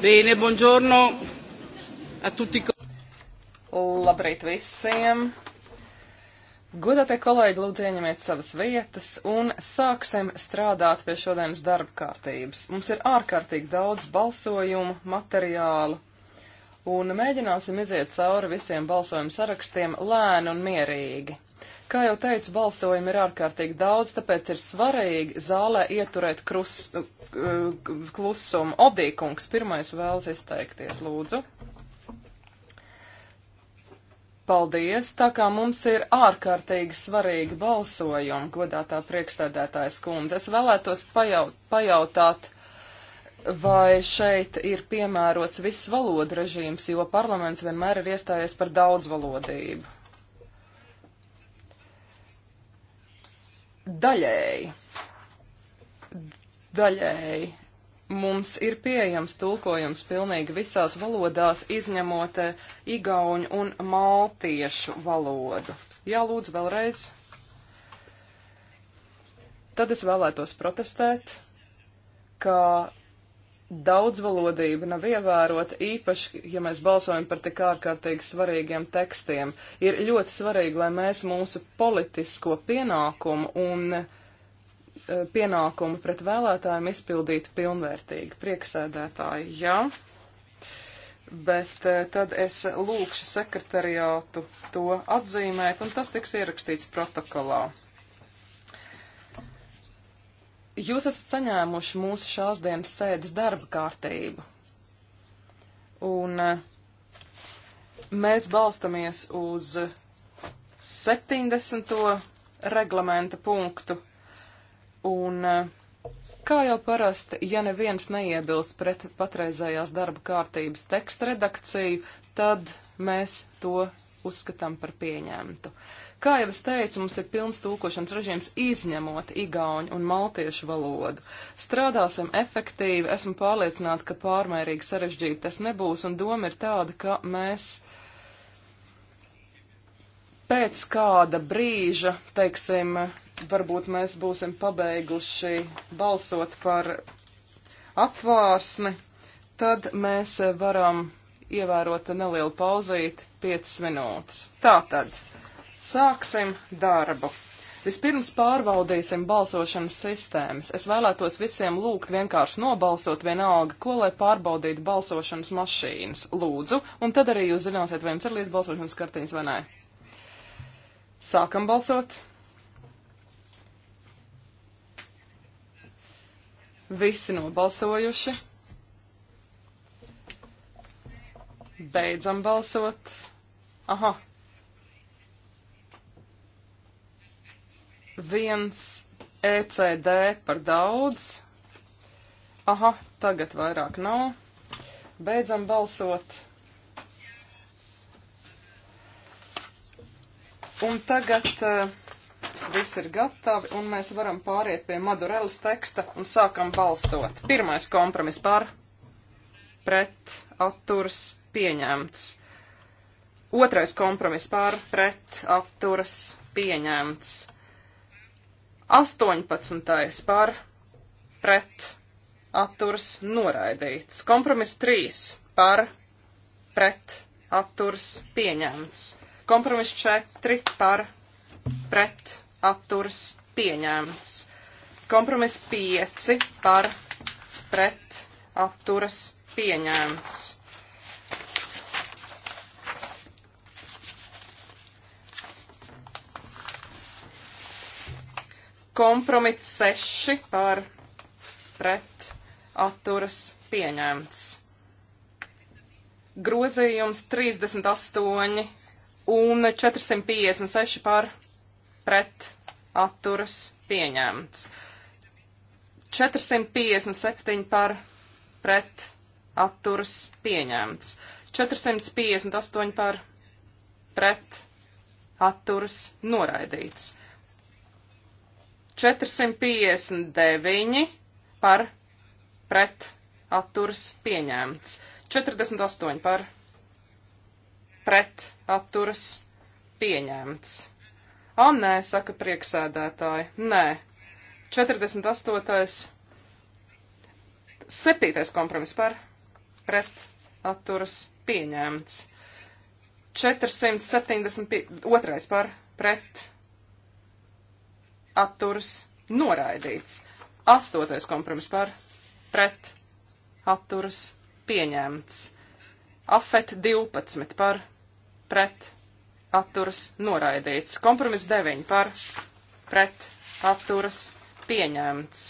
Bene, buongiorno a tutti. Labrīt visiem! Godātie kolēģi, lūdzu ieņemiet savas vietas un sāksim strādāt pie šodienas darba kārtības. Mums ir ārkārtīgi daudz balsojumu materiālu un mēģināsim iziet cauri visiem balsojumu sarakstiem lēni un mierīgi. Kā jau teicu, balsojumu ir ārkārtīgi daudz, tāpēc ir svarīgi zālē ieturēt krus, eh, klusumu. Obdīkungs pirmais vēlas izteikties, lūdzu. Paldies, tā kā mums ir ārkārtīgi svarīgi balsojumi, godātā priekšsēdētājas kundze. Es vēlētos pajaut, pajautāt, vai šeit ir piemērots viss valodu režīms, jo parlaments vienmēr ir iestājies par daudzvalodību. daļēji. Daļēji mums ir pieejams tulkojums pilnīgi visās valodās, izņemot eh, igauņu un maltiešu valodu. Jā, lūdzu, vēlreiz. Tad es vēlētos protestēt, ka daudzvalodība nav ievērota, īpaši, ja mēs balsojam par tik ārkārtīgi svarīgiem tekstiem. Ir ļoti svarīgi, lai mēs mūsu politisko pienākumu un e, pienākumu pret vēlētājiem izpildītu pilnvērtīgi. Prieksēdētāji, jā. Bet e, tad es lūkšu sekretariātu to atzīmēt, un tas tiks ierakstīts protokolā. Jūs esat saņēmuši mūsu šās dienas sēdes darba kārtību. Un eh, mēs balstamies uz 70. reglamenta punktu. Un eh, kā jau parasti, ja neviens neiebilst pret patreizējās darba kārtības teksta redakciju, tad mēs to uzskatām par pieņemtu. Uh, Kā jau es teicu, mums ir pilns tūkošanas režīms izņemot igauņu un maltiešu valodu. Strādāsim efektīvi, esmu pārliecināta, ka pārmērīgi sarežģīti tas nebūs, un doma ir tāda, ka mēs pēc kāda brīža, teiksim, varbūt mēs būsim pabeiguši balsot par apvārsni, tad mēs varam ievērot nelielu pauzīti 5 minūtes. Tātad Sāksim darbu. Vispirms pārbaudīsim balsošanas sistēmas. Es vēlētos visiem lūgt vienkārši nobalsot vienalga, ko lai pārbaudītu balsošanas mašīnas. Lūdzu, un tad arī jūs zināsiet, vai jums ir līdz balsošanas kartiņas vai nē. Sākam balsot. Visi nobalsojuši. Beidzam balsot. Aha, viens ECD par daudz. Aha, tagad vairāk nav. Beidzam balsot. Un tagad uh, viss ir gatavi, un mēs varam pāriet pie Madurelas teksta un sākam balsot. Pirmais kompromiss par, pret, atturs, pieņemts. Otrais kompromiss par, pret, atturs, pieņemts. 18. par pret atturs noraidīts. Kompromis 3 par pret atturs pieņemts. Kompromis 4 par pret atturs pieņemts. Kompromis 5 par pret atturs pieņemts. Kompromiss 6 par pret atturas pieņemts. Grozījums 38 un 456 par pret atturas pieņemts. 457 par pret atturas pieņemts. 458 par pret atturas noraidīts. 459 par pret atturs pieņēmts. 48 par pret atturs pieņēmts. O, nē, saka prieksēdētāji. Nē. 48. 7. kompromis par pret atturs pieņēmts. 472 par pret atturs noraidīts. Astotais kompromiss par pret atturs pieņemts. Afet 12 par pret atturs noraidīts. Kompromiss 9 par pret atturs pieņemts.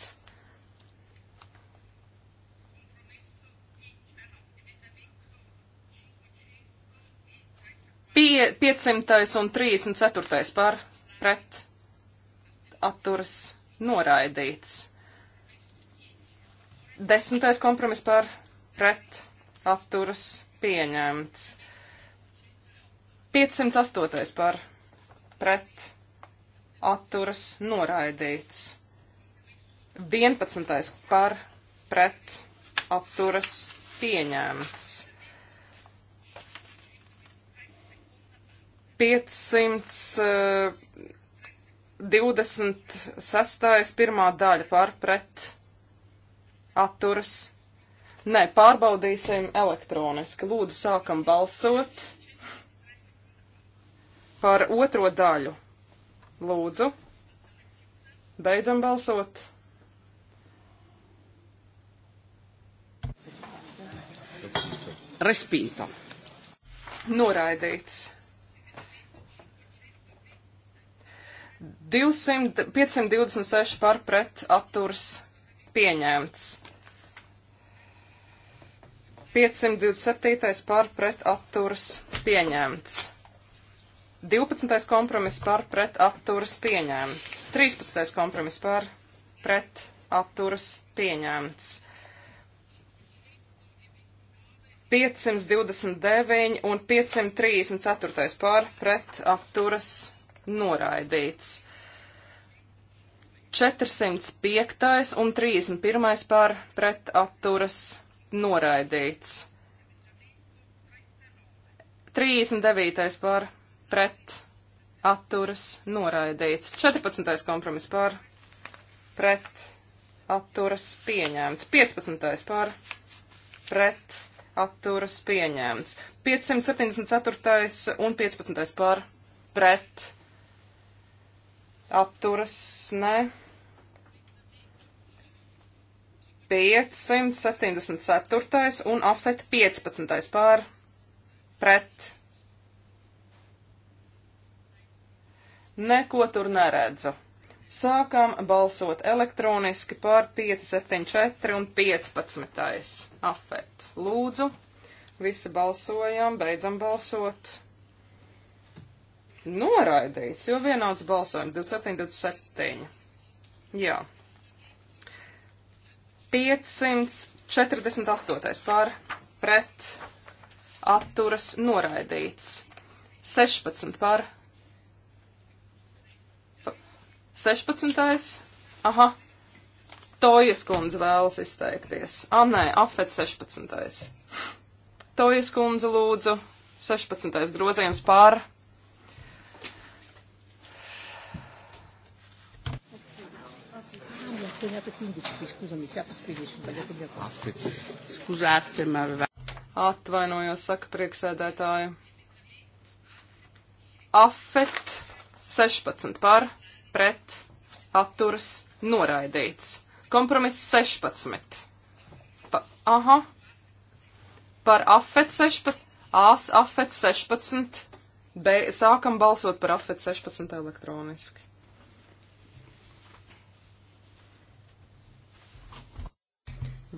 Pie, 534 par pret atturas noraidīts. Desmitais kompromiss par pret atturas pieņemts. 508. par pret atturas noraidīts. 11. par pret atturas pieņemts. 500. Uh, 26. pirmā daļa par pret atturas. Nē, pārbaudīsim elektroniski. Lūdzu, sākam balsot par otro daļu. Lūdzu, beidzam balsot. Respīto. Noraidīts. 200, 526 par pret atturs pieņemts. 527 par pret atturs pieņemts. 12. kompromiss par pret atturs pieņemts. 13. kompromiss par pret atturs pieņemts. 529 un 534 pār pret apturas noraidīts. 405. un 31. par pret atturas noraidīts. 39. par pret atturas noraidīts. 14. kompromis par pret atturas pieņēmts. 15. par pret atturas pieņēmts. 574. un 15. par pret atturas ne. 574. un afet 15. pār pret. Neko tur neredzu. Sākam balsot elektroniski par 574 un 15. afet. Lūdzu, visi balsojam, beidzam balsot. Noraidīts, jo vienāds balsojums 27, 27. Jā, 548. par pret atturas noraidīts. 16 par 16. Aha, Tojas kundze vēlas izteikties. Ah, nē, afet 16. Tojas kundze lūdzu 16. grozījums par assegnato 15, scusami, si è fatto 15, sbagliato il mio Scusate, ma aveva... Atvainojos, saka prieksēdētāji. Afet 16 par, pret, atturs, noraidīts. Kompromiss 16. Pa, aha. Par afet 16, as afet 16, be, sākam balsot par afet 16 elektroniski.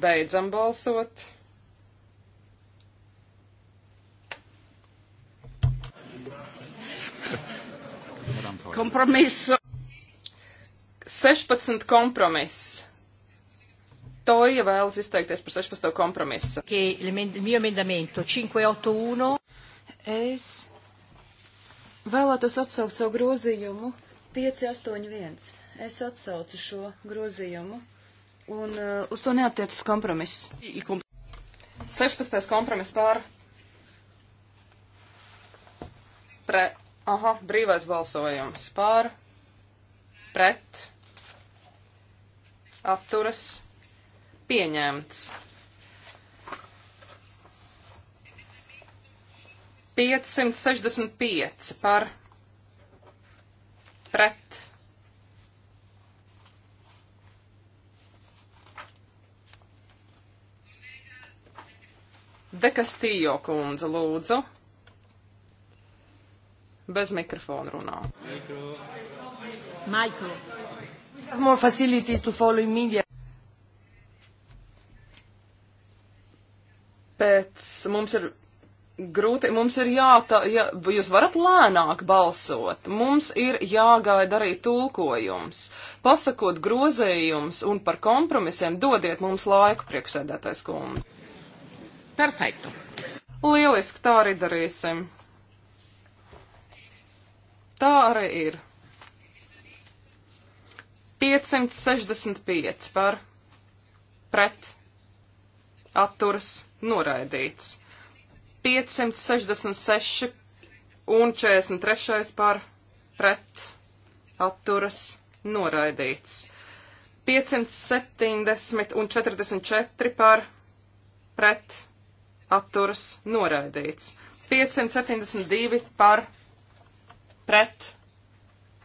Beidzam balsot. Kompromisu. 16 kompromiss. To ja vēlas izteikties par 16. kompromisu. Es vēlētos atsaukt savu grozījumu 581. Es atsaucu šo grozījumu un uh, uz to neatiecas kompromiss. 16. kompromiss pār. Pre, aha, brīvais balsojums pār. Pret. Atturas. Pieņemts. 565 par pret Dekastījo kundze, lūdzu. Bez mikrofona runā. Mikro. Mikro. More facility to follow media. Pēc mums ir grūti, mums ir jāta, jā, jūs varat lēnāk balsot, mums ir jāgaida arī tulkojums. Pasakot grozējums un par kompromisiem, dodiet mums laiku priekšsēdētais kundze. Perfektu. Lieliski, tā arī darīsim. Tā arī ir. 565 par pret atturas noraidīts. 566 un 43 par pret atturas noraidīts. 570 un 44 par pret atturas noraidīts atturas noraidīts. 572 par pret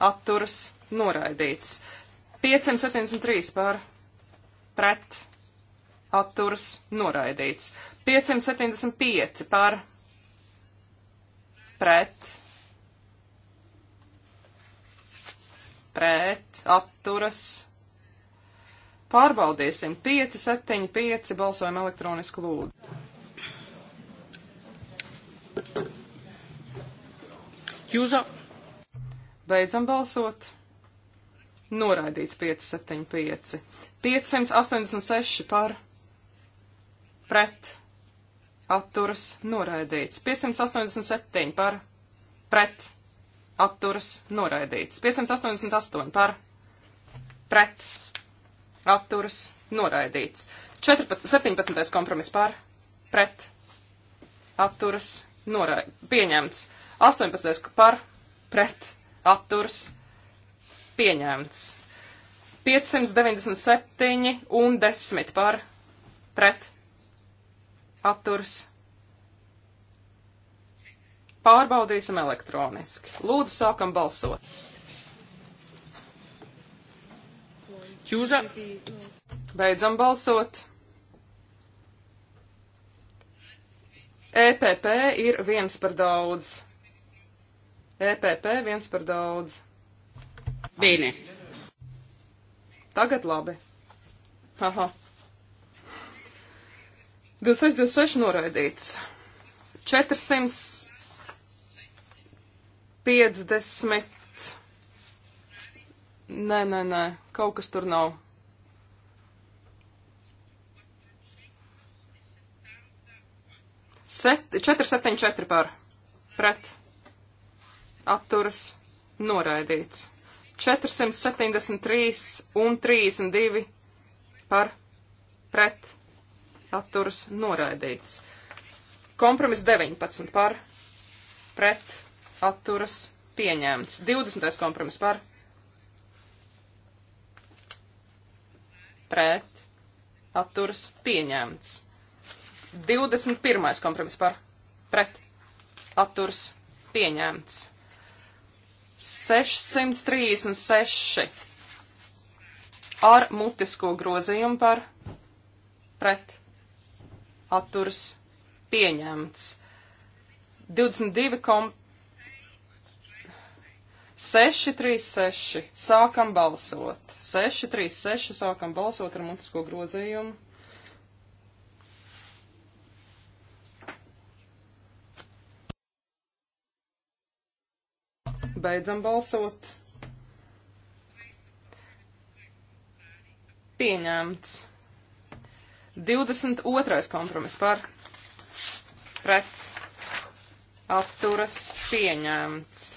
atturas noraidīts. 573 par pret atturas noraidīts. 575 par pret pret atturas Pārbaudīsim 5, 7, 5 balsojumu elektronisku lūdzu. Jūza. Beidzam balsot. Noraidīts 575. 586 par pret atturas noraidīts. 587 par pret atturas noraidīts. 588 par pret atturas noraidīts. 14, 17. kompromiss par pret atturas noraidīts norai, pieņemts. 18. par pret atturs pieņemts. 597 un 10 par pret atturs. Pārbaudīsim elektroniski. Lūdzu, sākam balsot. Čūza. Beidzam balsot. EPP ir viens par daudz. EPP viens par daudz. Bīni. Tagad labi. Aha. 26, 26 noraidīts. 450. Nē, nē, nē, kaut kas tur nav. 474 par pret atturas noraidīts. 473 un 32 par pret atturas noraidīts. Kompromis 19 par pret atturas pieņemts. 20. kompromis par pret atturas pieņemts. 21. kompromiss par pret atturs pieņemts. 636 ar mutisko grozījumu par pret atturs pieņemts. 22 kom 636 sākam balsot. 636 sākam balsot ar mutisko grozījumu. Beidzam balsot. Pieņemts. 22. kompromiss par pret apturas pieņemts.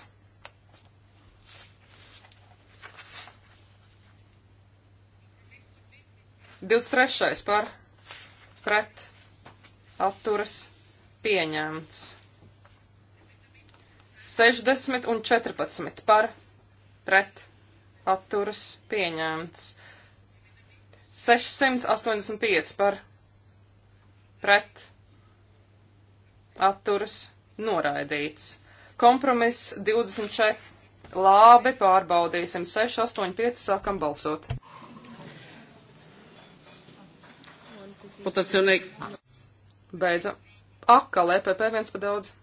Divdesmit trešais par pret apturas pieņemts. 60 un 14 par pret atturas pieņemts. 685 par pret atturas noraidīts. Kompromiss 24. Labi, pārbaudīsim. 6, 8, 5, sākam balsot. Votazione. Beidzam. Akka, LPP e viens pa daudz.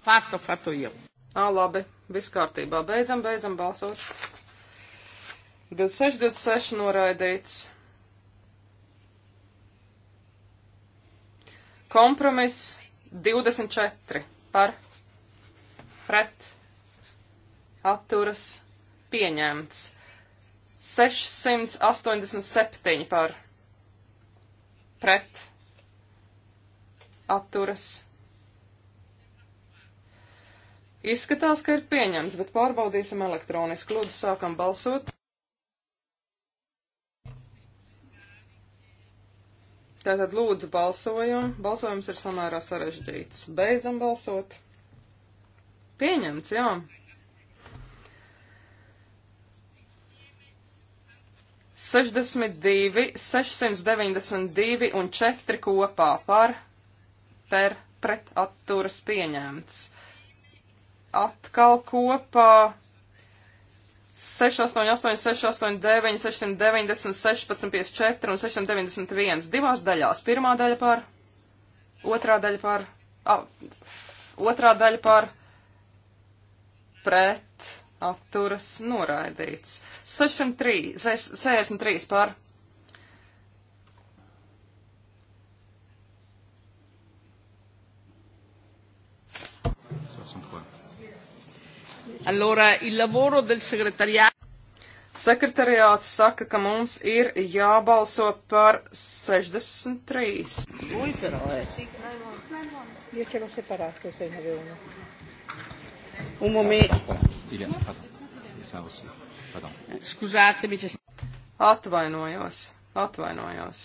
Fatto, fatto jau. Ā, labi, viss kārtībā. Beidzam, beidzam balsot. 26, 26 noraidīts. Kompromiss 24 par pret atturas pieņemts. 687 par pret atturas pieņemts Izskatās, ka ir pieņems, bet pārbaudīsim elektroniski. Lūdzu, sākam balsot. Tātad lūdzu balsojumu. Balsojums ir samērā sarežģīts. Beidzam balsot. Pieņemts, jā. 62, 692 un 4 kopā par per pret atturas pieņemts atkal kopā 688, 689, 690, 1654 un 691 divās daļās. Pirmā daļa par, otrā daļa par, a, otrā daļa par, pret, atturas, noraidīts. 603, 63 par, Allora, il lavoro del segretariato. Sekretariāts saka, ka mums ir jābalso par 63. Lui però, eh. Io ce l'ho separato, 691. Un momento. Scusatemi, c'è... Atvainojos, atvainojos.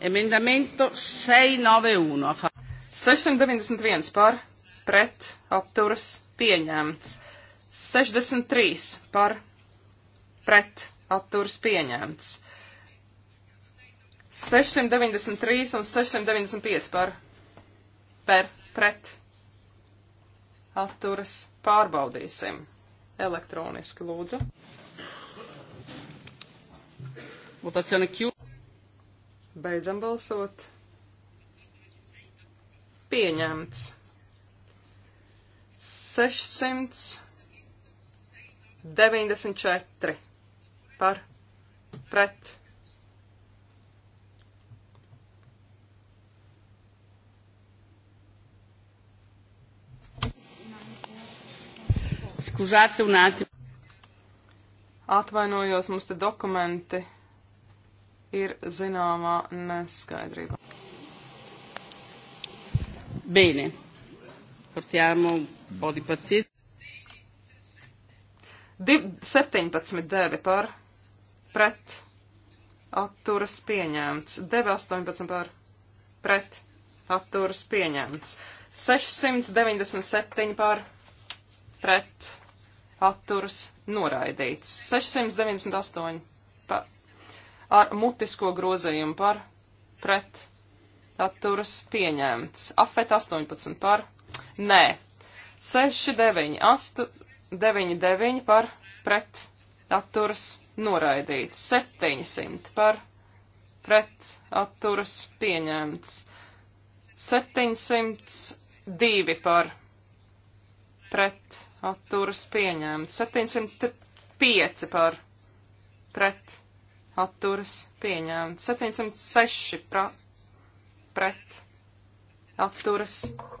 Emendamento 691. 691 par pret apturas pieņemts. 63 par pret apturas pieņemts. 693 un 695 par per pret apturas pārbaudīsim. Elektroniski lūdzu. Votazione Q. Beidzam balsot. Pieņemts. 694 par pret. Scusate un attimo. Atvainojos, mums te dokumenti ir zināmā neskaidrība. Bene, portiamo body pacīt. 17 devi par pret atturas pieņemts. Devi 18 par pret atturas pieņemts. 697 par pret atturas noraidīts. 698 par, ar mutisko grozījumu par pret atturas pieņemts. Afet 18 par nē. 6, 9, 8, 9, 9 par pret atturas noraidīts, 700 par pret atturas pieņemts, 702 par pret atturas pieņemts, 705 par pret atturas pieņemts, 706 pra, pret atturas pieņemts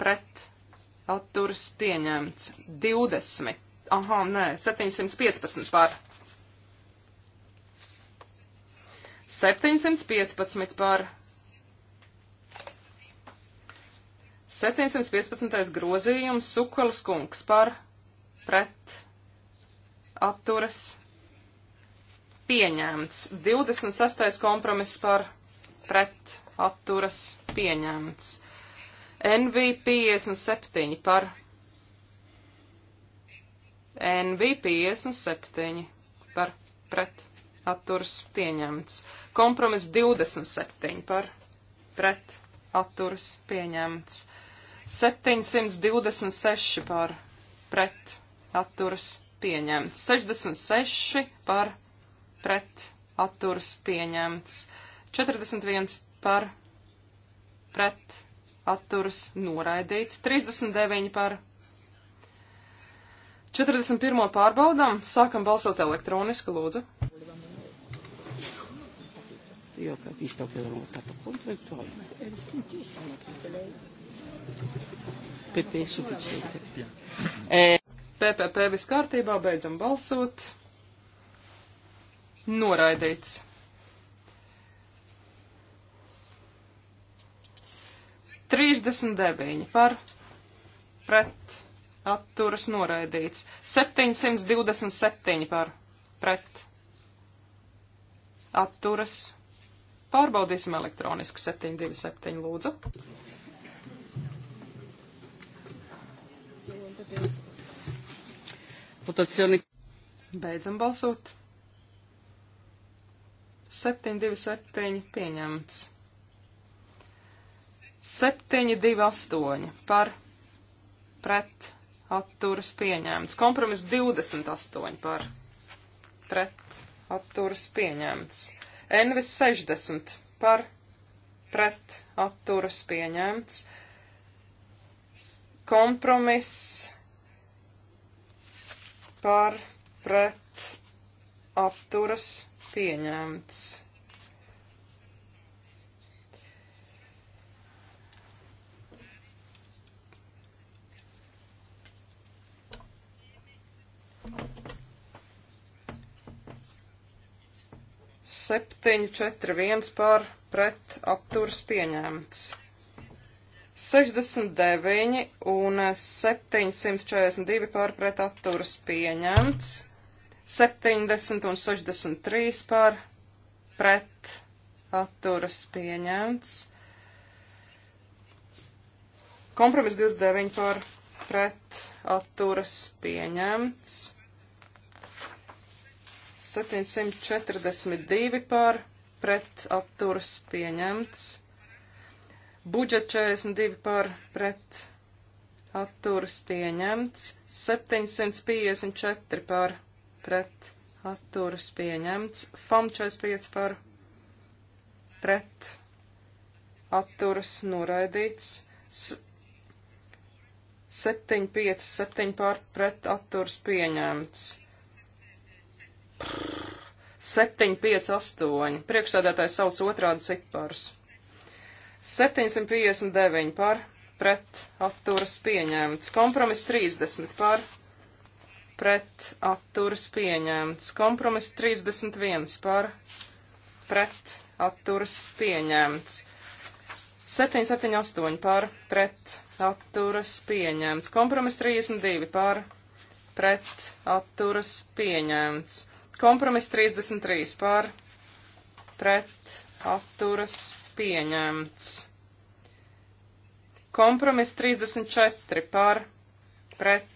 pret atturas pieņemts 20. Aha, nē, 715 par. 715 par. 715. grozījums Sukalas kungs par pret atturas pieņemts. 26. kompromiss par pret atturas pieņemts. NV57 par. NV57 par pret atturs pieņemts. Kompromiss 27 par pret atturs pieņemts. 726 par pret atturs pieņemts. 66 par pret atturs pieņemts. 41 par pret atturas noraidīts. 39 par 41. pārbaudām. Sākam balsot elektroniski, lūdzu. Io capisco che l'hanno votato contro il tuo. È distintissimo. PP sufficiente. Eh. PPP viss kārtībā, beidzam balsot. Noraidīts. 39 par pret atturas noraidīts. 727 par pret atturas. Pārbaudīsim elektroniski 727 lūdzu. Votazioni. Beidzam balsot. 727 pieņemts. 728 par pret atturas pieņēmts. Kompromiss 28 par pret atturas pieņēmts. Envis 60 par pret atturas pieņēmts. Kompromiss par pret atturas pieņēmts. 7, 4, 1 pār pret apturs pieņemts. 69 un 742 pār pret apturs pieņemts. 70 un 63 pār pret apturs pieņemts. Kompromiss 29 pār pret apturs pieņemts. 742 par pret apturas pieņemts. Budžet 42 par pret atturas pieņemts. 754 par pret atturas pieņemts. FAM 45 par pret atturas noraidīts. 757 par pret atturas pieņemts. 7, 5, 8. Priekšsēdētājs sauc otrādi ciparus. 759 par, pret atturas pieņemts. Kompromis 30 par, pret atturas pieņemts. Kompromis 31 par, pret atturas pieņemts. 778 par, pret atturas pieņemts. Kompromis 32 par, pret atturas pieņemts. Kompromiss 33 par pret apturas pieņemts. Kompromiss 34 par pret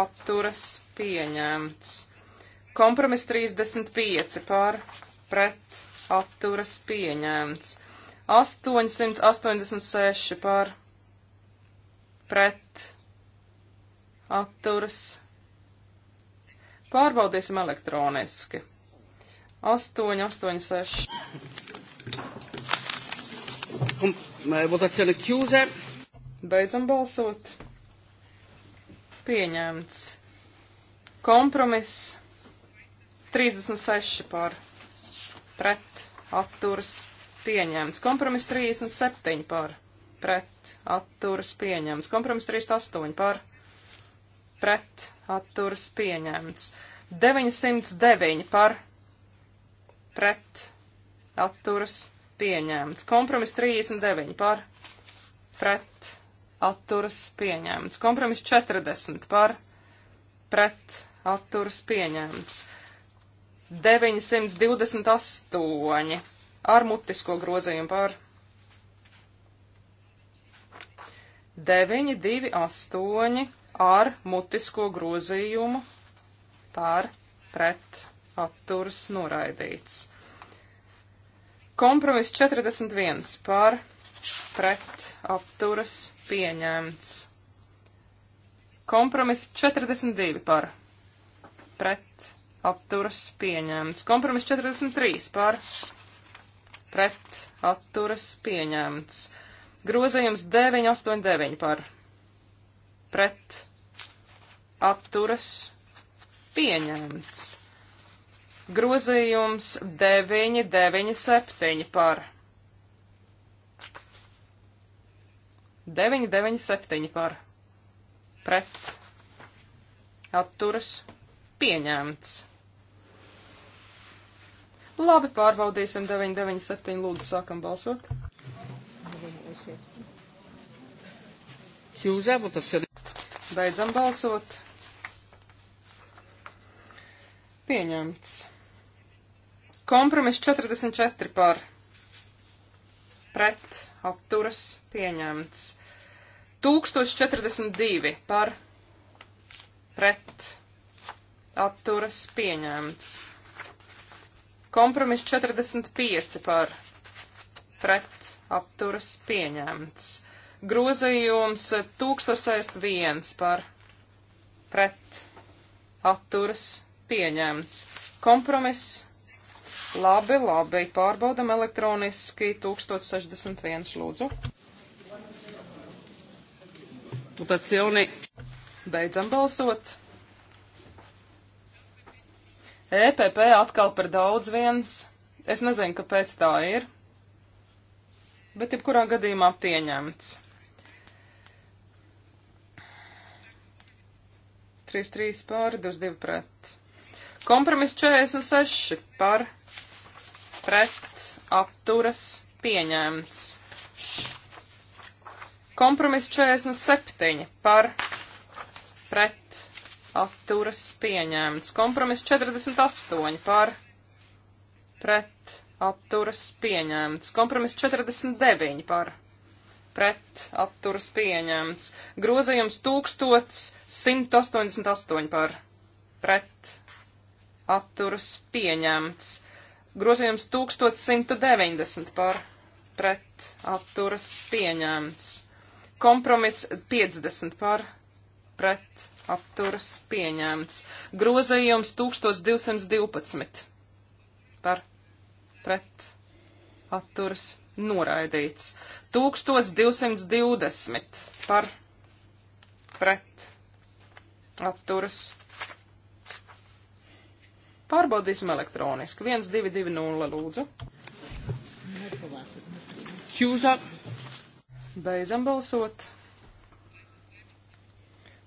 apturas pieņemts. Kompromiss 35 par pret apturas pieņemts. 886 par pret apturas pieņemts Pārbaudīsim elektroniski. 8, 8, 6. Votazione chiusa. Beidzam balsot. Pieņemts. Kompromiss 36 par pret atturs pieņemts. Kompromiss 37 par pret atturs pieņemts. Kompromiss 38 par pret atturas pieņemts. 909 par pret atturas pieņemts. Kompromis 39 par pret atturas pieņemts. Kompromis 40 par pret atturas pieņemts. 928 ar mutisko grozījumu par pret 928 ar mutisko grozījumu par pret atturs noraidīts. Kompromiss 41 par pret apturas pieņemts. Kompromiss 42 par pret apturas pieņemts. Kompromiss 43 par pret atturas pieņemts. Grozījums 989 par pret atturas pieņemts. Grozījums 997 par 997 par pret atturas pieņemts. Labi, pārbaudīsim 997, lūdzu, sākam balsot. Chiusa votazione. Beidzam balsot. Pieņemts. Kompromiss 44 par pret apturas pieņemts. 1042 par pret atturas pieņemts. Kompromiss 45 par pret apturas pieņemts. Grozījums 1001 par pret apturas pieņemts. Kompromiss. Labi, labi, pārbaudam elektroniski 1061 lūdzu. Mutacioni. Beidzam balsot. EPP atkal par daudz viens. Es nezinu, kāpēc tā ir bet jebkurā gadījumā pieņemts. 3-3 pāri, 2-2 pret. Kompromiss 46 par pret apturas pieņemts. Kompromiss 47 par pret apturas pieņemts. Kompromiss 48 par pret atturas pieņemts. Kompromiss 49 par pret atturas pieņemts. Grozījums 1188 par pret atturas pieņemts. Grozījums 1190 par pret atturas pieņemts. Kompromiss 50 par pret atturas pieņemts. Grozījums 1212 par pret atturs noraidīts. 1220 par pret atturs. Pārbaudīsim elektroniski. 1220 lūdzu. Čūza. Beidzam balsot.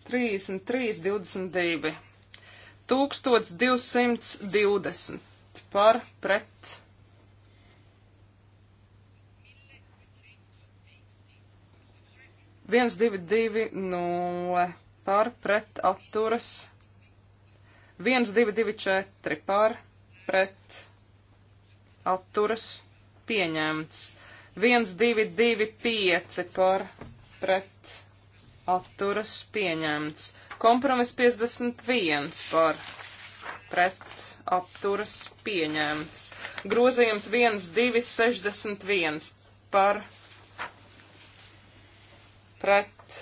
33, 22. 1220 par pret 1220 par pret atturas 1224 par pret atturas pieņemts 1225 par pret atturas pieņemts kompromis 51 par pret apturas pieņemts grozījums 1261 par pret pret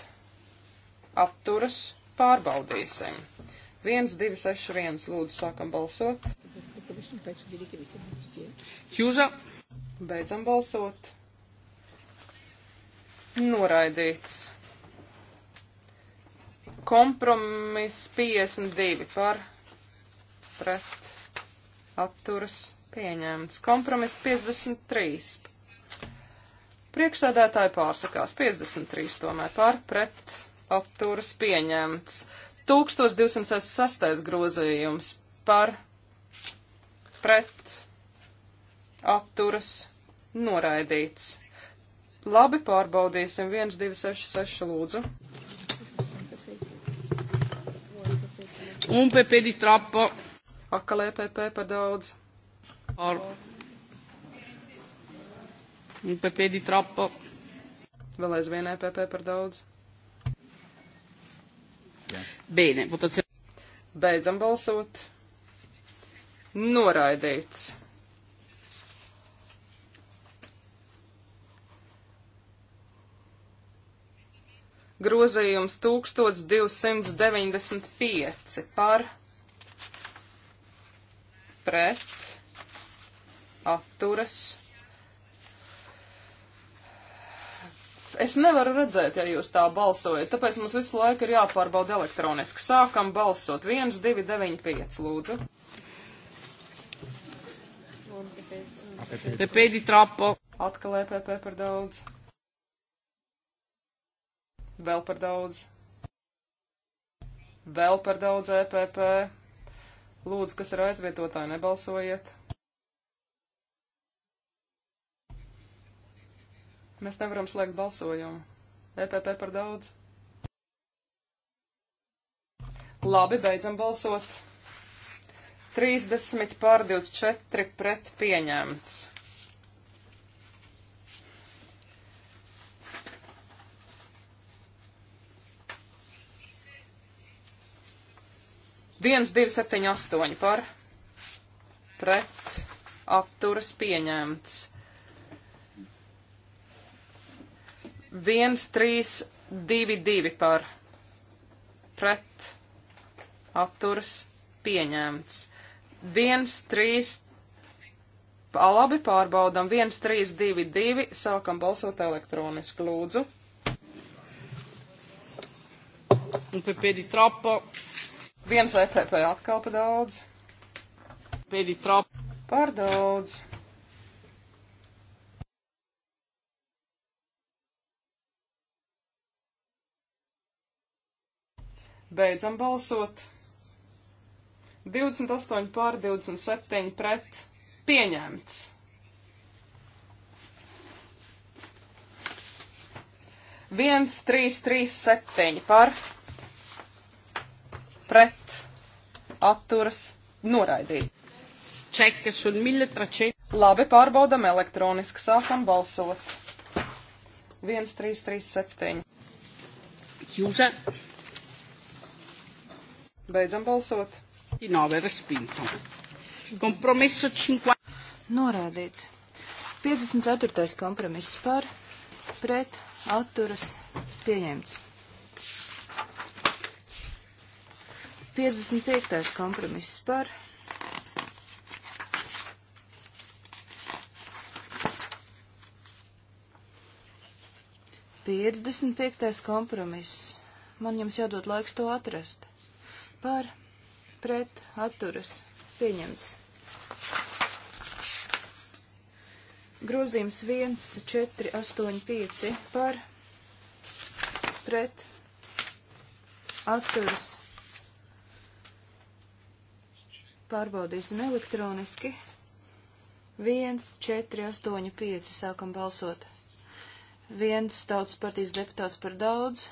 apturas pārbaudīsim. 1, 2, 6, 1, lūdzu, sākam balsot. Hjūza. Beidzam balsot. Noraidīts. Kompromiss 52 par pret atturas pieņemts. Kompromiss 53 Priekšsēdētāji pārsakās 53 tomēr par pret apturas pieņemts. 1206. grozījums par pret apturas noraidīts. Labi, pārbaudīsim 1, 2, 6, 6 lūdzu. Un PP di troppo. Akalē e PP par daudz. Ar. Ar. Un PP di troppo. Vēl aizvien EPP par daudz. Jā. Bīne, votacija. Beidzam balsot. Noraidīts. grozījums 1295 par pret atturas Es nevaru redzēt, ja jūs tā balsojat, tāpēc mums visu laiku ir jāpārbauda elektroniski. Sākam balsot 1, 2, 9, 5, lūdzu. PP di troppo. Atkal EPP par daudz. Vēl par daudz. Vēl par daudz EPP. Lūdzu, kas ir aizvietotāji, nebalsojiet. Mēs nevaram slēgt balsojumu. EPP par daudz. Labi, beidzam balsot. 30 pār 24 pret pieņemts. Viens, divi, septiņi, astoņi par pret apturas pieņemts. 1-3-2-2 par pret atturas pieņemts. 1-3 labi pārbaudam 1-3-2-2, sākam balsot elektroniski lūdzu. Un pēdī pie trapo. Viens EPP atkal pa daudz. Pēdī trapo. Par daudz. Beidzam balsot. 28 pār 27 pret pieņemts. Viens, trīs, trīs, septiņi par pret atturas noraidīt. Čekas un miletračē. Labi, pārbaudam elektroniski, sākam balsot. 1, 3, 3, 7. Jūža. Beidzam balsot. Norādīts. 54. kompromiss par, pret, atturas, pieņemts. 55. kompromiss par. Piecdesmit piektais kompromiss. Man jums jādod laiks to atrast par pret atturas pieņemts. Grozījums 1, 4, 8, 5 par pret atturas. Pārbaudīsim elektroniski. 1, 4, 8, 5 sākam balsot. Viens tautas partijas deputāts par daudz,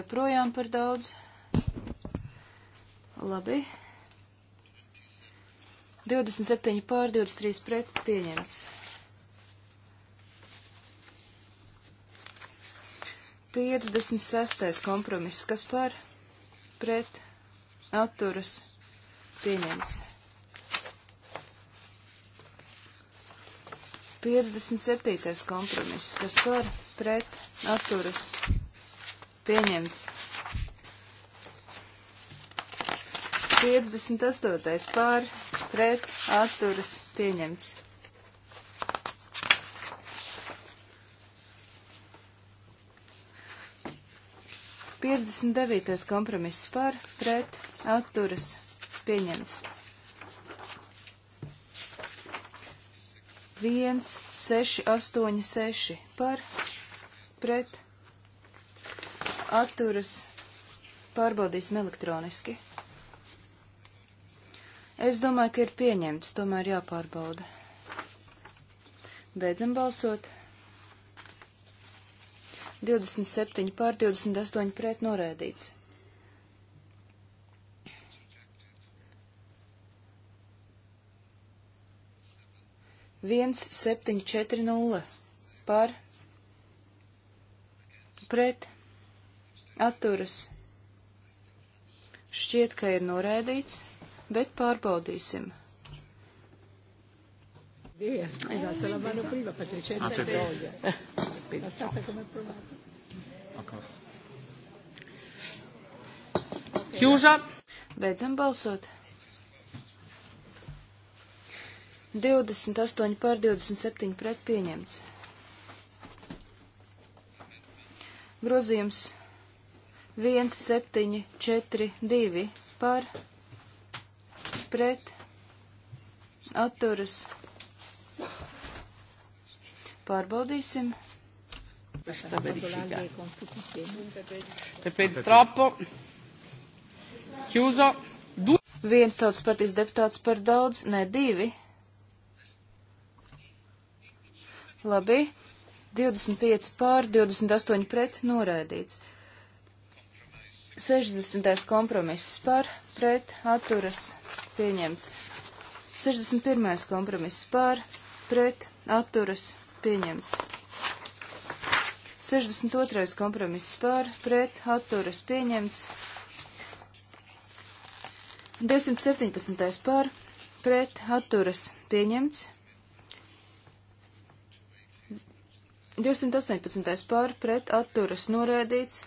joprojām par daudz. Labi. 27 pār 23 pret pieņemts. Piecdesmit sestais kompromiss, kas par pret atturas pieņemts. 57. kompromiss, kas par pret atturas pieņemts. 58. pār pret atturas pieņemts. Piecdesmit devītais kompromiss par, pret, atturas, pieņemts. Viens, seši, astoņi, seši par, pret, atturas, pārbaudīsim elektroniski. Es domāju, ka ir pieņemts, tomēr jāpārbauda. Beidzam balsot. 27 pār 28 pret norēdīts. Viens, septiņi, četri, nulle. Par. Pret. Atturas. Šķiet, ka ir norēdīts bet pārbaudīsim. Dievs, esatto, la mano prima perché c'è il petrolio. Passata come provato. Ancora. Hjūžā. Beidzam balsot. 28 pār 27 pret pieņemts. Grozījums 1, 7, 4, 2 pār pret atturas. Pārbaudīsim. Pēc trapo. Chiuso. Viens tautas partijas deputāts par daudz, ne divi. Labi. 25 pār, 28 pret, noraidīts. 60. kompromiss par, pret, atturas, pieņemts. 61. kompromiss par, pret, atturas, pieņemts. 62. kompromiss par, pret, atturas, pieņemts. 217. par, pret, atturas, pieņemts. 218. par, pret, atturas, norēdīts.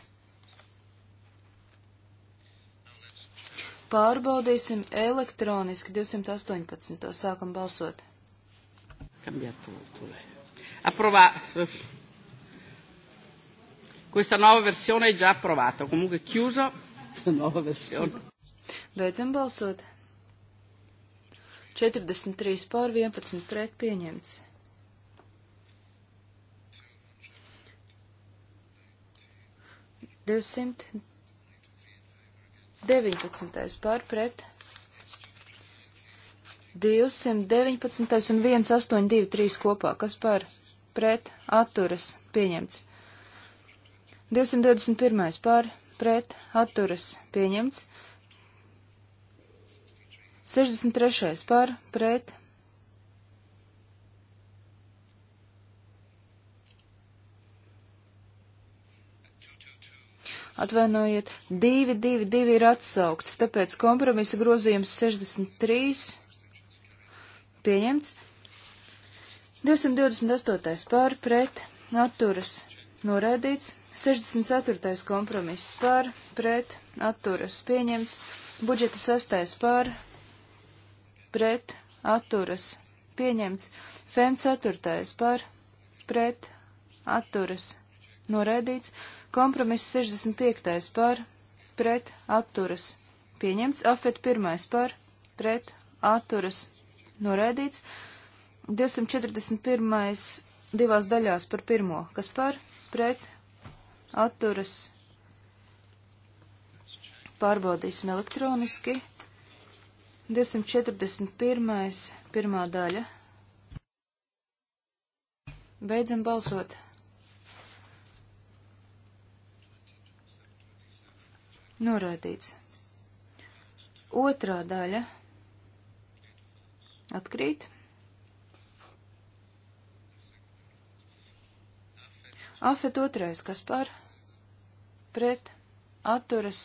Pārbaudīsim elektroniski 218. Sākam balsot. Eh. Approvā. Questa nuova versione è già approvata, comunque chiuso la nuova versione. Beidzam balsot. 43 pār 11 pret pieņemts. Divsimt 219. par pret 219. un 1823 kopā, kas par pret atturas pieņemts. 221. par pret atturas pieņemts. 63. par pret atvainojiet, 2, 2, 2 ir atsaukts, tāpēc kompromisa grozījums 63 pieņemts. 228. pār pret atturas noraidīts, 64. kompromiss pār pret atturas pieņemts, budžeta 6. pār pret atturas pieņemts, FEM 4. pār pret atturas pieņemts noraidīts, kompromiss 65. par, pret, atturas, pieņemts, afet 1. par, pret, atturas, noraidīts, 241. divās daļās par pirmo, kas par, pret, atturas, pārbaudīsim elektroniski, 241. pirmā daļa. Beidzam balsot. Norādīts. Otrā daļa atkrīt. Afet otrais, kas par pret atturas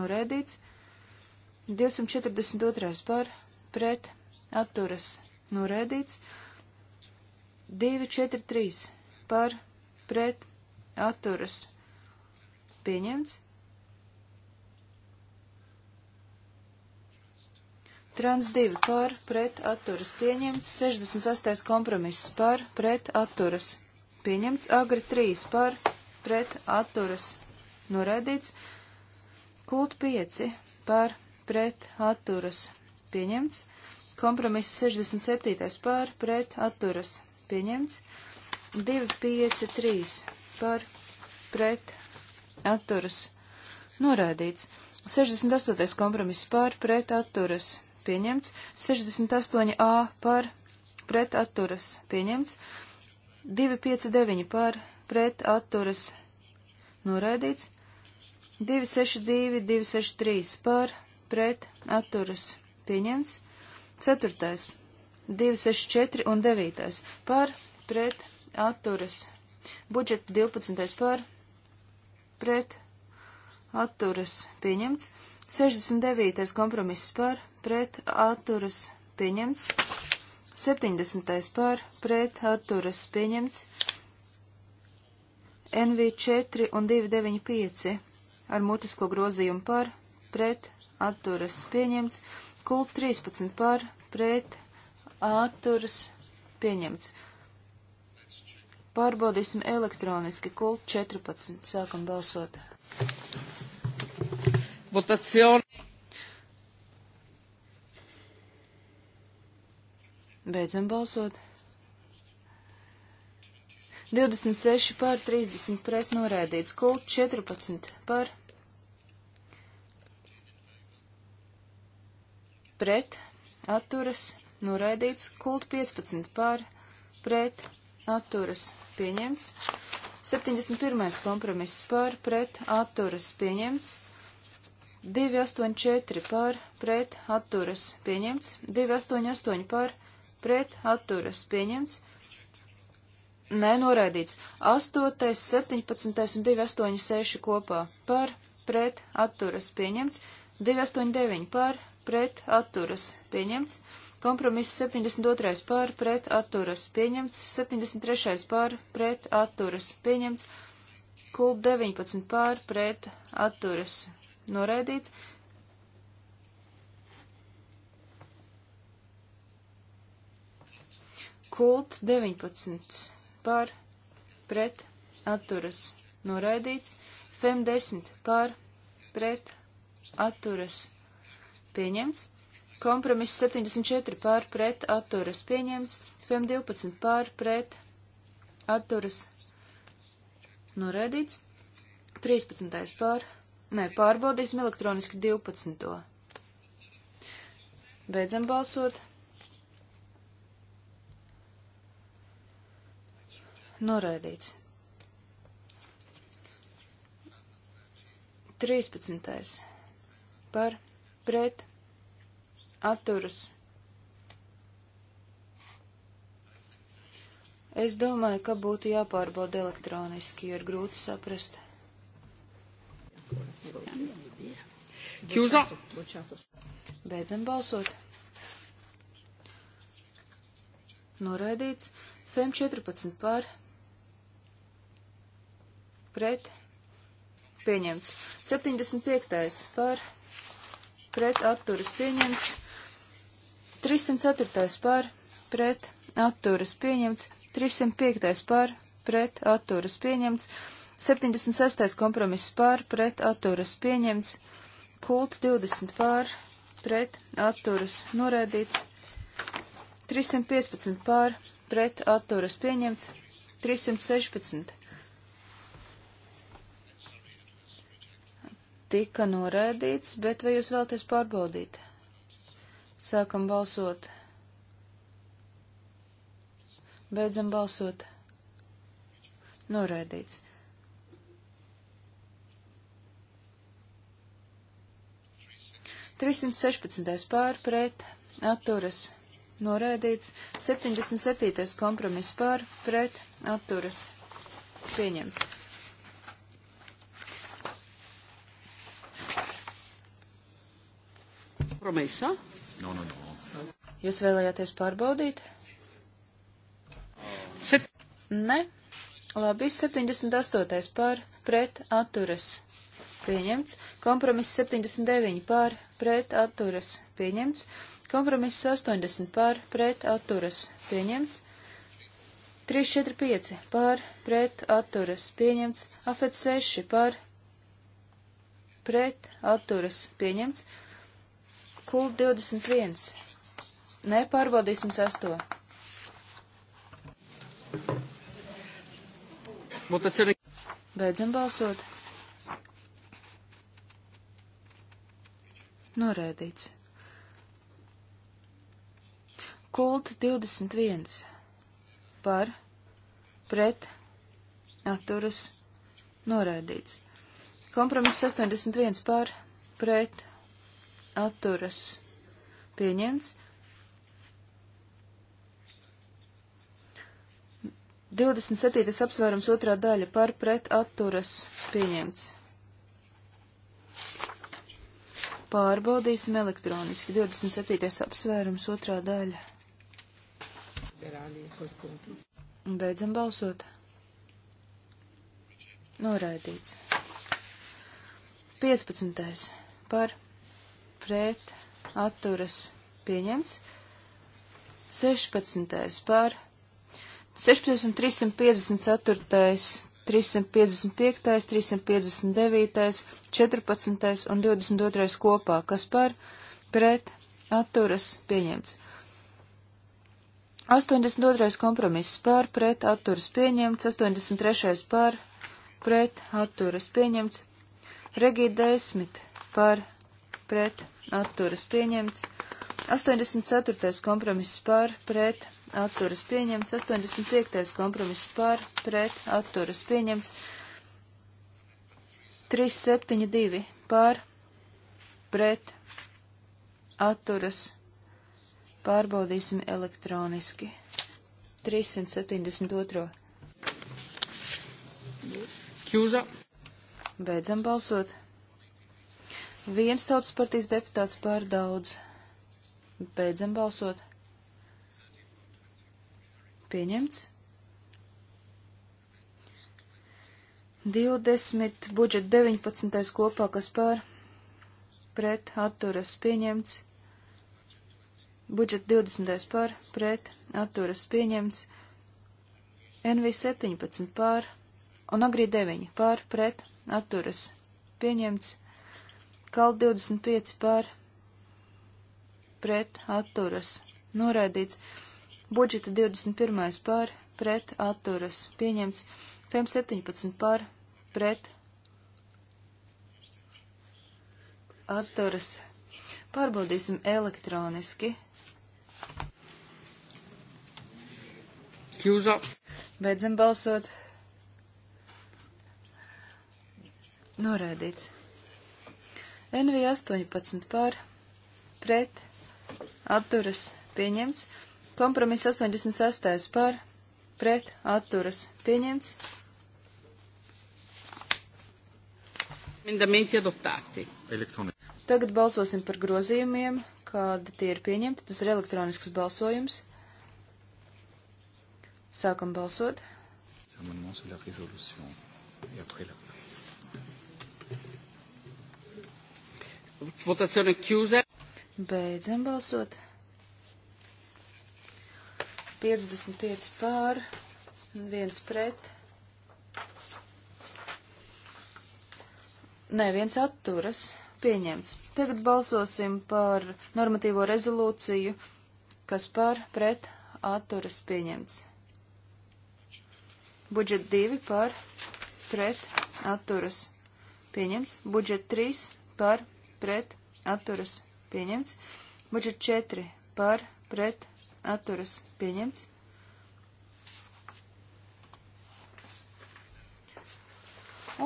norēdīts. 242. par pret atturas norēdīts. 243. par pret atturas pieņemts. Trans 2 par pret atturas pieņemts, 68. kompromiss par pret atturas pieņemts, agri 3 par pret atturas noraidīts, kult 5 par pret atturas pieņemts, kompromiss 67. par pret atturas pieņemts, 2, 5, 3 par pret atturas noraidīts, 68. kompromiss par pret atturas pieņemts pieņemts, 68a par pret atturas pieņemts, 259 par pret atturas noraidīts, 262, 263 par pret atturas pieņemts, 4. 264 un 9. par pret atturas. Budžeta 12. par pret atturas pieņemts, 69. kompromiss par pret atturas pieņemts. 70. par pret atturas pieņemts. NV4 un 295 ar mutisko grozījumu par pret atturas pieņemts. Kulp 13 par pret atturas pieņemts. Pārbaudīsim elektroniski kult 14. Sākam balsot. Votacion. Beidzam balsot. 26 pār 30 pret norēdīts, kult 14 pār pret atturas norēdīts, kult 15 pār pret atturas pieņemts, 71. kompromiss pār pret atturas pieņemts, 284 pār pret atturas pieņemts, 288 pār pret pret atturas pieņemts. Nē, noraidīts. 8, 17 un 2, 8, 6 kopā par pret atturas pieņemts. 2, 8, 9 par pret atturas pieņemts. Kompromiss 72. pār pret atturas pieņemts, 73. pār pret atturas pieņemts, kult 19 pār pret atturas noraidīts, Kult 19 par pret atturas noraidīts. Fem 10 par pret atturas pieņemts. Kompromiss 74 par pret atturas pieņemts. Fem 12 par pret atturas noraidīts. 13. pār. Nē, pārbaudīsim elektroniski 12. Beidzam balsot. Noraidīts. 13. par pret atturas. Es domāju, ka būtu jāpārbauda elektroniski, jo ir grūti saprast. Kjūza. Beidzam balsot. Noraidīts. FEM 14 par pret pieņemts. 75. par pret atturas pieņemts. 304. par pret atturas pieņemts. 305. par pret atturas pieņemts. 76. kompromiss par pret atturas pieņemts. Kult 20 par pret atturas norēdīts. 315 par pret atturas pieņemts. 316 tika noraidīts, bet vai jūs vēlaties pārbaudīt? Sākam balsot. Beidzam balsot. Noraidīts. Trīsimt sešpadsmitais pār pret atturas noraidīts, 77. kompromiss pār pret atturas pieņemts. kompromisa? No, no, no. Jūs vēlējāties pārbaudīt? Set... Ne. Labi, 78. par pret atturas. Pieņemts. Kompromiss 79 par pret atturas. Pieņemts. Kompromiss 80 par pret atturas. Pieņemts. 345 par pret atturas pieņemts, afet 6 par pret atturas pieņemts, Kult 21. Nē, pārbaudīsim sesto. Beidzam balsot. Norēdīts. Kult 21. Par, pret, atturas, norēdīts. Kompromiss 81 par, pret, atturas pieņemts. 27. apsvērums otrā daļa par pret atturas pieņemts. Pārbaudīsim elektroniski. 27. apsvērums otrā daļa. Beidzam balsot. Noraidīts. 15. par pret pret atturas pieņemts. 16. par 16 un 354. 355, 359, 14 un 22 kopā, kas par pret atturas pieņemts. 82. kompromiss par pret atturas pieņemts, 83. par pret atturas pieņemts, Regija 10 par pret atturas pieņemts. 84. kompromiss par, pret, atturas pieņemts. 85. kompromiss par, pret, atturas pieņemts. 372 par, pret, atturas. Pārbaudīsim elektroniski. 372. Kjūza. Beidzam balsot. Viens tautas partijas deputāts par daudz. Beidzam balsot. Pieņemts. 20, budžet 19 kopā, kas pār pret atturas pieņemts. Budžet 20 pār pret atturas pieņemts. NV 17 pār un agrī 9 pār pret atturas pieņemts atkal 25 par pret atturas noraidīts, budžeta 21 par pret atturas pieņemts, FEM 17 par pret atturas. Pārbaudīsim elektroniski. Kjūza. Beidzam balsot. Noraidīts. NV18 par pret atturas pieņemts. Kompromiss 86 par pret atturas pieņemts. Tagad balsosim par grozījumiem, kādi tie ir pieņemti. Tas ir elektronisks balsojums. Sākam balsot. Amendement sur la résolution et après la résolution. Votazione chiusa. Beidzam balsot. 55 pār, 1 pret. Nē, viens atturas. Pieņemts. Tagad balsosim par normatīvo rezolūciju, kas par pret atturas pieņemts. Budžet 2 par pret atturas pieņemts. Budžet 3 par pret atturas pieņemts. Budžets 4 par pret atturas pieņemts.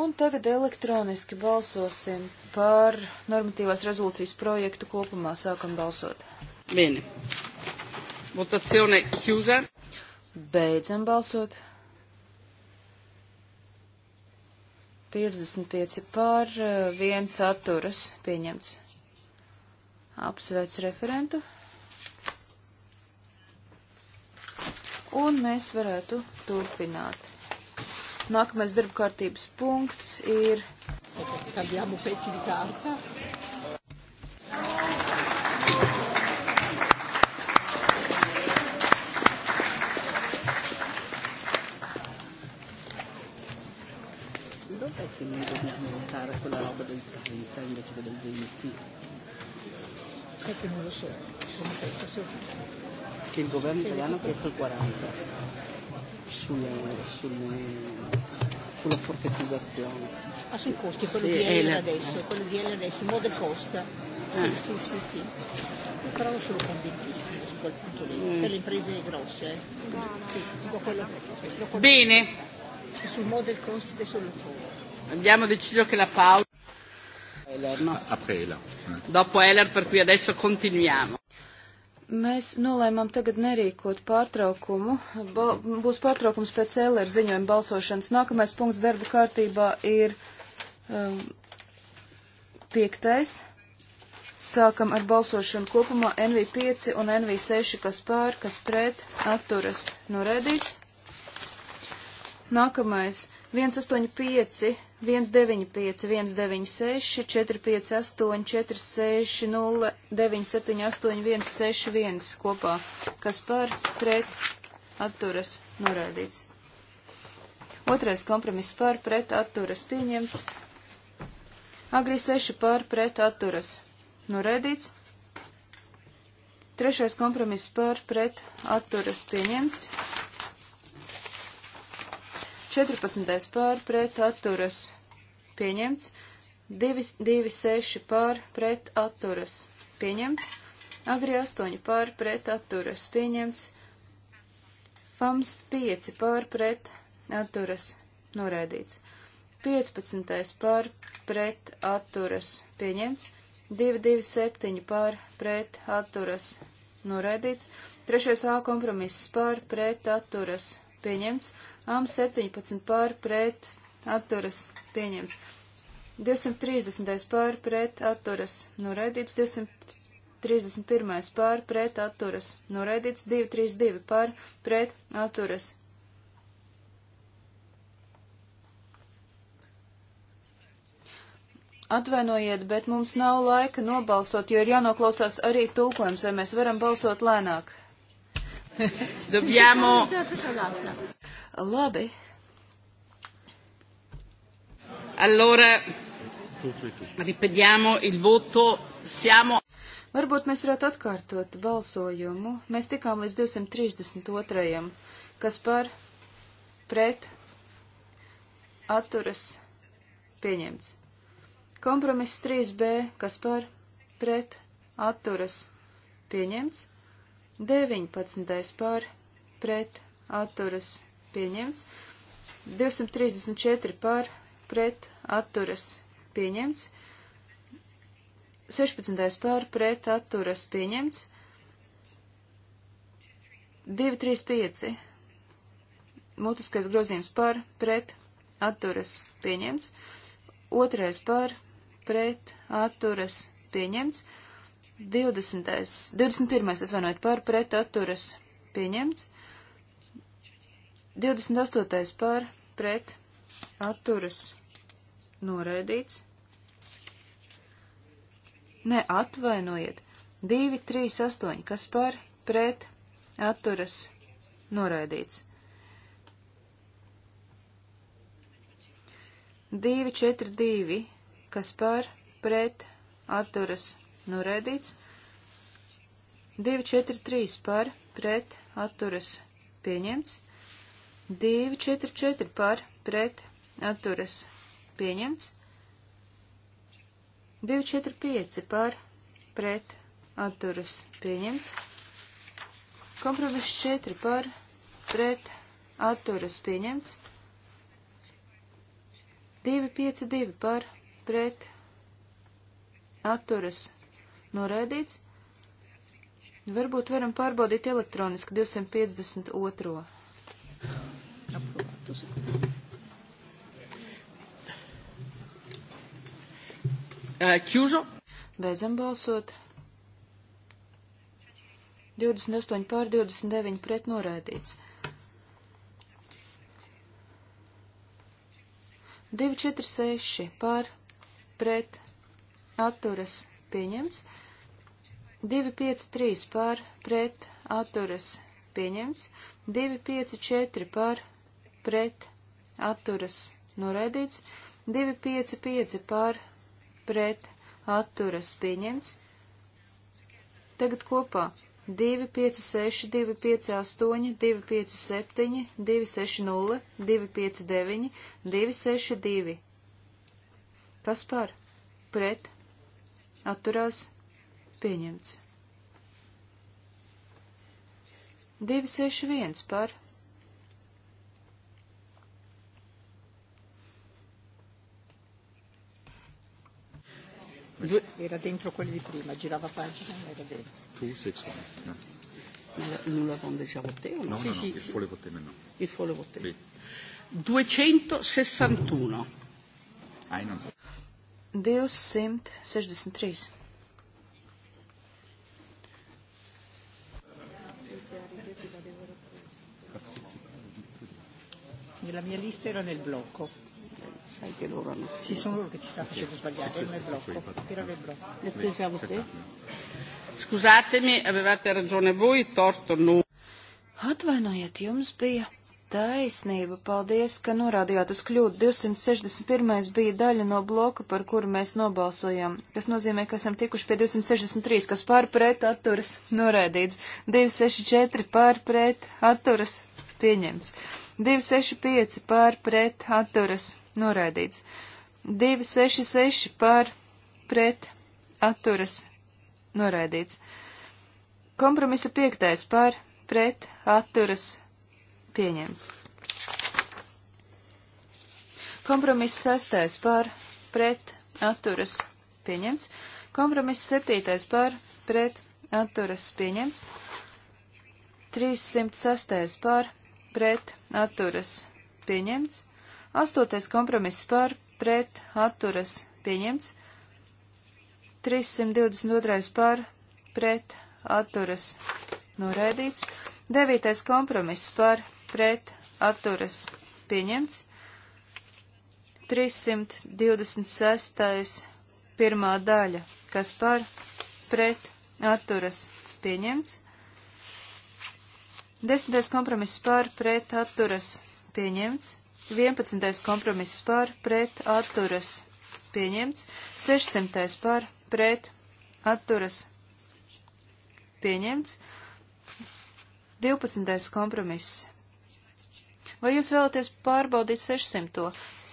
Un tagad elektroniski balsosim par normatīvās rezolūcijas projektu kopumā. Sākam balsot. Vieni. Votazione chiusa. Beidzam balsot. 55 pār, eh, viens atturas pieņemts. Apsveicu referentu. Un mēs varētu turpināt. Nākamais darba kārtības punkts ir. Abbiamo pezzi di carta. parte del GMT. Sai che non lo so, sono questa solo. Che il governo italiano ha chiesto il 40 sulle, sulle, sulla forfettizzazione. Ah, sui costi, quello sì, di L adesso, eh. quello di L adesso, mode cost. Sì, eh. sì, sì, sì. Io però sono convintissima su quel punto lì, mm. per le imprese grosse. Eh. No, no, sì, sì, no, quello, quello, quello Bene. Sul model cost adesso lo trovo. Abbiamo deciso che la pausa. Eller, no? Après Eller. Dopo Eller, par cui adesso continuiamo. Mēs nolēmām tagad nerīkot pārtraukumu. Ba būs pārtraukums pēc Eller ziņojuma balsošanas. Nākamais punkts darba kārtībā ir um, piektais. Sākam ar balsošanu kopumā NV5 un NV6, kas pār, kas pret, atturas norēdīts. Nākamais 185, 195, 196, 458, 46, 0, 978, 161 kopā, kas par pret atturas noraidīts. Otrais kompromiss par pret atturas pieņemts. Agri 6 par pret atturas noraidīts. Trešais kompromiss par pret atturas pieņemts. 14. pār pret atturas pieņemts, 2,6 pār pret atturas pieņemts, agri 8 pār pret atturas pieņemts, fams 5 pār pret atturas norēdīts, 15. pār pret atturas pieņemts, 227 pār pret atturas noraidīts, 3. A kompromiss pār pret atturas pieņemts, AM 17 pār pret atturas pieņemts. 230. pār pret atturas noraidīts. 231. pār pret atturas noraidīts. 232 pār pret atturas. Atvainojiet, bet mums nav laika nobalsot, jo ir jānoklausās arī tulkojums, vai mēs varam balsot lēnāk. Dobbiamo. Labi. Allora, ripetiamo il voto. Siamo. Varbūt mēs varētu atkārtot balsojumu. Mēs tikām līdz 232. kas par pret atturas pieņemts. Kompromiss 3b, kas par pret atturas pieņemts. 19. par pret atturas pieņemts, 234 par pret atturas pieņemts, 16. par pret atturas pieņemts, 235 mutiskais grozījums par pret atturas pieņemts, otrais par pret atturas pieņemts, 236 20. 21. atvainojiet par pret atturas pieņemts. 28. par pret atturas noraidīts. Ne atvainojiet. 2, 3, 8. kas par pret atturas noraidīts. 2, 4, 2. kas par pret atturas noraidīts noraidīts. 243 par pret atturas pieņemts. 244 par pret atturas pieņemts. 245 par pret atturas pieņemts. Kompromiss 4 par pret atturas pieņemts. 252 par pret atturas pieņemts. Noraidīts. Varbūt varam pārbaudīt elektroniski 252. Kjužo. Eh, Beidzam balsot. 28 pār 29 pret noraidīts. 246 pār pret atturas pieņemts. 247 253 par pret atturas pieņemts, 254 par pret atturas noraidīts, 255 par pret atturas pieņemts. Tagad kopā 256, 258, 257, 260, 259, 262. Kas par? Pret. Atturās. Pieņemts. 261 par. Era dentro quelli di prima, girava pagina, era dentro. 261. Nous l'avons déjà voté ou non? Non, si, non, si, il si. faut le voter maintenant. Il faut le voter. Oui. 261. Ai, non so. 263. nella mia lista era nel blocco. Sai che loro hanno... Sì, sono loro che ti stanno facendo sbagliare, era nel blocco. Era nel blocco. Scusatemi, avevate ragione voi, torto no. Nu- Atvainojiet, jums bija taisnība. Paldies, ka norādījāt uz kļūdu. 261. bija daļa no bloka, par kuru mēs nobalsojām. Tas nozīmē, ka esam tikuši pie 263, kas pārpret atturas norēdīts. 264 pārpret atturas pieņemts. 265 par pret atturas noraidīts. 266 par pret atturas noraidīts. Kompromisa piektais par pret atturas pieņemts. Kompromiss sestais par pret atturas pieņemts. Kompromiss septītais par pret atturas pieņemts. 306. par pret atturas pieņemts. Astotais kompromiss par pret atturas pieņemts. 322 par pret atturas noraidīts. 9. kompromiss par pret atturas pieņemts. 326. pirmā daļa, kas par pret atturas pieņemts. Desmitais kompromiss par pret atturas pieņemts. Vienpadsmitais kompromiss par pret atturas pieņemts. Sešsimtais par pret atturas pieņemts. Divpadsmitais kompromiss. Vai jūs vēlaties pārbaudīt 600?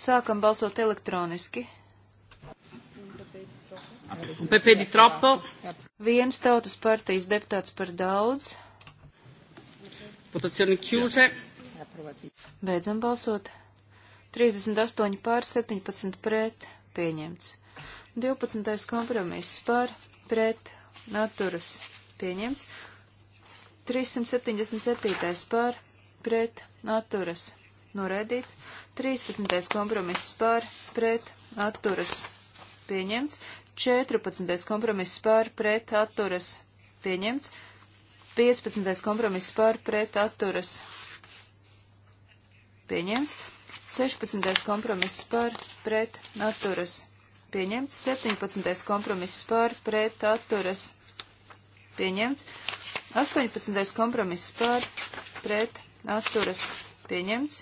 Sākam balsot elektroniski. Pepēdi tropo. Viens tautas partijas deputāts par daudz. Votazioni chiuse. Beidzam balsot. 38 pār 17 pret pieņemts. 12. kompromiss pār pret naturas pieņemts. 377. pār pret naturas noraidīts. 13. kompromiss pār pret atturas pieņemts. 14. kompromiss pār pret atturas pieņemts. 15. kompromiss par pret atturas pieņemts. 16. kompromiss par pret atturas pieņemts. 17. kompromiss par pret atturas pieņemts. 18. kompromiss par pret atturas pieņemts.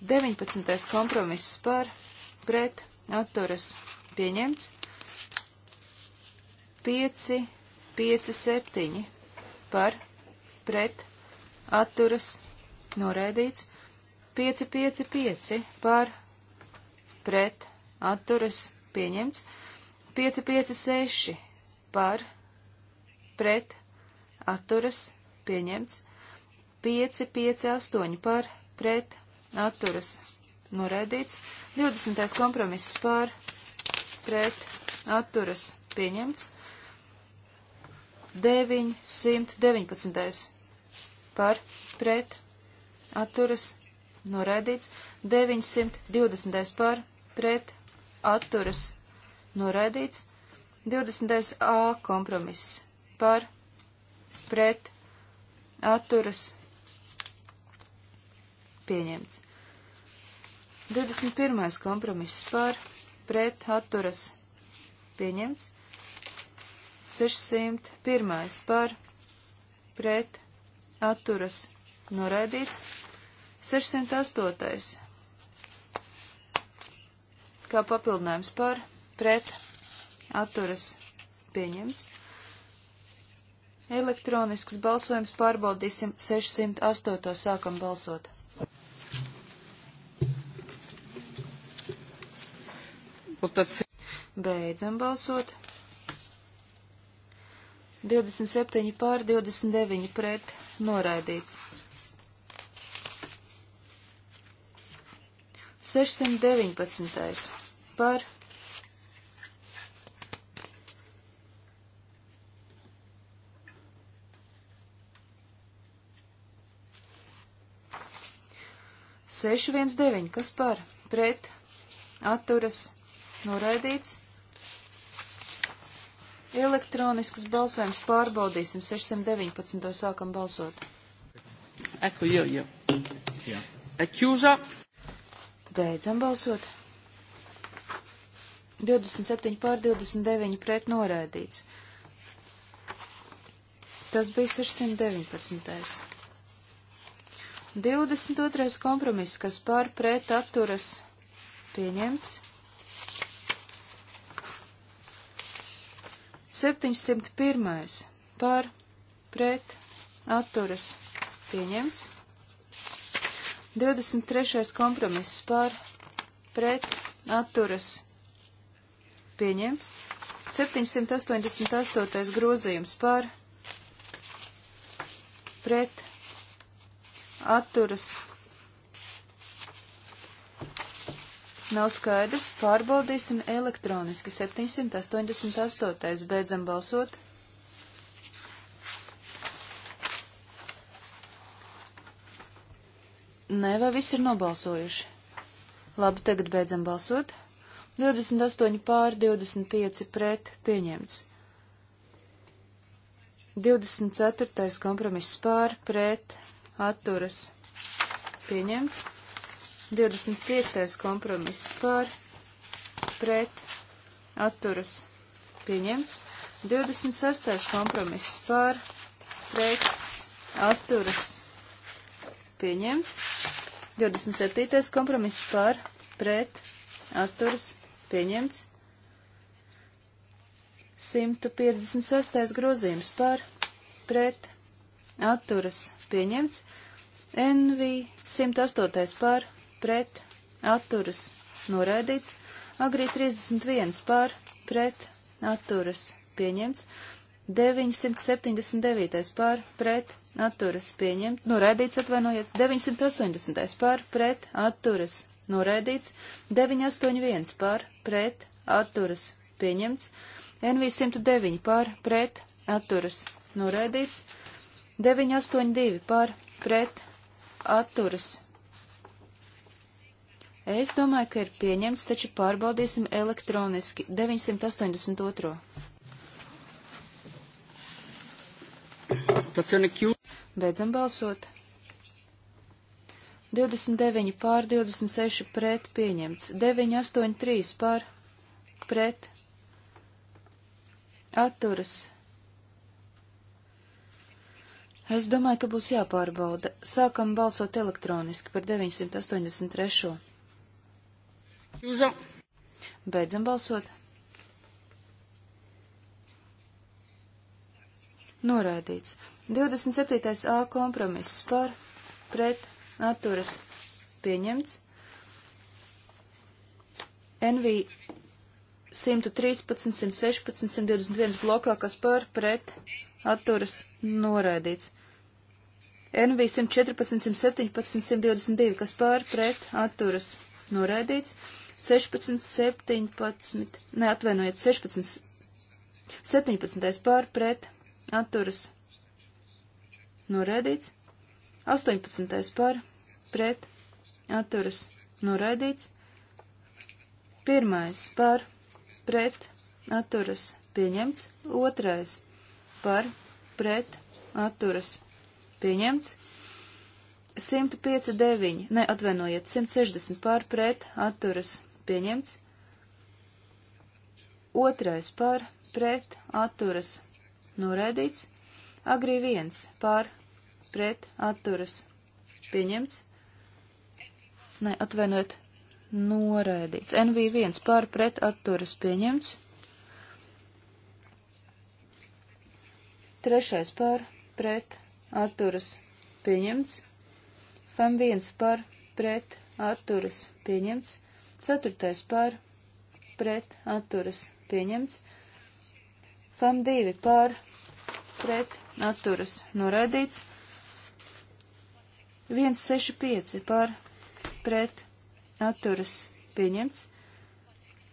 19. kompromiss par pret atturas pieņemts. 5, 5, 7 par pret atturas noraidīts, 5, 5, 5 par pret atturas pieņemts, 5, 5, 6 par pret atturas pieņemts, 5, 5, 8 par pret atturas noraidīts, 20. kompromiss par pret atturas pieņemts. 919. par pret atturas noraidīts. 920. par pret atturas noraidīts. 20. A kompromiss par pret atturas pieņemts. 21. kompromiss par pret atturas pieņemts. 601 par pret atturas noraidīts, 608 kā papildinājums par pret atturas pieņemts. Elektronisks balsojums pārbaudīsim 608. sākam balsot. Beidzam balsot. 27 pār 29 pret noraidīts. 619 par Seši viens deviņi, kas par, pret, atturas, noraidīts. Elektronisks balsojums pārbaudīsim 619. sākam balsot. Eko, jo, jo. Jā. Ekjūza. Beidzam balsot. 27 pār 29 pret noraidīts. Tas bija 619. 22. kompromiss, kas pār pret atturas pieņemts. 701. par pret atturas pieņemts. 23. kompromiss par pret atturas pieņemts. 788. grozījums par pret atturas pieņemts Nav skaidrs, pārbaudīsim elektroniski 788. Beidzam balsot. Nē, vai visi ir nobalsojuši? Labi, tagad beidzam balsot. 28 pār 25 pret pieņemts. 24. kompromiss pār pret atturas pieņemts. 25. kompromiss par, pret, atturas, pieņemts. 26. kompromiss par, pret, atturas, pieņemts. 27. kompromiss par, pret, atturas, pieņemts. 156. grozījums par, pret, atturas, pieņemts. NV 108. par, pret, atturas, noraidīts. Agrī 31 par, pret, atturas, pieņemts. 979 par, pret, atturas, pieņemt, noraidīts, atvainojiet. 980 par, pret, atturas, noraidīts. 981 par, pret, atturas, pieņemts. NV 109 par, pret, atturas, noraidīts. 982 par, pret, atturas, Es domāju, ka ir pieņemts, taču pārbaudīsim elektroniski 982. Beidzam balsot. 29 pār 26 pret pieņemts, 983 pār pret atturas. Es domāju, ka būs jāpārbauda. Sākam balsot elektroniski par 983. Jūza. Beidzam balsot. Noraidīts. 27. A kompromiss par, pret, atturas, pieņemts. NV 113, 116, 121 blokā, kas par, pret, atturas, noraidīts. NV 114, 117, 122, kas par, pret, atturas, noraidīts. 16, 17, neatvainojiet, 16, 17 pār pret atturas noraidīts, 18 pār pret atturas noraidīts, 1 pār pret atturas pieņemts, 2 pār pret atturas pieņemts, 159, ne atvainojiet, 160 pār pret atturas pieņemts. Otrais pār pret atturas noraidīts. Agrī viens pār pret atturas pieņemts. Ne atvainojiet, noraidīts. NV1 pār pret atturas pieņemts. Trešais pār pret atturas pieņemts. FEM 1 par pret atturas pieņemts, 4. par pret atturas pieņemts, FEM 2 par pret atturas noraidīts, 165 par pret atturas pieņemts,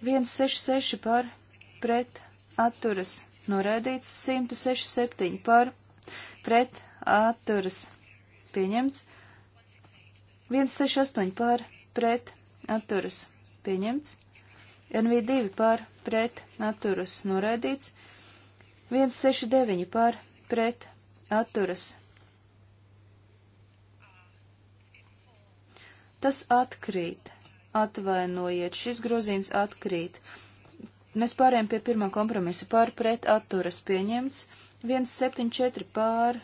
166 par pret atturas noraidīts, 167 par pret atturas pieņemts, 168 168 pār pret atturas pieņemts, NV2 pār pret atturas noraidīts, 169 pār pret atturas. Tas atkrīt. Atvainojiet, šis grozījums atkrīt. Mēs pārējām pie pirmā kompromisa pār pret atturas pieņemts, 174 pār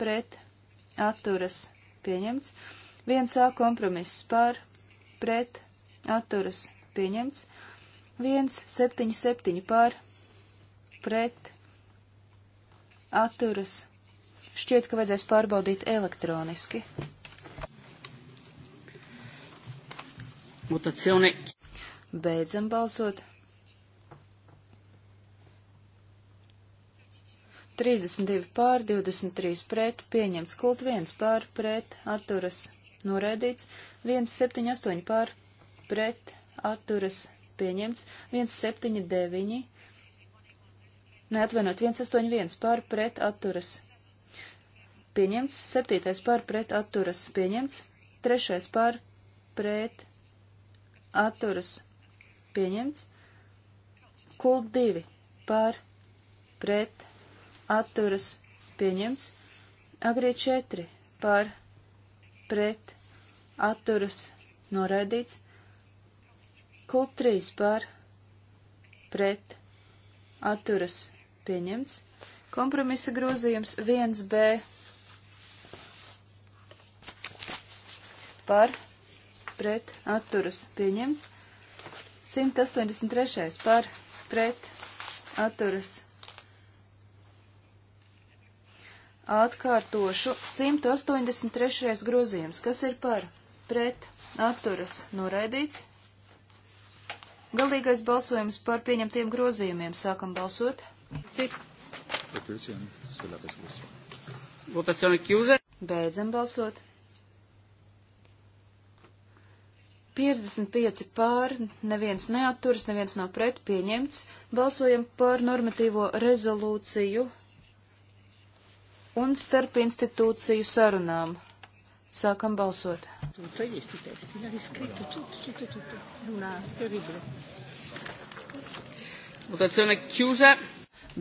pret atturas pieņemts, Viens A kompromiss par, pret, atturas pieņemts. 177 par, pret, atturas. Šķiet, ka vajadzēs pārbaudīt elektroniski. Mutacione. Beidzam balsot. 32 pār, 23 pret, pieņemts kult 1 pār, pret, atturas, noraidīts, 178 pār, pret, atturas, pieņemts, 179, neatvainot, 181 pār, pret, atturas, pieņemts, 7 pār, pret, atturas, pieņemts, 3 pār, pret, atturas, pieņemts, kult 2 pār, pret, atturas, pieņemts, agrīt 4 pār, pret, pret atturas noraidīts. Kult 3 par pret atturas pieņemts. Kompromisa grozījums 1B par pret atturas pieņemts. 183. par pret atturas pieņemts. Atkārtošu 183. grozījums, kas ir par pret atturas noraidīts. Galīgais balsojums par pieņemtiem grozījumiem. Sākam balsot. Beidzam balsot. 55 pār, neviens neaturas, neviens nav pret, pieņemts. Balsojam par normatīvo rezolūciju un starp institūciju sarunām. Sākam balsot. Votazione chiusa.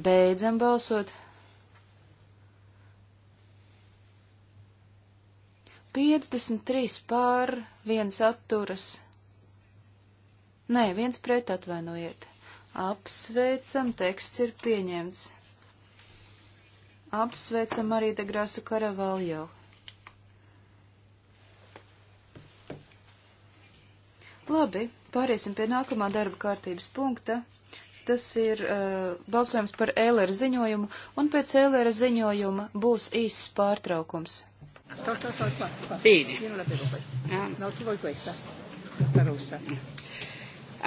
Beidzam balsot. Piecdesmit trīs pār, viens atturas. Nē, viens pret atvainojiet. Apsveicam, teksts ir pieņemts. Apsveicam arī Degrasu Karavaljo. Labi, pāriesim pie nākamā darba kārtības punkta. Tas ir uh, balsojums par Ēlera ziņojumu, un pēc Ēlera ziņojuma būs īsts pārtraukums. To, to, to, qua, qua. Bene. Io non la bevo questa. Ah. No, tu vuoi questa? Questa rossa.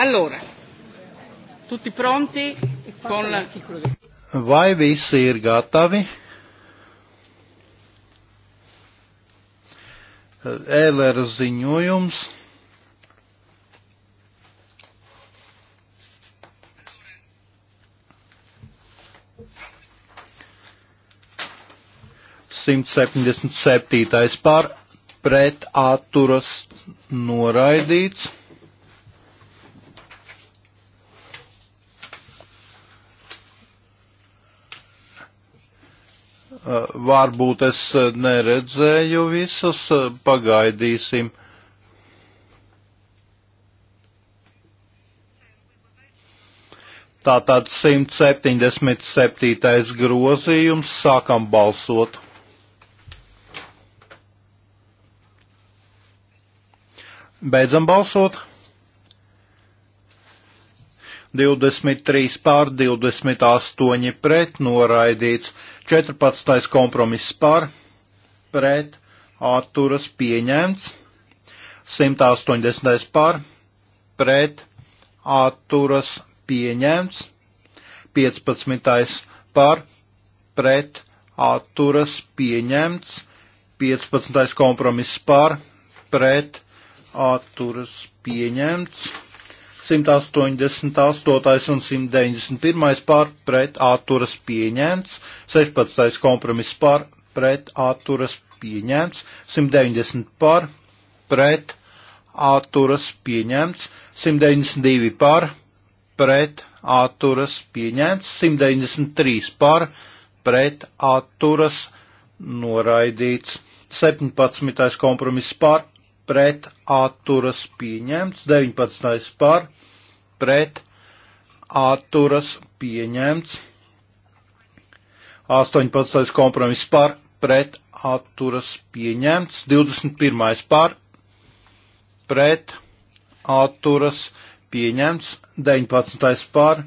Allora, tutti pronti? E con l'articolo 20. Vai visi ir gatavi? Ēlera ziņojums. Simt septiņdesmit septītais par pret atturas noraidīts. Varbūt es eh, neredzēju visus, eh, pagaidīsim. Tātad 177. grozījums sākam balsot. Beidzam balsot. 23 pār 28 pret noraidīts. 14. kompromiss par, pret, atturas pieņemts, 180. par, pret, atturas pieņemts, 15. par, pret, atturas pieņemts, 15. kompromiss par, pret, atturas pieņemts. 188 un 191 pār pret atturas pieņemts, 16. kompromiss pār pret atturas pieņemts, 190 pār pret atturas pieņemts, 192 pār pret atturas pieņemts, 193 pār pret atturas noraidīts, 17. kompromiss pār pret atturas pieņemts, 19. par pret atturas pieņemts, 18. kompromiss par pret atturas pieņemts, 21. par pret atturas pieņemts, 19. par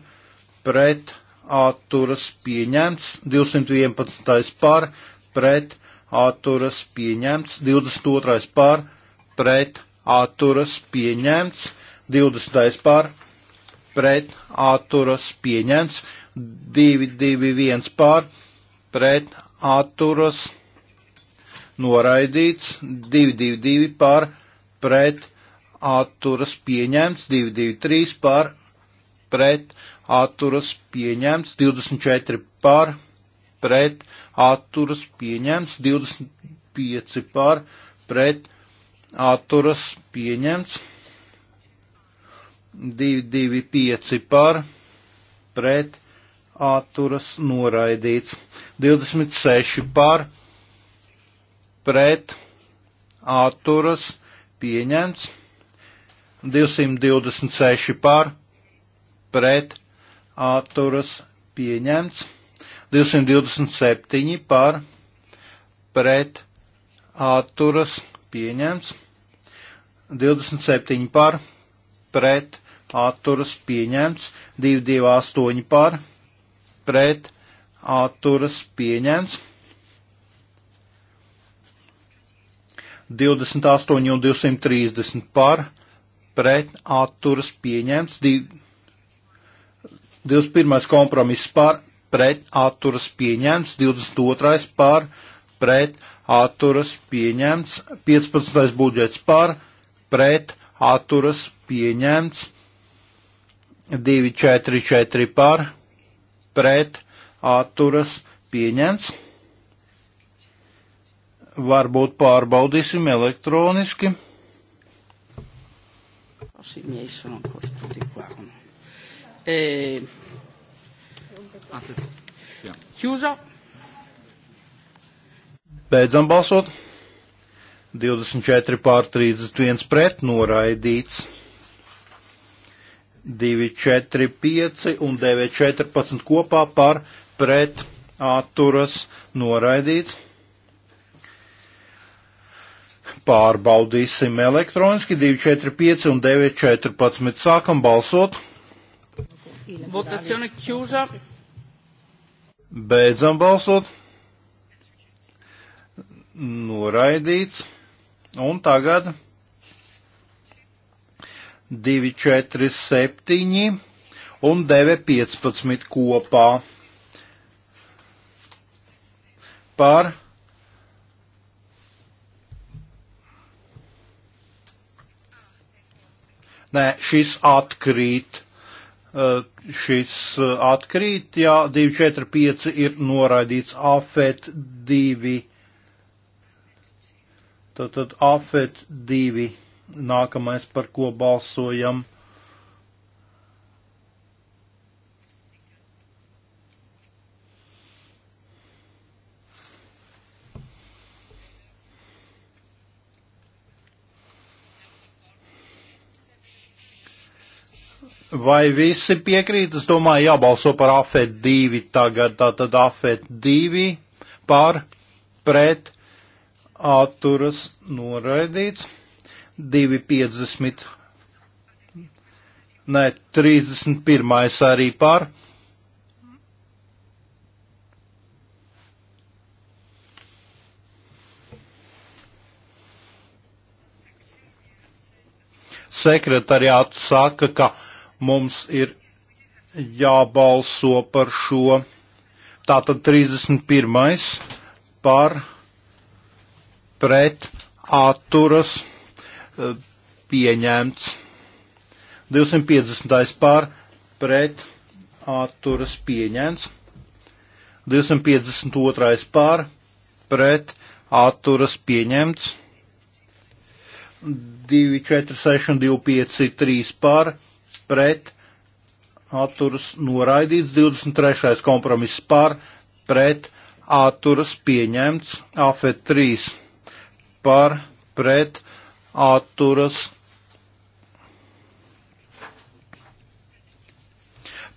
pret atturas pieņemts, 211. par pret atturas pieņemts, 22. par pret pret atturas pieņemts, 20. par pret atturas pieņemts, 221 par pret atturas noraidīts, 222 par pret atturas pieņemts, 223 par pret atturas pieņemts, 24 par pret atturas pieņemts, 25 par pret atturas pieņemts atturas pieņemts. 225 par pret atturas noraidīts. 26 par pret atturas pieņemts. 226 par pret atturas pieņemts. 227 par pret atturas pieņemts pieņemts. 27 par, pret, atturas pieņemts. 228 par, pret, atturas pieņemts. 28 un 230 par, pret, atturas pieņemts. 21. kompromiss par, pret, atturas pieņemts. 22. par, pret, atturas pieņemts atturas pieņemts, 15. budžets par, pret, atturas pieņemts, 244 par, pret, atturas pieņemts. Varbūt pārbaudīsim elektroniski. Sì, miei sono ancora tutti qua. Eh, chiuso. Beidzam balsot. 24 pār 31 pret noraidīts. 2, 4, 5 un 9, 14 kopā par pret atturas noraidīts. Pārbaudīsim elektroniski 2, 4, 5 un 9, 14. Sākam balsot. Votazione chiusa. Beidzam balsot noraidīts. Un tagad 2, 4, 7 un 9, 15 kopā par Nē, šis atkrīt. Uh, šis uh, atkrīt, jā, 245 ir noraidīts afet 2. Tātad AFET 2 nākamais, par ko balsojam. Vai visi piekrīt? Es domāju, jābalso par AFET 2 tagad. Tātad AFET 2 par pret atturas noraidīts, 2,50, ne, 31 arī par. Sekretariāts saka, ka mums ir jābalso par šo. Tātad 31. par pret atturas e, pieņemts. 250. pār pret atturas pieņemts. 252. pār pret atturas pieņemts. 2, 4, 6 un 2, 5, 3 pār pret atturas noraidīts. 23. kompromiss pār pret atturas pieņemts. AFE 3 par pret atturas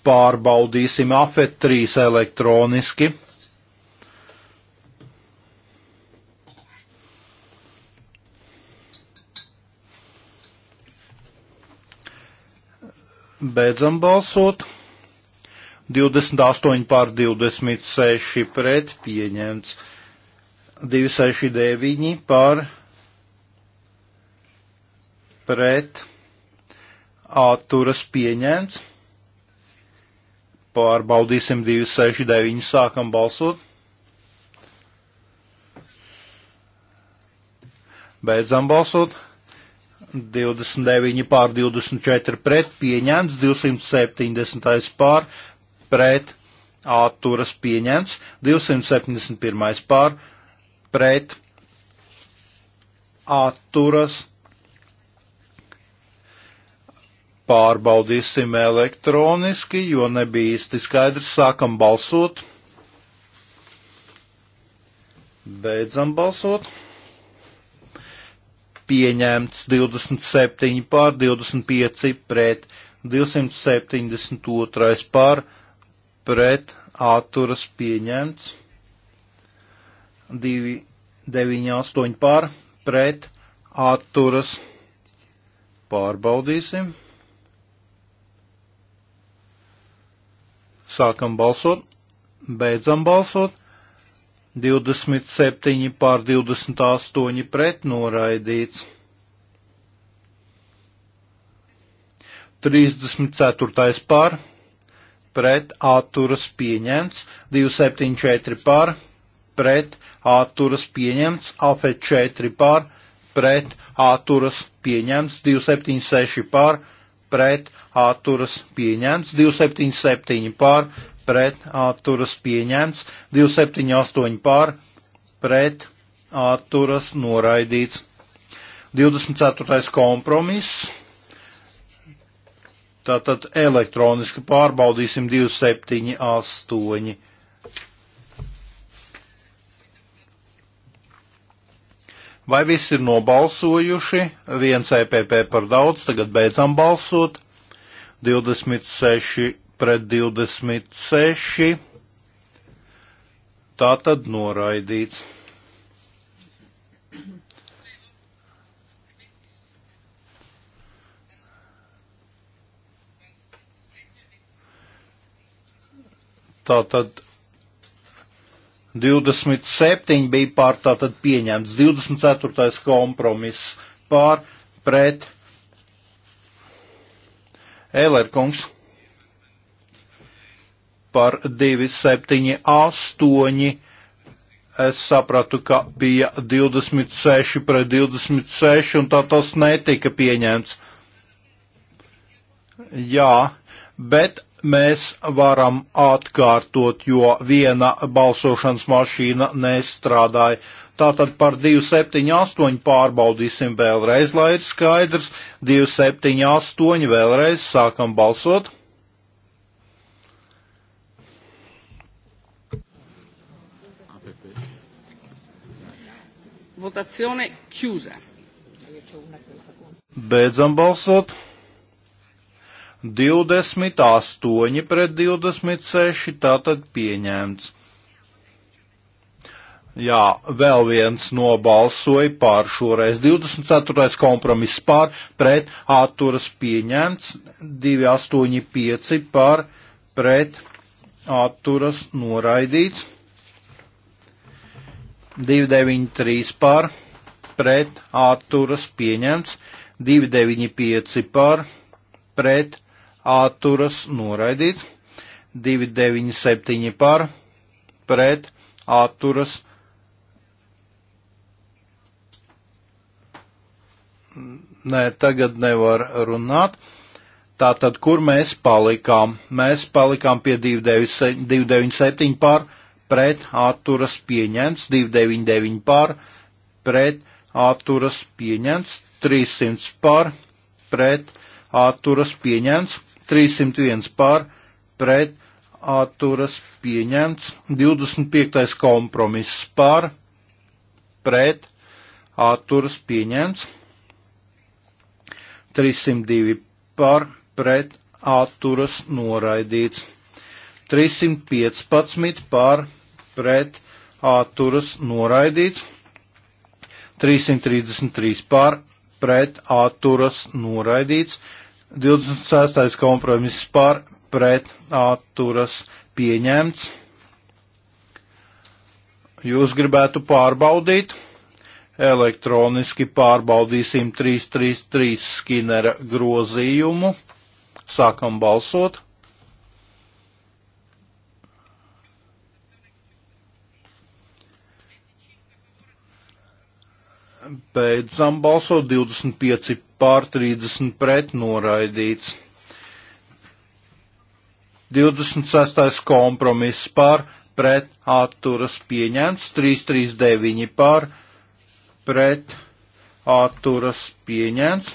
pārbaudīsim afet 3 elektroniski. Beidzam balsot. 28 pār 26 pret pieņemts. 269 par pret atturas pieņemts. Pārbaudīsim 269, sākam balsot. Beidzam balsot. 29 pār 24 pret pieņemts, 270 pār pret atturas pieņemts, 271 pār pret pret atturas. Pārbaudīsim elektroniski, jo nebija īsti skaidrs. Sākam balsot. Beidzam balsot. Pieņemts 27 pār 25 pret 272 pār pret atturas pieņemts. 2, 9, 8 pār pret atturas. Pārbaudīsim. Sākam balsot, beidzam balsot. 27 pār 28 pret noraidīts. 34 pār pret atturas pieņemts, 274 pār pret āturas pieņemts, AFE 4 pār, pret āturas pieņemts, 276 pār, pret āturas pieņemts, 277 pār, pret āturas pieņemts, 278 pār, pret āturas noraidīts. 24. kompromiss. Tātad elektroniski pārbaudīsim 278. Vai visi ir nobalsojuši? Viens EPP par daudz, tagad beidzam balsot. 26 pret 26. Tā tad noraidīts. Tātad 27 bija pār tātad pieņemts, 24. kompromiss pār pret Elerkungs par 278. Es sapratu, ka bija 26 pret 26 un tā tas netika pieņemts. Jā, bet mēs varam atkārtot, jo viena balsošanas mašīna nestrādāja. Tātad par 278 pārbaudīsim vēlreiz, lai ir skaidrs. 278 vēlreiz sākam balsot. Votazione chiusa. Beidzam balsot. 28 pret 26, tātad pieņemts. Jā, vēl viens nobalsoja pār šoreiz. 24. kompromiss pār pret atturas pieņemts, 285 pār pret atturas noraidīts, 293 pār pret atturas pieņemts, 295 pār pret atturas noraidīts, 297 par, pret, atturas Nē, tagad nevar runāt. Tātad, kur mēs palikām? Mēs palikām pie 297 pār, pret atturas pieņemts, 299 pār, pret atturas pieņemts, 300 pār, pret atturas pieņemts, 301 pār pret atturas pieņemts, 25. kompromiss pār pret atturas pieņemts, 302 pār pret atturas noraidīts, 315 pār pret atturas noraidīts, 333 pār pret atturas noraidīts, 26. kompromiss par pret atturas pieņemts. Jūs gribētu pārbaudīt? Elektroniski pārbaudīsim 333 skinera grozījumu. Sākam balsot. Beidzam balsot 25 pār 30 pret noraidīts. 26. kompromiss pār pret atturas pieņemts, 339 pār pret atturas pieņemts,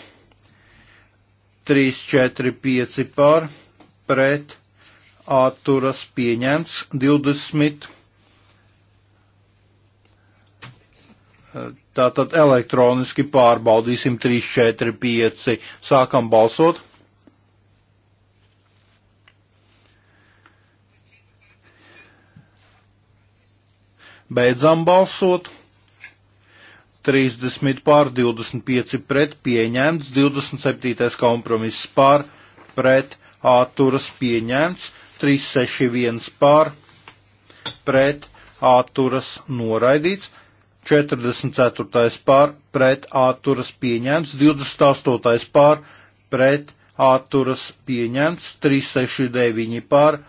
345 pār pret atturas pieņemts, 20 Tātad elektroniski pārbaudīsim 3, 4, 5. Sākam balsot. Beidzam balsot. 30 pār 25 pret pieņemts, 27. kompromiss pār pret āturas pieņemts, 361 pār pret āturas noraidīts, 44. pār pret āturas pieņemts, 28. pār pret āturas pieņemts, 369 pār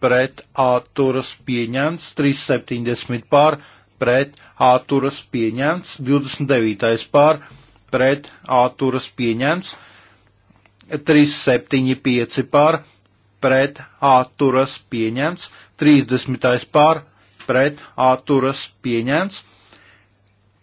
pret āturas pieņemts, 370 pār pret āturas pieņemts, 29. pār pret āturas pieņemts, 375 pār pret āturas pieņemts, 30. pār pret āturas pieņemts,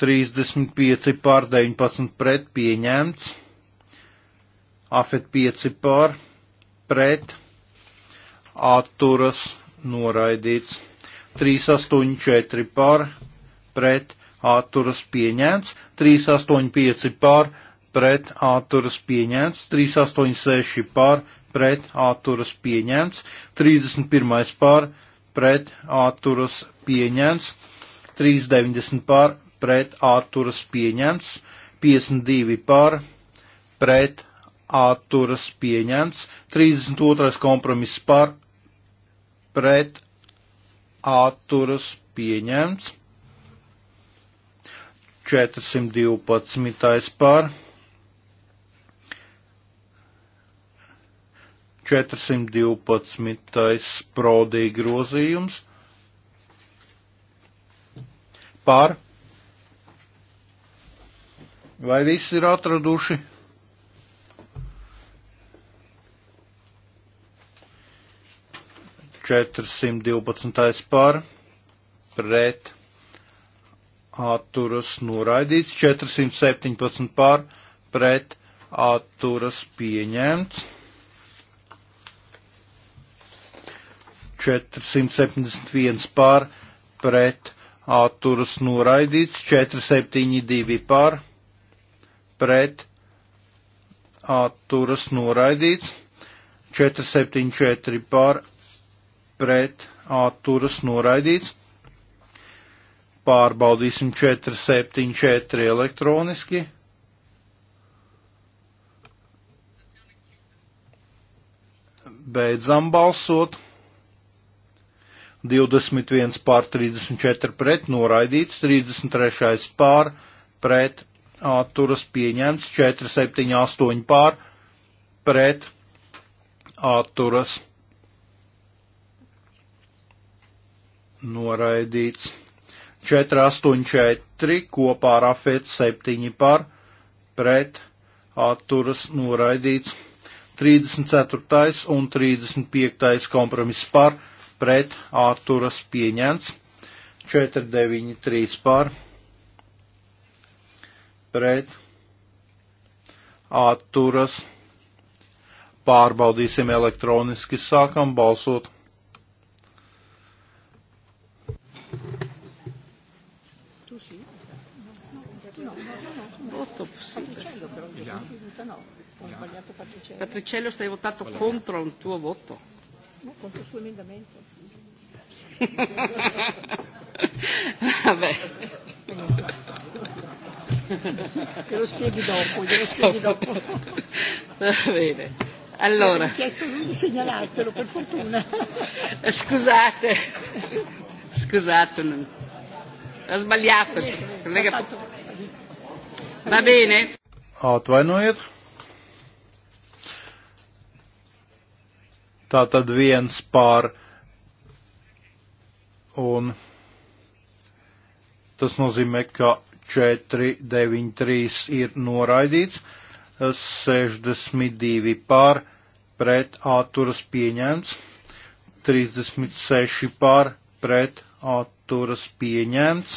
35 pār 19 pret pieņemts. Afet 5 pār pret atturas noraidīts. 384 pār pret atturas pieņemts. 385 pār pret atturas pieņemts. 386 pār pret atturas pieņemts. 31 pār pret atturas pieņemts. 390 pār pret atturas pieņemts, 52 par pret atturas pieņemts, 32 kompromiss par pret atturas pieņemts, 412 par 412 prodī grozījums par Vai visi ir atraduši? Četrsimt divpadsmitais par, pret, atturas noraidīts, 417 par, pret, atturas pieņemts. 471 pār pret atturas noraidīts, 472 pār pret atturas noraidīts, 474 par pret atturas noraidīts. Pārbaudīsim 474 elektroniski. Beidzam balsot. 21 pār 34 pret noraidīts, 33 pār pret atturas pieņemts 478 pār pret atturas noraidīts 484 kopā ar afet 7 pār pret atturas noraidīts 34. un 35. kompromiss par pret atturas pieņemts 493 pār pret pret atturas. Pārbaudīsim elektroniski, sākam balsot. Patriciello, stai votato Qual contro un tuo voto. No, contro il suo emendamento. Vabbè. Te lo spieghi dopo, glielo spieghi dopo. Va bene. Allora. Mi ha chiesto lui di segnalartelo, per fortuna. Eh, scusate, scusatemi. Ho sbagliato. Collega... Va bene. Atvainojiet. Tātad viens pār un tas nozīmē, ka 493 ir noraidīts, 62 pār pret atturas pieņemts, 36 pār pret atturas pieņemts,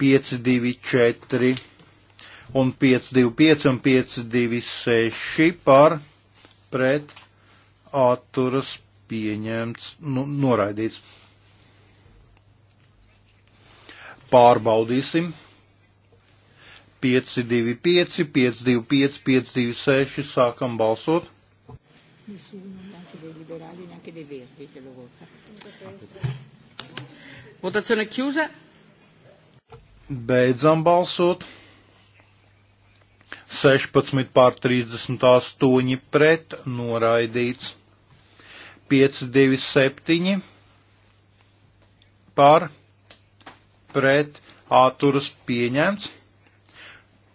524 un 525 un 526 pār pret atturas pieņemts, nu, noraidīts. Pārbaudīsim. 525, 525, 526, sākam balsot. Votazione chiusa. Beidzam balsot. 16 pār 38 pret noraidīts. 527 pār pret āturas pieņemts.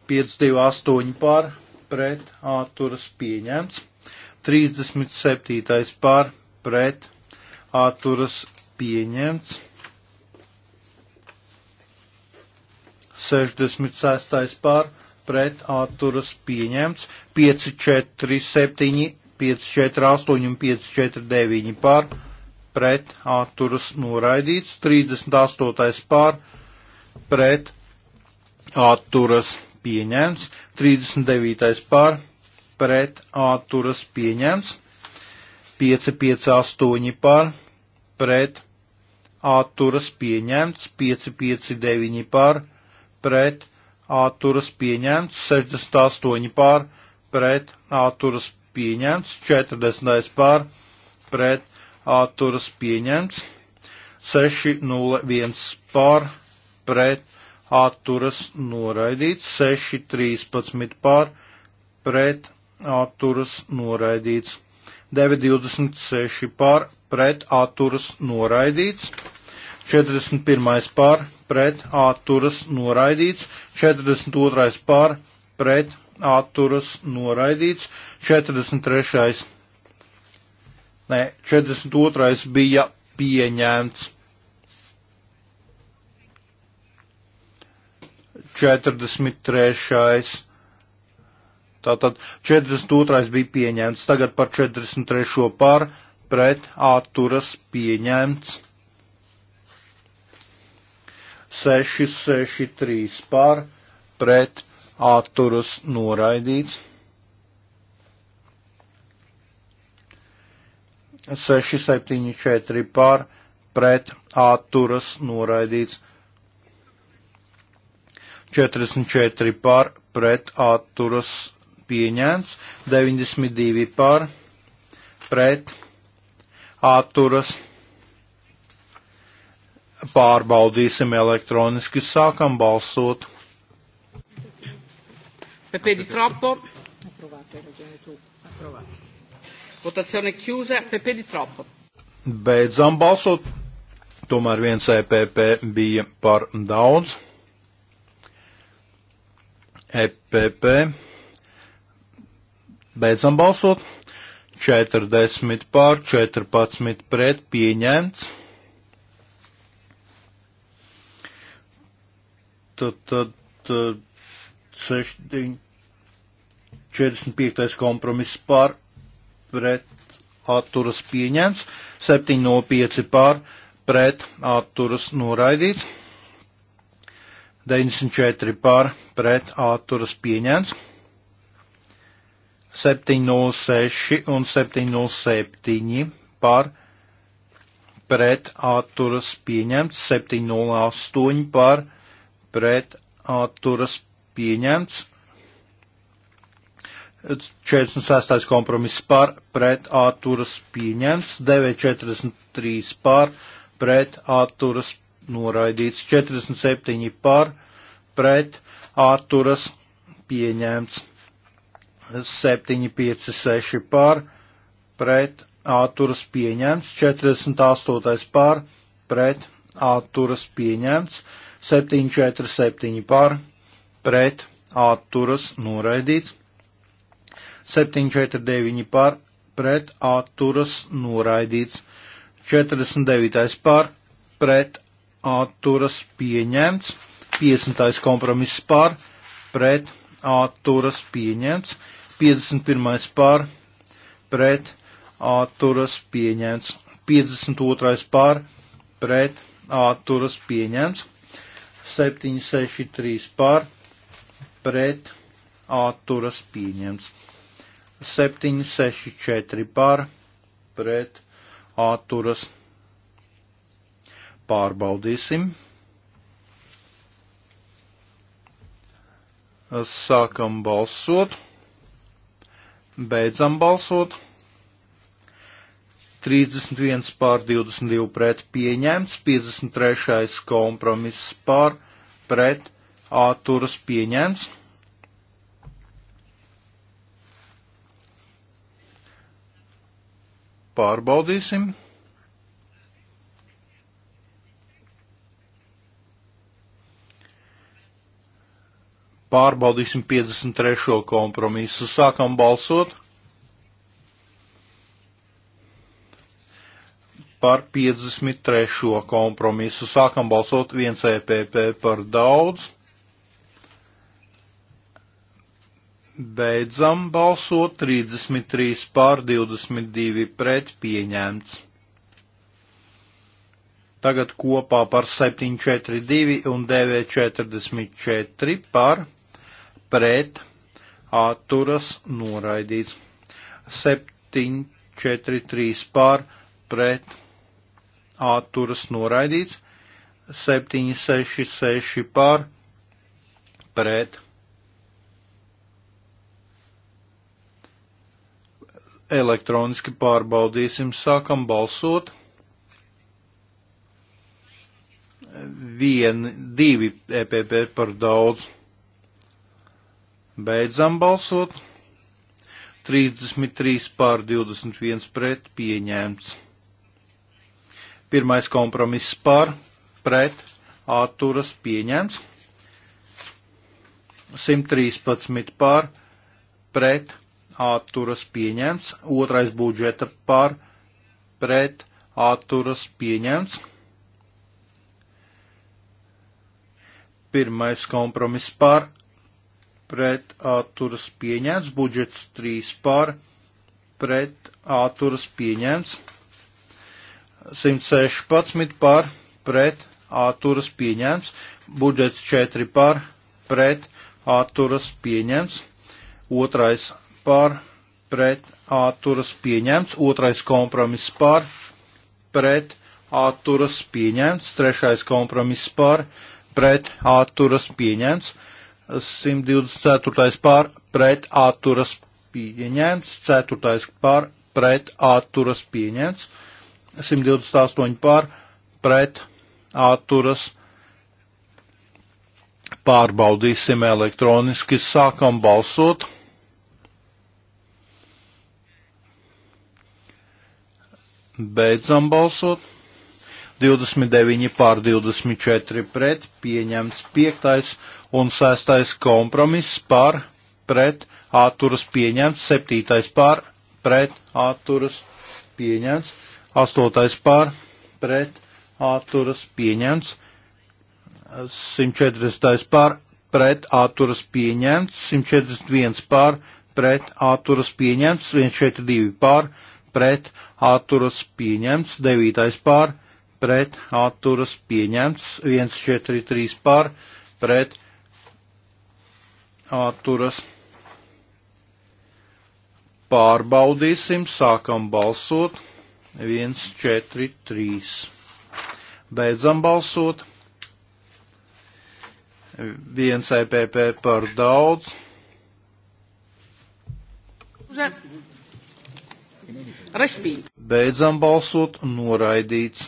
528 pār pret āturas pieņemts, 37 pār pret āturas pieņemts, 66 pār pret āturas pieņemts, 547, 548 un 549 pār pret āturas noraidīts, 38 pār pret atturas pieņemts, 39. par pret atturas pieņemts, 558 par pret atturas pieņemts, 559 par pret atturas pieņemts, 68 par pret atturas pieņemts, 40 par pret atturas pieņemts, 601 par pret atturas noraidīts, 6, 13 pār pret atturas noraidīts, 9, 26 pār pret atturas noraidīts, 41 pār pret atturas noraidīts, 42 pār pret atturas noraidīts, 43. Nē, 42. bija pieņemts. 43. Tātad 42. bija pieņemts, tagad par 43. par pret atturas pieņemts. 6, 6, 3 par pret atturas noraidīts. 6, 7, 4 par pret atturas noraidīts. 44 pār pret atturas pieņemts, 92 pār pret atturas pārbaudīsim elektroniski, sākam balsot. Pepe di troppo. Votazione chiusa, Pepe di troppo. Beidzam balsot, tomēr viens EPP bija par daudz. EPP. Beidzam balsot. 40 pār 14 pret pieņemts. Tad, tad, tad 6, 45. kompromiss pār pret atturas pieņemts, 7 no 5 pār pret atturas noraidīts. 94 pār pret āturas pieņēns. 706 un 707 pār pret atturas pieņemts, 708 pār pret atturas pieņemts, 46. kompromiss pār pret atturas pieņemts, 943 pār pret atturas noraidīts 47 par, pret atturas pieņemts 756 par, pret atturas pieņemts 48 par, pret atturas pieņemts 747 par, pret atturas noraidīts 749 par, pret atturas noraidīts 49 par, pret atturas pieņemts, 50. kompromiss par, pret atturas pieņemts, 51. par, pret atturas pieņemts, 52. par, pret atturas pieņemts, 763 par, pret atturas pieņemts, 764 par, pret atturas Pārbaudīsim. Sākam balsot. Beidzam balsot. 31 pār 22 pret pieņemts, 53. kompromiss pār pret āturas pieņemts. Pārbaudīsim. Pārbaudīsim 53. kompromisu. Sākam balsot par 53. kompromisu. Sākam balsot 1 EPP par daudz. Beidzam balsot 33 pār 22 pret pieņemts. Tagad kopā par 742 un 944 par pret atturas noraidīts. 7, 4, 3 pār pret atturas noraidīts. 7, 6, 6 pār pret. Elektroniski pārbaudīsim, sākam balsot. Vien, divi EPP par daudz. Beidzam balsot. 33 pār 21 pret pieņemts. Pirmais kompromiss pār pret atturas pieņemts. 113 pār pret atturas pieņemts. Otrais budžeta pār pret atturas pieņemts. Pirmais kompromiss pār pret atturas pieņemts, budžets 3 par pret atturas pieņemts, 116 par pret atturas pieņemts, budžets 4 par pret atturas pieņemts, otrais par pret atturas pieņemts, otrais kompromiss par pret atturas pieņemts, trešais kompromiss par pret atturas pieņemts, 124. pār pret atturas pieņemts, 4. pār pret atturas pieņemts, 128 pār pret atturas pārbaudīsim elektroniski, sākam balsot. Beidzam balsot. 29 pār 24 pret, pieņemts 5. un 6. kompromiss pār pret, atturas pieņemts 7. pār pret, atturas pieņemts 8. pār pret, atturas pieņemts 140. pār pret, atturas pieņemts 141 pār pret, atturas pieņemts 142 pār pret, atturas pieņemts 9. pār pret pret atturas pieņemts, 143 par pret atturas pārbaudīsim, sākam balsot, 143. Beidzam balsot, 1 EPP par daudz. Beidzam balsot, noraidīts.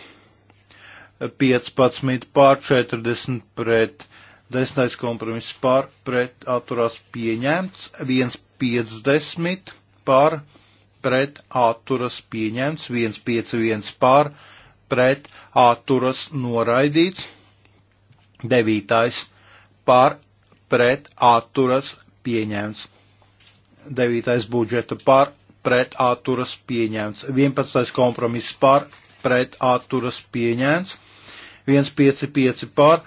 15 pār 40 pret 10. kompromiss pār pret atturās pieņemts, 1,50 pār pret atturas pieņemts, 1,51 pār pret atturas noraidīts, 9. pār pret atturas pieņemts, 9. budžeta pār pret atturas pieņemts, 11. kompromiss pār pret atturas pieņemts, 155 pār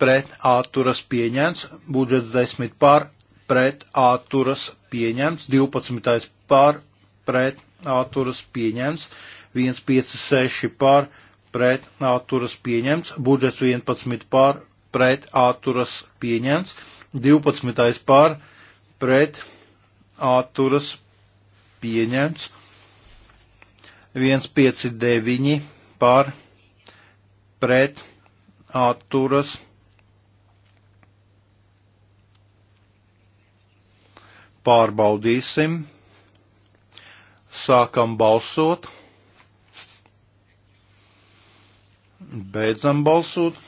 pret āturas pieņemts, budžets 10 pār pret āturas pieņemts, 12 pār pret āturas pieņemts, 156 pār pret āturas pieņemts, budžets 11 pār pret āturas pieņemts, 12 pār pret āturas pieņemts, 159 pār pret pret atturas pārbaudīsim. Sākam balsot. Beidzam balsot.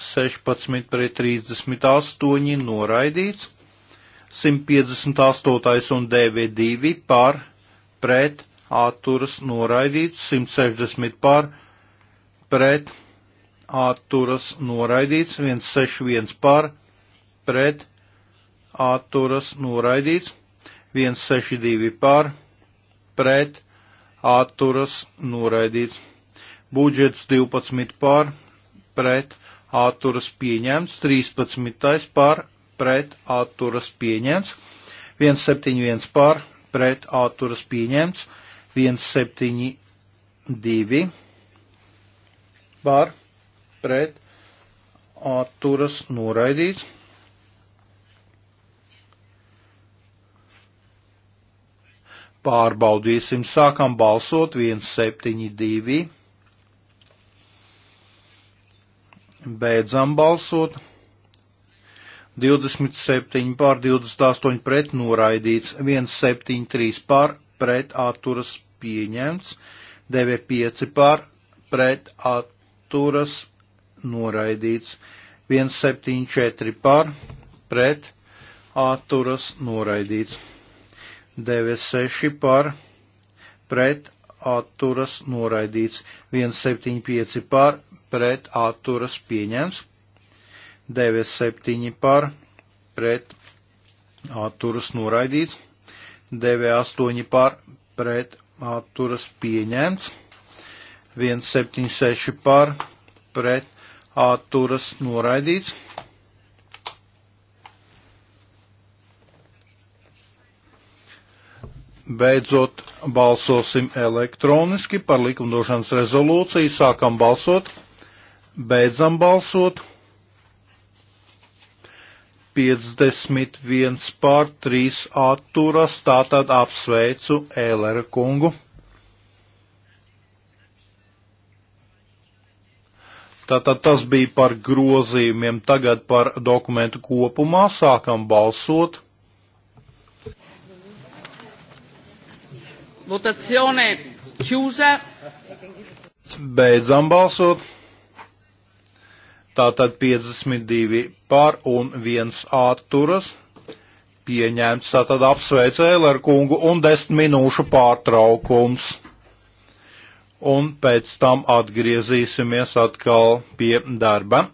16 pret 38 noraidīts. 158 un 92 par pret atturas noraidīts, 160 par pret atturas noraidīts, 161 par pret atturas noraidīts, 162 par pret atturas noraidīts, budžets 12 par pret atturas pieņemts, 13 par pret atturas pieņemts, 171 par pret atturas pieņemts, 172 pār pret atturas noraidīts. Pārbaudīsim, sākam balsot 172. Beidzam balsot. 27 pār 28 pret noraidīts, 173 pār pret atturas pieņemts, 95 par pret atturas noraidīts, 174 par pret atturas noraidīts, 96 par pret atturas noraidīts, 175 par pret atturas pieņemts, 97 par pret atturas noraidīts. DV8 pār pret atturas pieņemts, 176 pār pret atturas noraidīts. Beidzot, balsosim elektroniski par likumdošanas rezolūciju. Sākam balsot, beidzam balsot. 51 pār 3 atturas, tātad apsveicu Ēlera kungu. Tātad tas bija par grozījumiem, tagad par dokumentu kopumā sākam balsot. Votazione chiusa. Beidzam balsot tātad 52 par un 1 atturas. Pieņemts, tātad apsveic Eiler kungu un 10 minūšu pārtraukums. Un pēc tam atgriezīsimies atkal pie darba.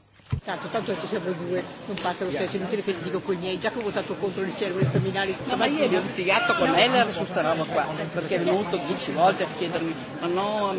Tanto, tanto ci siamo due, non passa lo stesso, è inutile che dico con niente, già che ho votato contro il cervello staminale. No, ma ieri ho litigato con no, Heller e su sta roba qua, perché è venuto dieci volte a chiedermi, ma no...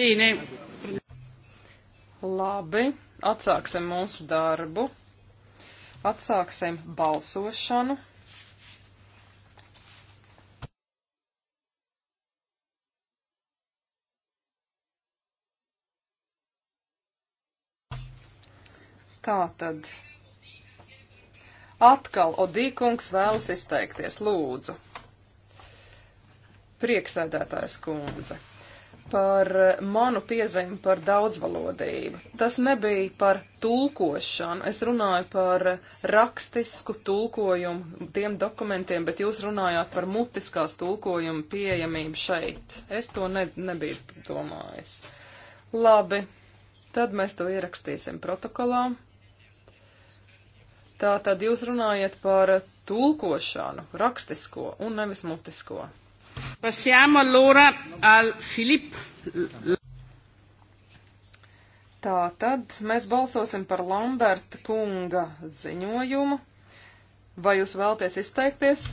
Bīne. Labi, atsāksim mūsu darbu. Atsāksim balsošanu. Tā tad. Atkal Odīkungs vēlas izteikties, lūdzu. Prieksēdētājs kundze par eh, manu piezīmi par daudzvalodību. Tas nebija par tulkošanu, es runāju par rakstisku tulkojumu tiem dokumentiem, bet jūs runājāt par mutiskās tulkojumu pieejamību šeit. Es to ne, nebiju domājis. Labi, tad mēs to ierakstīsim protokolā. Tātad jūs runājat par tulkošanu, rakstisko un nevis mutisko. Passiamo allora al Filip. Tā tad mēs balsosim par Lamberta kunga ziņojumu. Vai jūs vēlaties izteikties?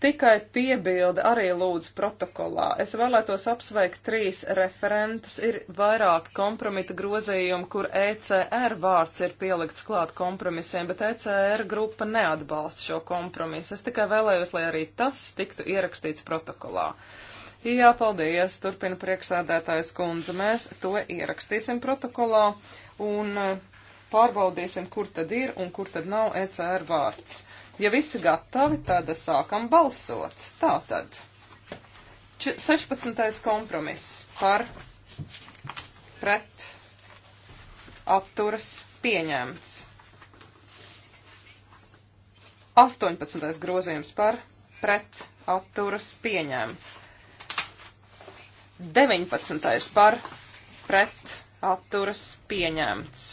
Tikai piebilde arī lūdzu protokolā. Es vēlētos apsveikt trīs referentus. Ir vairāk kompromita grozījumu, kur ECR vārds ir pielikts klāt kompromisiem, bet ECR grupa neatbalsta šo kompromisu. Es tikai vēlējos, lai arī tas tiktu ierakstīts protokolā. Jā, paldies, turpina prieksēdētājs kundze. Mēs to ierakstīsim protokolā. Un, uh, pārbaudīsim, kur tad ir un kur tad nav ECR vārds. Ja visi gatavi, tad sākam balsot. Tā tad. 16. kompromiss par pret apturas pieņemts. 18. grozījums par pret atturas pieņemts. 19. par pret atturas pieņemts.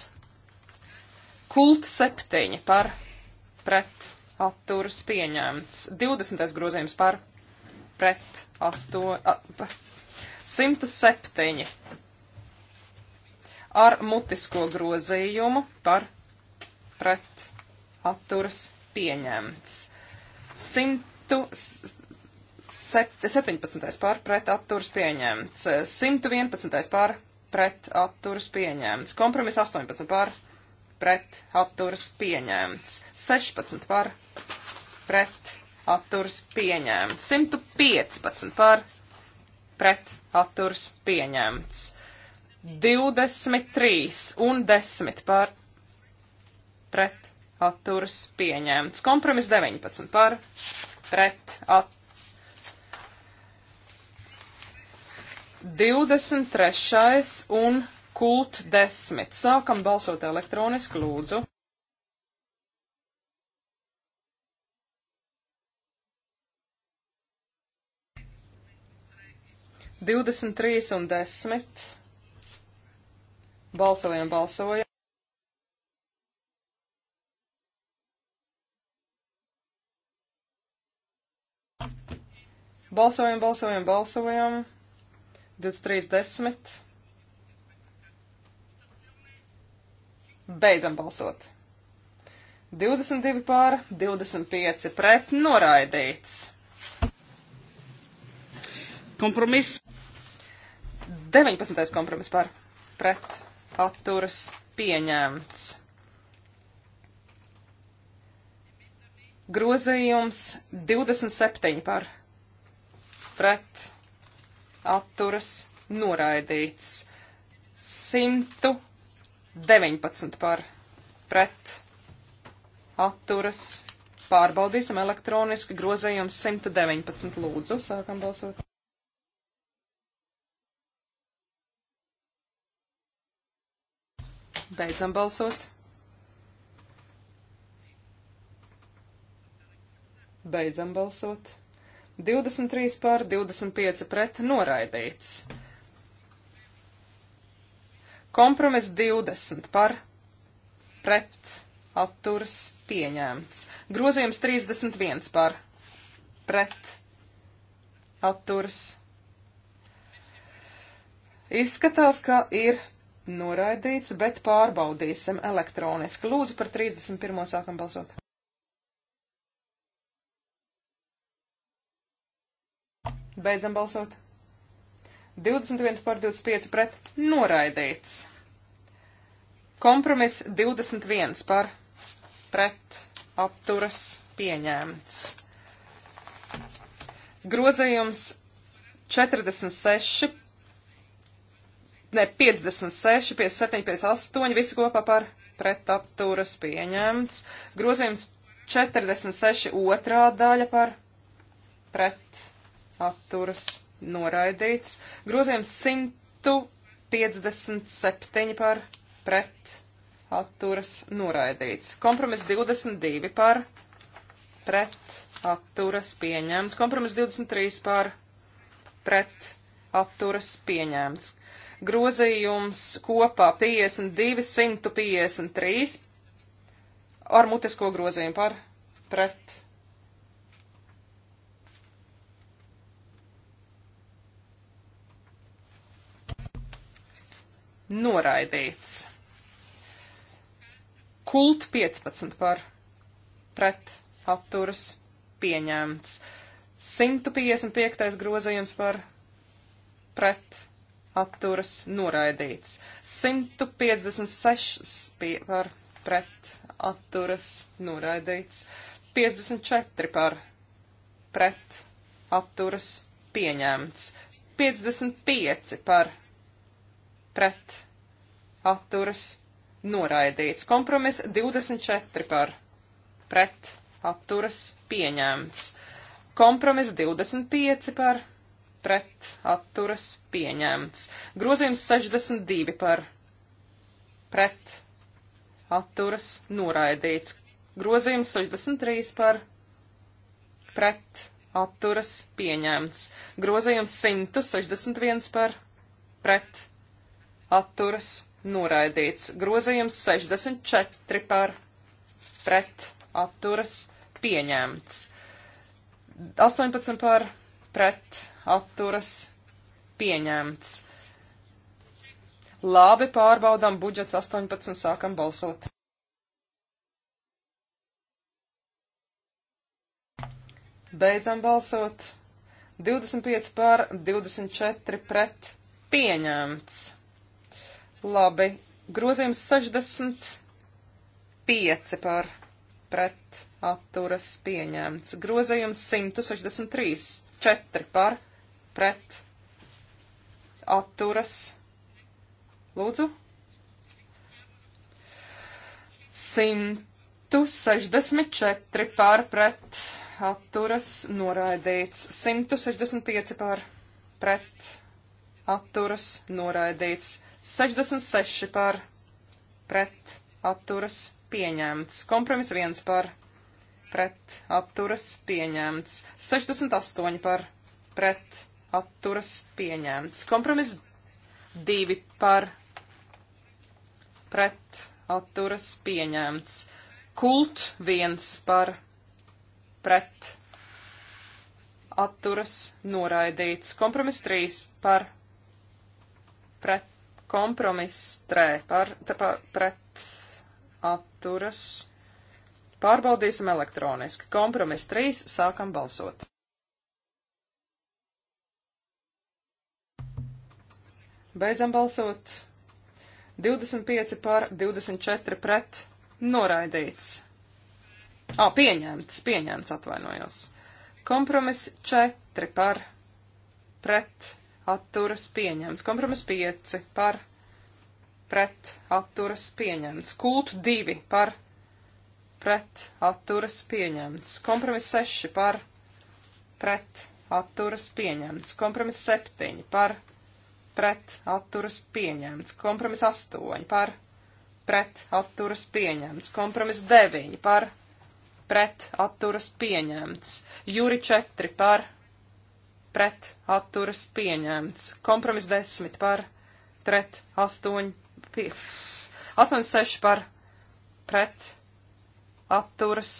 Kult 7 par pret atturas pieņemts. 20. grozījums par pret 8. A, 107 ar mutisko grozījumu par pret atturas pieņemts. 117. pār pret atturas pieņemts. 111. pār pret atturas pieņemts. Kompromiss 18 pār pret pret atturas pieņēmts. 16 par pret atturas pieņēmts. 115 par pret atturas pieņēmts. 23 un 10 par pret atturas pieņēmts. Kompromis 19 par pret atturas. 23. un kult desmit. Sākam balsot elektroniski, lūdzu. Divdesmit trīs un desmit. Balsojam, balsojam. Balsojam, balsojam, balsojam. 23, 10. Beidzam balsot. 22 pār, 25 pret, noraidīts. Kompromiss. 19. kompromiss par, pret, atturas, pieņemts. Grozījums 27 par pret atturas noraidīts. 100 19 par pret atturas. Pārbaudīsim elektroniski grozējums 119 lūdzu. Sākam balsot. Beidzam balsot. Beidzam balsot. 23 pār 25 pret noraidīts. Kompromiss 20 par pret atturas pieņemts. Grozījums 31 par pret atturas. Izskatās, ka ir noraidīts, bet pārbaudīsim elektroniski. Lūdzu par 31. sākam balsot. Beidzam balsot. 21 par 25 pret noraidīts. Kompromiss 21 par pret apturas pieņēmts. Grozījums 46, ne 56, 57, 58, visi kopā par pret apturas pieņēmts. Grozījums 46 otrā daļa par pret apturas pieņēmts noraidīts. Grozījums 157 par pret atturas noraidīts. Kompromiss 22 par pret atturas pieņēmts. Kompromiss 23 par pret atturas pieņēmts. Grozījums kopā 52, 153 ar mutisko grozījumu par pret noraidīts. Kult 15 par pret apturas pieņemts. 155. grozījums par pret apturas noraidīts. 156 par pret atturas noraidīts. 54 par pret atturas pieņemts. 55 par pret pret atturas noraidīts. Kompromiss 24 par pret atturas pieņemts. Kompromiss 25 par pret atturas pieņemts. Grozījums 62 par pret atturas noraidīts. Grozījums 63 par pret atturas pieņemts. Grozījums 161 par pret atturas noraidīts. Grozījums 64 par pret atturas pieņemts. 18 par pret atturas pieņemts. Labi, pārbaudām budžets 18, sākam balsot. Beidzam balsot. 25 pār 24 pret pieņemts. Labi, grozījums 65 par pret atturas pieņemts. Grozījums 163, 4 par pret atturas. Lūdzu. 164 par pret atturas noraidīts. 165 par pret atturas noraidīts. 66 par pret atturas pieņemts. Kompromis 1 par pret atturas pieņemts. 68 par pret atturas pieņemts. Kompromis 2 par pret atturas pieņemts. Kult 1 par pret atturas noraidīts. Kompromis 3 par pret Kompromiss trē par, tā, pret atturas. Pārbaudīsim elektroniski. Kompromiss 3. Sākam balsot. Beidzam balsot. 25 pār 24 pret. Noraidīts. Ā, pieņemts, pieņemts, atvainojos. Kompromiss 4 par pret atturas pieņemts. Kompromis 5 par pret atturas pieņemts. Kult 2 par pret atturas pieņemts. Kompromis 6 par pret atturas pieņemts. Kompromis 7 par pret atturas pieņemts. Kompromis 8 par pret atturas pieņemts. Kompromis 9 par pret atturas pieņemts. Juri 4 par pret pret atturas pieņemts. Kompromiss 10 par pret 8, 8 6 par pret atturas.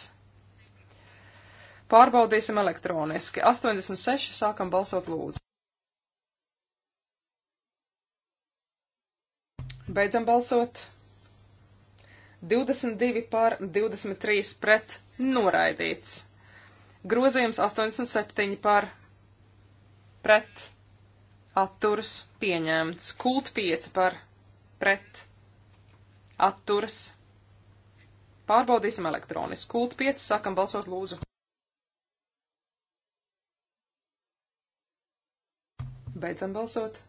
Pārbaudīsim elektroniski. 86 sākam balsot lūdzu. Beidzam balsot. 22 pār 23 pret noraidīts. Grozījums 87 pār pret atturas pieņemts. Kult 5 par pret atturas. Pārbaudīsim elektroniski. Kult 5 sākam balsot lūdzu. Beidzam balsot.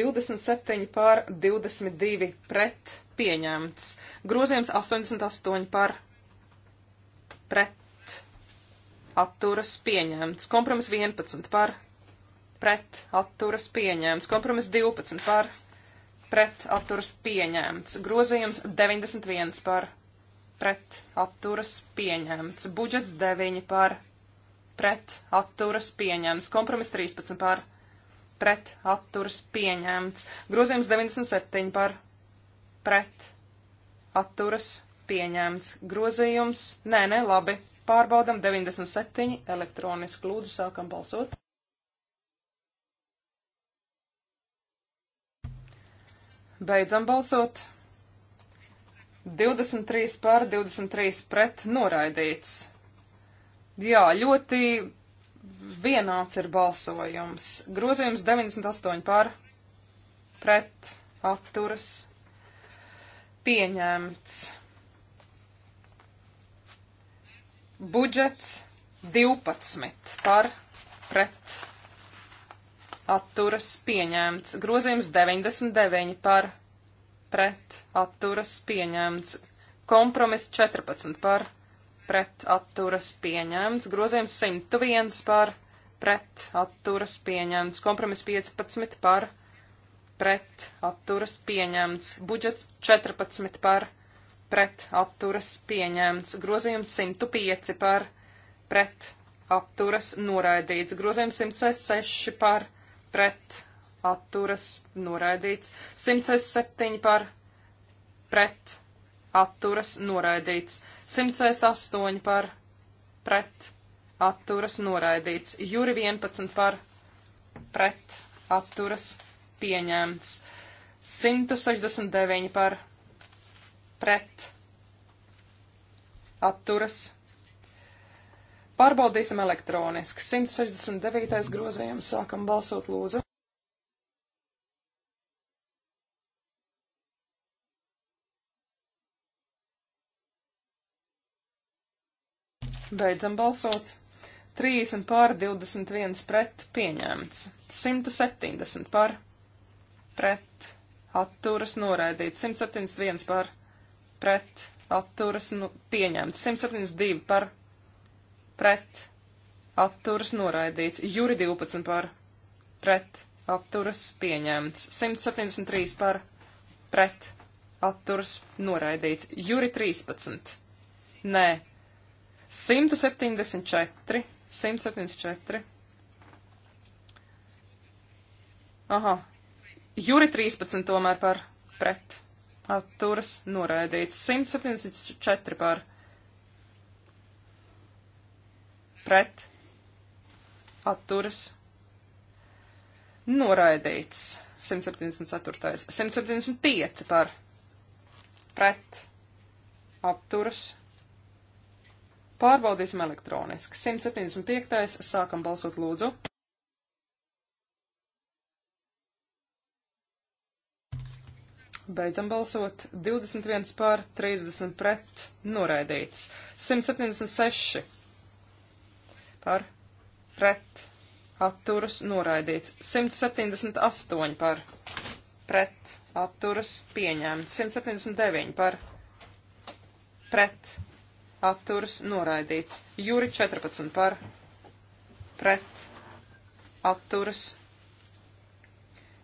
27 pār 22 pret pieņemts. Grozījums 88 pār pret atturas pieņemts. Kompromis 11 par pret atturas pieņemts. Kompromis 12 par pret atturas pieņemts. Grozījums 91 par pret atturas pieņemts. Budžets 9 par pret atturas pieņemts. Kompromis 13 par pret atturas pieņemts. Grozījums 97 par pret atturas pieņemts. Grozījums, nē, nē, labi, Pārbaudam 97 elektroniski lūdzu sākam balsot. Beidzam balsot. 23 pār 23 pret noraidīts. Jā, ļoti vienāds ir balsojums. Grozījums 98 pār pret atturas pieņemts. Budžets 12 par pret atturas pieņemts. Grozījums 99 par pret atturas pieņemts. Kompromiss 14 par pret atturas pieņemts. Grozījums 101 par pret atturas pieņemts. Kompromiss 15 par pret atturas pieņemts. Budžets 14 par pret pret apturas pieņemts, grozījums 105 par pret apturas noraidīts, grozījums 106 par pret apturas noraidīts, 107 par pret apturas noraidīts, 108 par pret apturas noraidīts, jūri 11 par pret apturas pieņemts, 169 par pret pret, atturas. Pārbaudīsim elektroniski. 169. grozījums sākam balsot lūdzu. Beidzam balsot. 30 pār 21 pret pieņemts. 170 par pret atturas noraidīts. 171 par pret atturas nu, pieņemts. 172 par pret atturas noraidīts. Juri 12 par pret atturas pieņemts. 173 par pret atturas noraidīts. Juri 13. Nē. 174. 174. Aha. Juri 13 tomēr par pret atturas noraidīts. 174 par pret atturas noraidīts. 174. 175 par pret atturas. Pārbaudīsim elektroniski. 175. sākam balsot lūdzu. Beidzam balsot. 21 pār 30 pret. Noraidīts. 176 par pret. Atturas noraidīts. 178 par pret. Atturas pieņemts. 179 par pret. Atturas noraidīts. Jūri 14 par pret. Atturas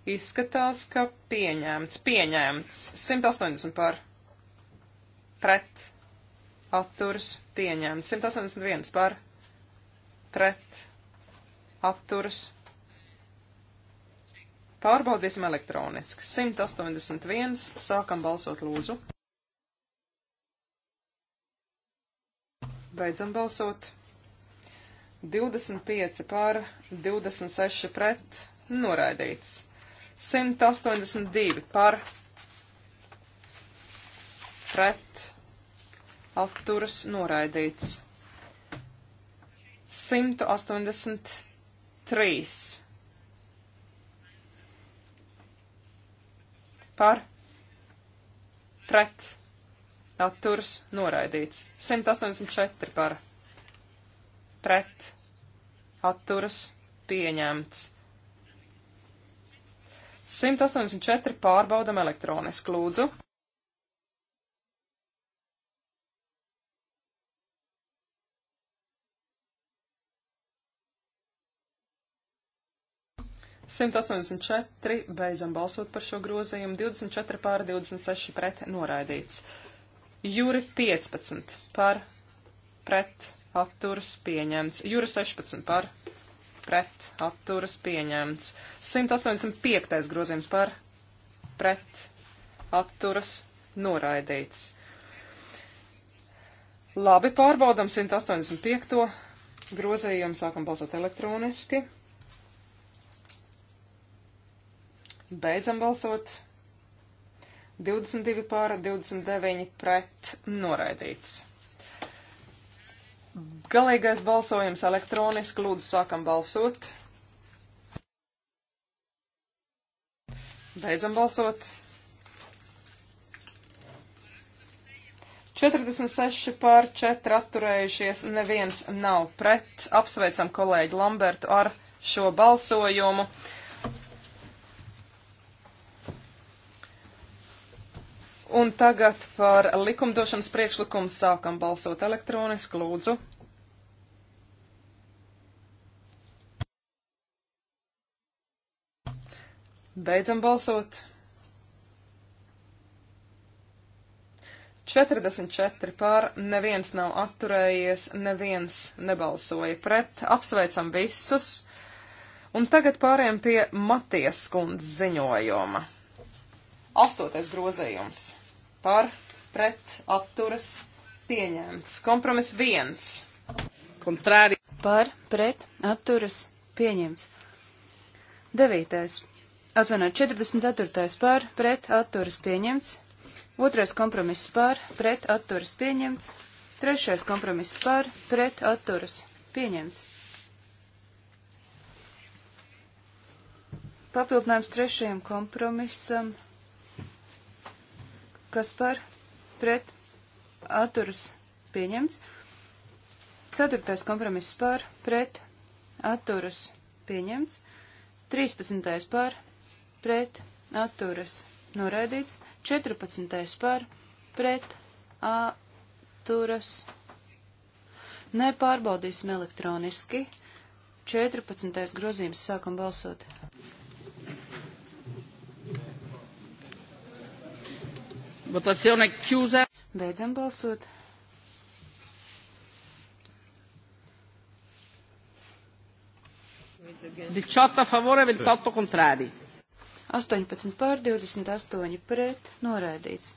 Izskatās, ka pieņemts, pieņemts. 180 par pret atturs pieņemts. 181 par pret atturs. Pārbaudīsim elektroniski. 181. Sākam balsot lūdzu. Beidzam balsot. 25 par 26 pret noraidīts. 182 par pret atturas noraidīts. 183 par pret atturas noraidīts. 184 par pret atturas pieņemts. 184 pārbaudam elektroniski lūdzu. Simt astoņdesmit četri, beidzam balsot par šo grozījumu, divdesmit četri pār divdesmit seši pret noraidīts. Juri piecpadsmit par pret atturs pieņemts, Juri sešpadsmit par pret atturas pieņemts. 185. grozījums par pret atturas noraidīts. Labi, pārbaudam 185. grozījumu, sākam balsot elektroniski. Beidzam balsot. 22 pār 29 pret noraidīts. Galīgais balsojums elektroniski. Lūdzu, sākam balsot. Beidzam balsot. 46 pār 4 atturējušies, neviens nav pret. Apsveicam kolēģi Lambertu ar šo balsojumu. Un tagad par likumdošanas priekšlikumu sākam balsot elektroniski, lūdzu. Beidzam balsot. 44 pār, neviens nav atturējies, neviens nebalsoja pret, apsveicam visus. Un tagad pārējām pie Matijas kundzes ziņojuma. Astotais grozējums par pret apturas pieņemts. Kompromis 1. Kontrāri. Par pret apturas pieņemts. 9. Atvainojiet, 44. par pret atturas pieņemts. Otrais kompromiss par pret atturas pieņemts. Trešais kompromiss par pret atturas pieņemts. Papildinājums trešajam kompromisam kas par pret atturas pieņemts. Ceturtais kompromiss par pret atturas pieņemts. Trīspadsmitais par pret atturas noraidīts. Četrpadsmitais par pret atturas. Nepārbaudīsim elektroniski. 14. grozījums sākam balsot. Votazione chiusa. Beidzam balsot. Diciotto a favore, ventotto contrari. 18 pār 28 pret noraidīts.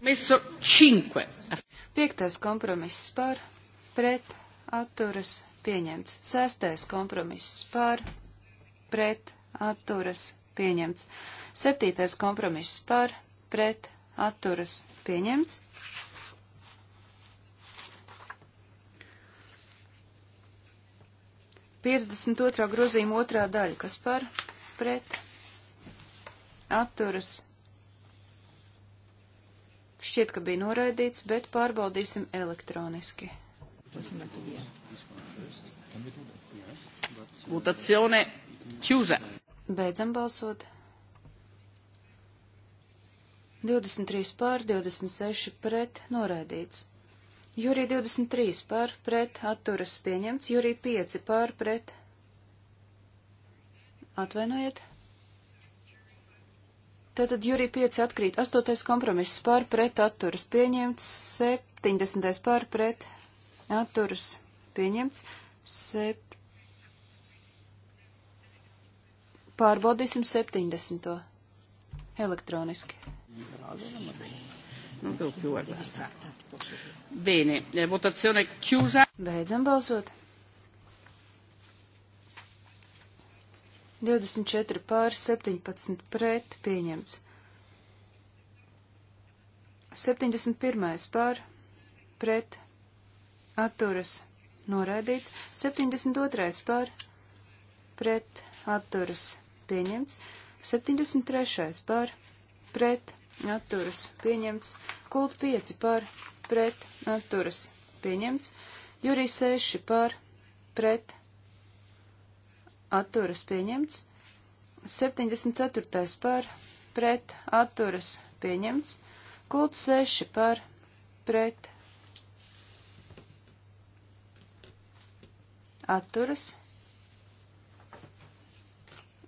Messo 5. Piektais kompromiss par, pret, atturas, pieņemts. Sestais kompromiss par, pret, atturas pieņemts. Septītais kompromiss par pret atturas pieņemts. Piecdesmit otrā grozījuma otrā daļa, kas par pret atturas. Šķiet, ka bija noraidīts, bet pārbaudīsim elektroniski. Votazione chiusa. Beidzam balsot. 23 pār, 26 pret, noraidīts. Jūrī 23 pār, pret, atturas pieņemts, jūrī 5 pār, pret. Atvainojiet. Tātad jūrī 5 atkrīt, 8. kompromiss pār, pret, atturas pieņemts, 70. pār, pret, atturas pieņemts, 7. Pārbaudīsim 70. elektroniski. Nu, Bene, eh, votazione chiusa. Beidzam balsot. 24 pār 17 pret pieņemts. 71 pār pret atturas noraidīts. 72 pār pret atturas noraidīts pieņemts. 73. par pret atturas pieņemts. Kult 5 par pret atturas pieņemts. Jurī 6 par pret atturas pieņemts. 74. par pret atturas pieņemts. Kult 6 par pret atturas pieņemts.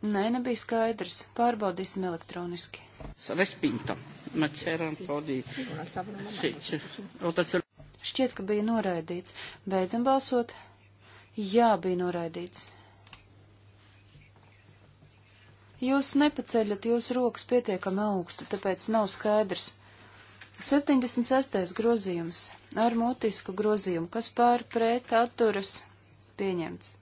Nē, nebija skaidrs. Pārbaudīsim elektroniski. Šķiet, ka bija noraidīts. Beidzam balsot. Jā, bija noraidīts. Jūs nepaceļat jūsu rokas pietiekami augstu, tāpēc nav skaidrs. 76. grozījums ar mutisku grozījumu, kas pār pret atturas pieņemts.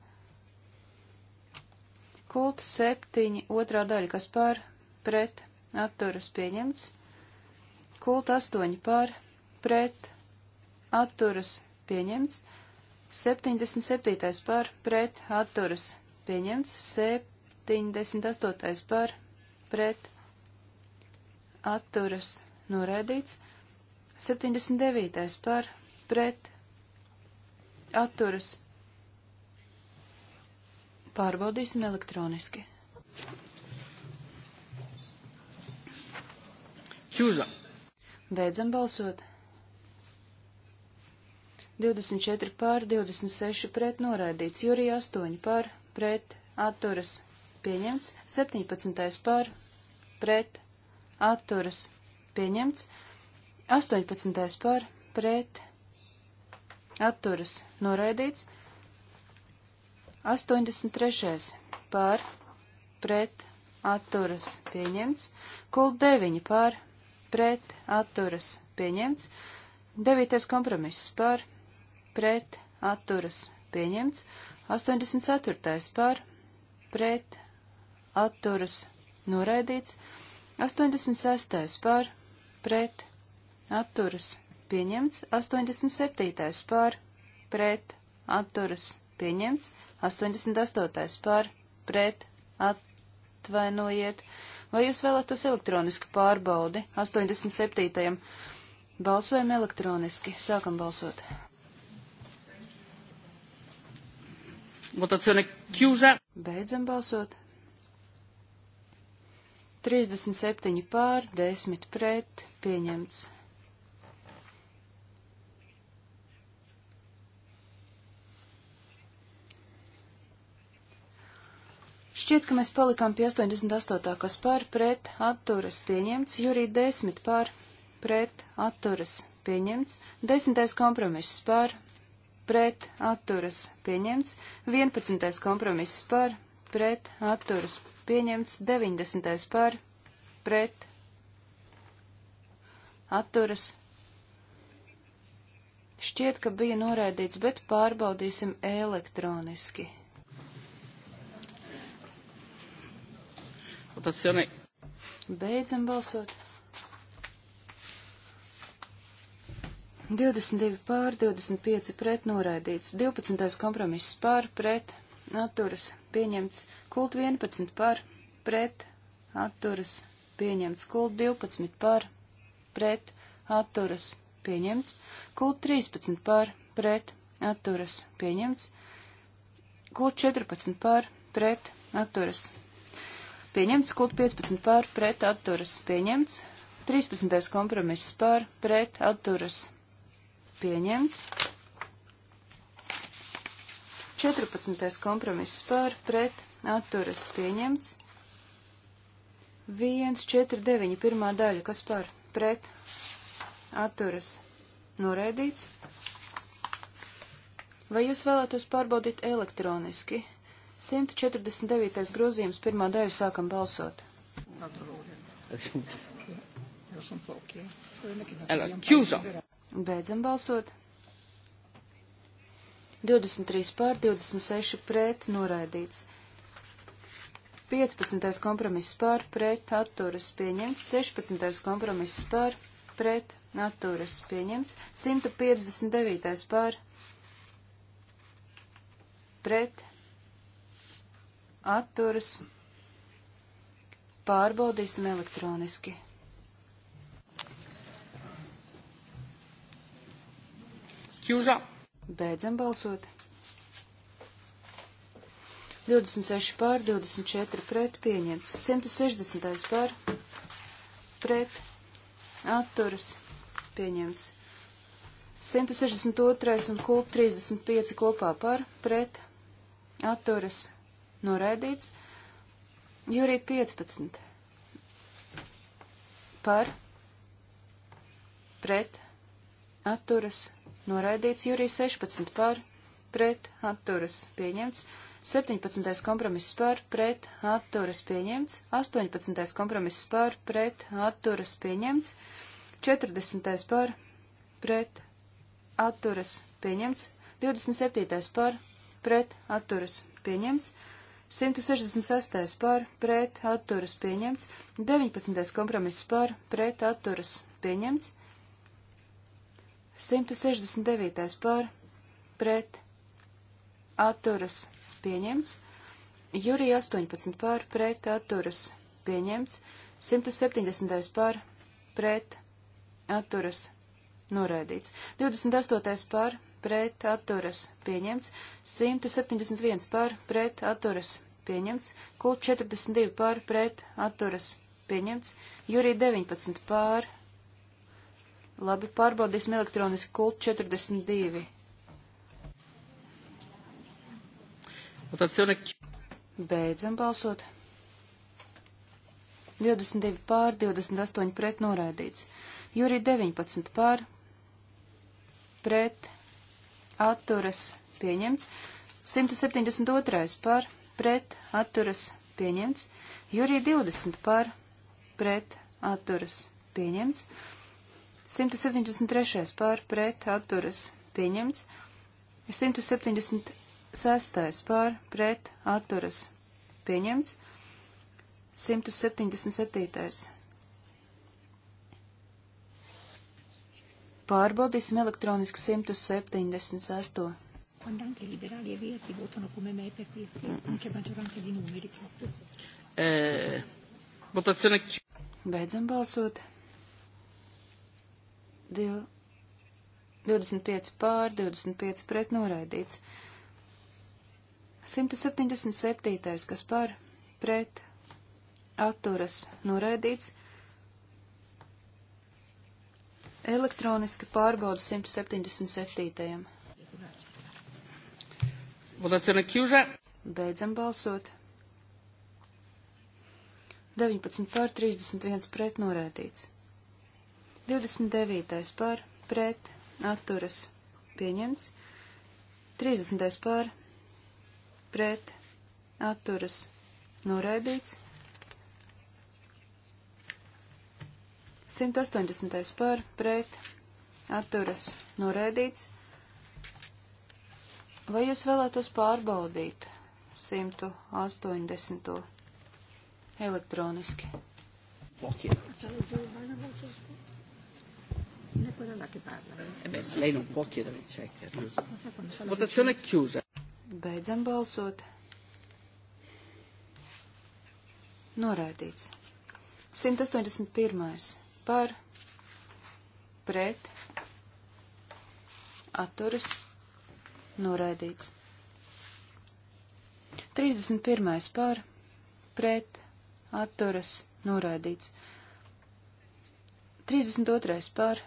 Kult 7, otrā daļa, kas par, pret, atturas pieņemts. Kult 8 par, pret, atturas pieņemts. 77. par, pret, atturas pieņemts. 78. par, pret, atturas noraidīts. 79. par, pret, atturas pieņemts Pārbaudīsim elektroniski. Čūza. Beidzam balsot. 24 pār, 26 pret noraidīts, Jurija 8 pār, pret, atturas, pieņemts, 17 pār, pret, atturas, pieņemts, 18 pār, pret, atturas, noraidīts, 83. par pret atturas pieņemts, kult 9 par pret atturas pieņemts, 9. kompromiss par pret atturas pieņemts, 84. par pret atturas noraidīts, 86. par pret atturas pieņemts, 87. par pret atturas pieņemts, 88. par, pret, atvainojiet. Vai jūs vēlētos elektronisku pārbaudi? 87. Balsojam elektroniski. Sākam balsot. Votazione chiusa. Beidzam balsot. 37 pār, 10 pret, pieņemts. Šķiet, ka mēs palikām pie 88. kas par pret atturas pieņemts, jūrī 10 par pret atturas pieņemts, 10. kompromiss par pret atturas pieņemts, 11. kompromiss par pret atturas pieņemts, 90. par pret atturas Šķiet, ka bija noraidīts, bet pārbaudīsim elektroniski. Votazione. Beidzam balsot. 22 pār, 25 pret noraidīts, 12. kompromiss pār, pret, atturas, pieņemts, kult 11 pār, pret, atturas, pieņemts, kult 12 pār, pret, atturas, pieņemts, kult 13 pār, pret, atturas, pieņemts, kult 14 pār, pret, atturas, pieņemts, kult 15 pār pret atturas pieņemts, 13. kompromiss pār pret atturas pieņemts, 14. kompromiss pār pret atturas pieņemts, 1, 4, 9, pirmā daļa, kas pār pret atturas noraidīts. Vai jūs vēlētos pārbaudīt elektroniski? 1, 149. grozījums pirmā daļa sākam balsot. Beidzam balsot. 23 pār 26 pret noraidīts. 15. kompromiss pār pret atturas pieņemts. 16. kompromiss pār pret atturas pieņemts. 159. pār pret atturas pārbaudīsim elektroniski. Kjužā. Beidzam balsot. 26 pār, 24 pret, pieņemts. 160 pār, pret, atturas, pieņemts. 162 un kop 35 kopā par, pret, atturas, pieņemts noraidīts. Jūrī 15 par pret atturas noraidīts. Jūrī 16 par pret atturas pieņemts. 17. kompromiss par pret atturas pieņemts, 18. kompromiss par pret atturas pieņemts, 40. par pret atturas pieņemts, 27. par pret atturas pieņemts, 166. par pret atturas pieņemts, 19. kompromiss par pret atturas pieņemts, 169. par pret atturas pieņemts, Jurī 18 par pret atturas pieņemts, 170. par pret atturas noraidīts, 28. par pret pret atturas pieņemts, 171 par pret atturas pieņemts, kult 42 par pret atturas pieņemts, jūrī 19 par. Labi, pārbaudīsim elektroniski kult 42. Votazione. Beidzam balsot. 22 pār, 28 pret noraidīts. Jūrī 19 pār, pret atturas pieņemts. 172. par pret atturas pieņemts. Jurija 20 par pret atturas pieņemts. 173. par pret atturas pieņemts. 176. par pret atturas pieņemts. 177. Pārbaudīsim elektroniski 178. Quando anche i liberali e verdi votano come me per anche maggioranza di numeri proprio. Eh, votazione... Beidzam balsot. Div... 25 pār, 25 pret noraidīts. 177. kas par, pret, atturas, noraidīts. Elektroniski pārbauda 177. Votazione chiusa. Beidzam balsot. 19 pār 31 pret norēdīts. 29. pār pret atturas pieņemts. 30. pār pret atturas norēdīts. 180. par pret atturas noraidīts. Vai jūs vēlētos pārbaudīt 180. elektroniski? Votazione chiusa. Beidzam balsot. Noraidīts. 181 par pret atturas noraidīts. 31. par pret atturas noraidīts. 32. par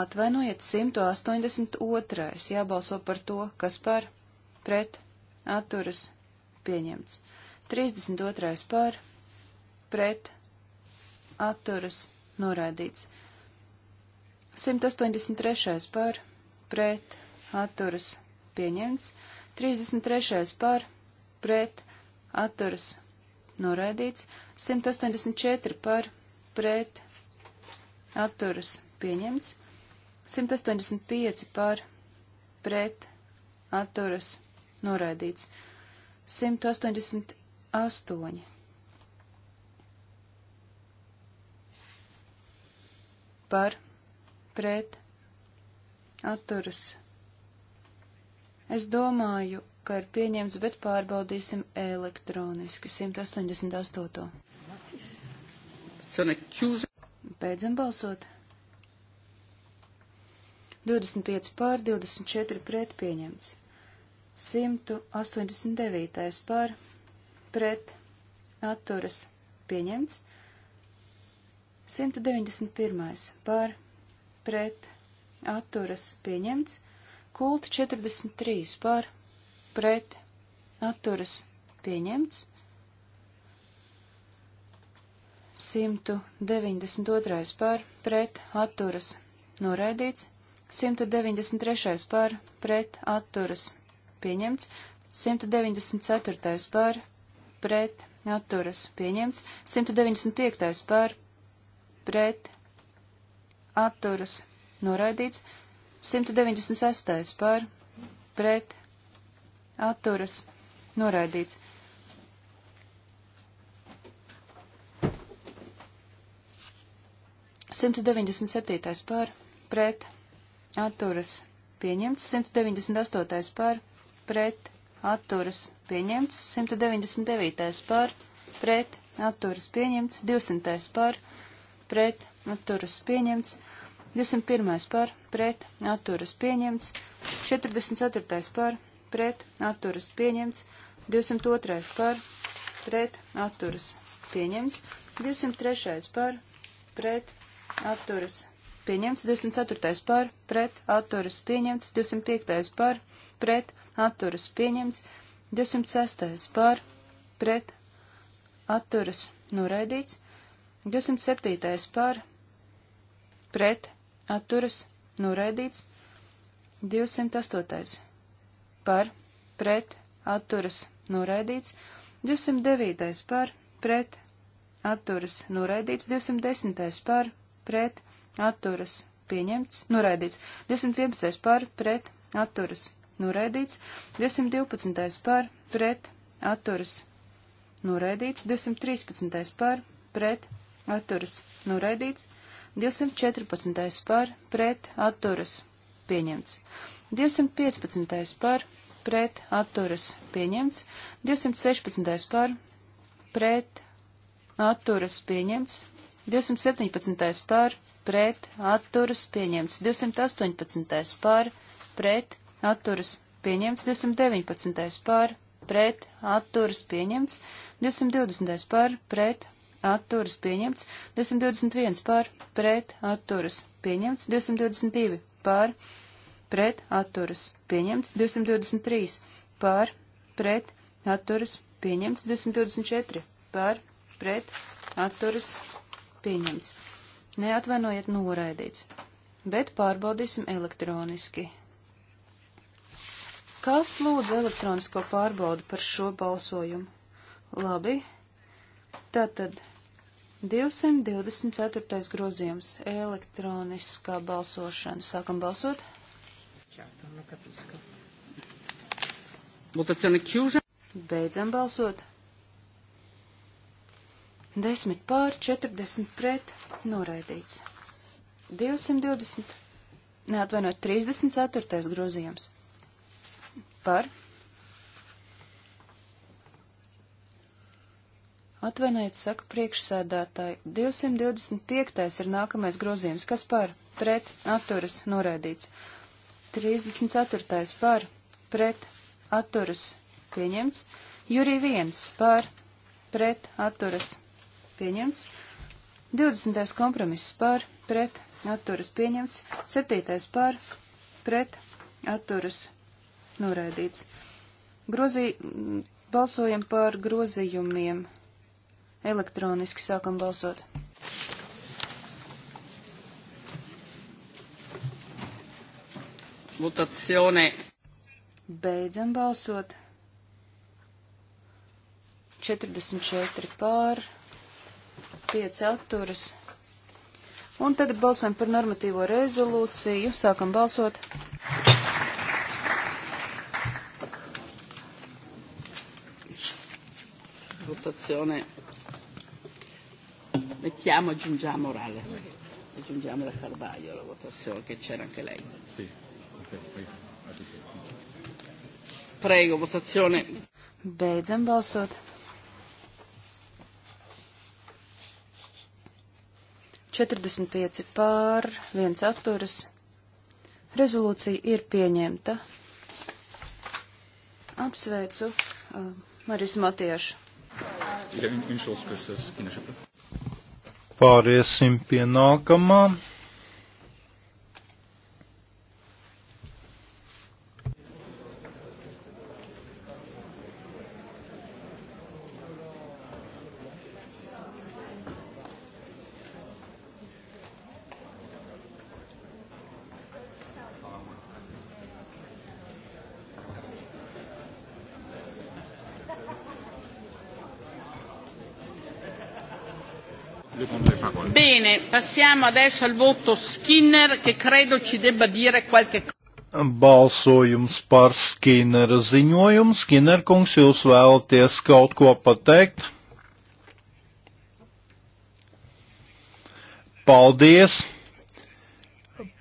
Atvainojiet, 182. jābalso par to, kas par pret atturas pieņemts. 32. par pret atturas noraidīts. 183. par pret atturas pieņemts. 33. par pret atturas noraidīts. 184 par pret atturas pieņemts. 185 par pret atturas noraidīts. 186 astoņi. Par, pret, atturas. Es domāju, ka ir pieņemts, bet pārbaudīsim elektroniski 188. Beidzam balsot. 25 pār 24 pret pieņemts. 189 pār pret atturas pieņemts. 191. par pret atturas pieņemts. Kulta 43 par pret atturas pieņemts. 192. par pret atturas noraidīts. 193. par pret atturas pieņemts. 194. par pret atturas pieņemts, 195. par pret atturas noraidīts, 196. par pret atturas noraidīts. Simta deviņdesmit septītais par pret atturas pieņemts, 198. par pret atturas pieņemts, 199. par, pret, atturas pieņemts, 200. par, pret, atturas pieņemts, 201. par, pret, atturas pieņemts, 44. par, pret, atturas pieņemts, 202. par, pret, atturas pieņemts, 203. par, pret, atturas pieņemts, 204. par, pret, atturas pieņemts, 205. par, pret, atturas pieņemts, 206. par, pret, atturas noraidīts, 207. par, pret, atturas noraidīts, 208. par, pret, atturas noraidīts, 209. par, pret, atturas noraidīts, 210. par, pret, atturas pieņemts, noraidīts, 211. par, pret, atturas noraidīts, 212. par, pret, atturas, noraidīts, 213. par, pret, atturas, noraidīts, 214. par, pret, atturas, pieņemts, 215. par, pret, atturas, pieņemts, 216. par, pret, atturas, pieņemts, 217. par, pret, atturas, pieņemts, 218. par, pret, atturas pieņemts 219. par pret atturas pieņemts 220. par pret atturas pieņemts 221. par pret atturas pieņemts 222. par pret atturas pieņemts 223. par pret atturas pieņemts 224. par pret atturas pieņemts. Neatvainojiet noraidīts, bet pārbaudīsim elektroniski. Kas lūdz elektronisko pārbaudu par šo balsojumu? Labi. Tātad 224. grozījums - elektroniskā balsošana. Sākam balsot. Beidzam balsot. 10 pār 40 pret noraidīts. 220, neatvainot, 34. grozījums par. Atvainojiet, saka priekšsēdētāji, 225. ir nākamais grozījums, kas par, pret, atturas, noraidīts. 34. par, pret, atturas, pieņemts. Jurī 1 par, pret, atturas, pieņemts. 20. kompromiss par, pret, atturas, pieņemts. 7. par, pret, atturas, pieņemts noraidīts. Grozī, balsojam par grozījumiem. Elektroniski sākam balsot. Votazione. Beidzam balsot. 44 pār, 5 atturas. Un tagad balsojam par normatīvo rezolūciju. Sākam balsot. votazione. Mettiamo, aggiungiamo orale. Aggiungiamo la Carvaglio alla votazione, che c'era anche lei. Sì. Prego, votazione. Beidzam balsot. 45 pār, 1 atturas. Rezolūcija ir pieņemta. Apsveicu uh, Marijas Matiešu. Pāriesim pie nākamā. Passiamo adesso al voto Skinner che credo ci debba dire qualche cosa. Balsojums par Skinnera ziņojumu. Skinner kungs, jūs vēlaties kaut ko pateikt? Paldies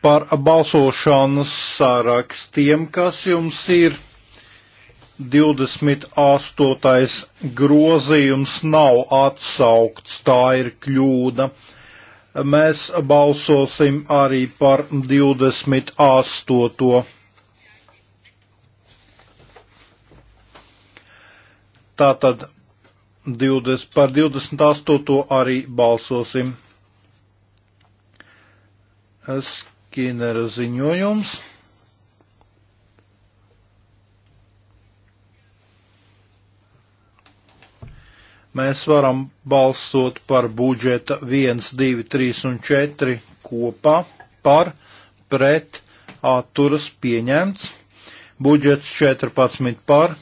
par balsošanas sarakstiem, kas jums ir. 28. grozījums nav atsaukts, tā ir kļūda mēs balsosim arī par 28. Tātad 20, par 28. arī balsosim. Skinera ziņojums. mēs varam balsot par budžeta 1, 2, 3 un 4 kopā par pret atturas pieņemts. Budžets 14 par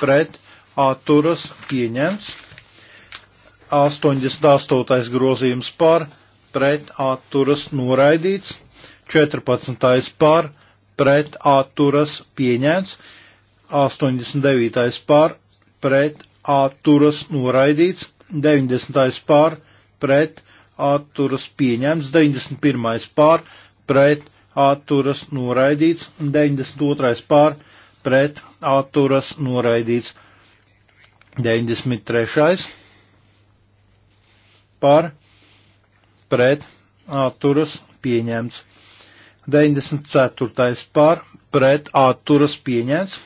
pret atturas pieņemts. 88. grozījums par pret atturas noraidīts. 14. par pret atturas pieņemts. 89. par pret atturas noraidīts, 90. pār pret atturas pieņemts, 91. pār pret atturas noraidīts, 92. pār pret atturas noraidīts, 93. pār pret atturas pieņemts, 94. pār pret atturas pieņemts,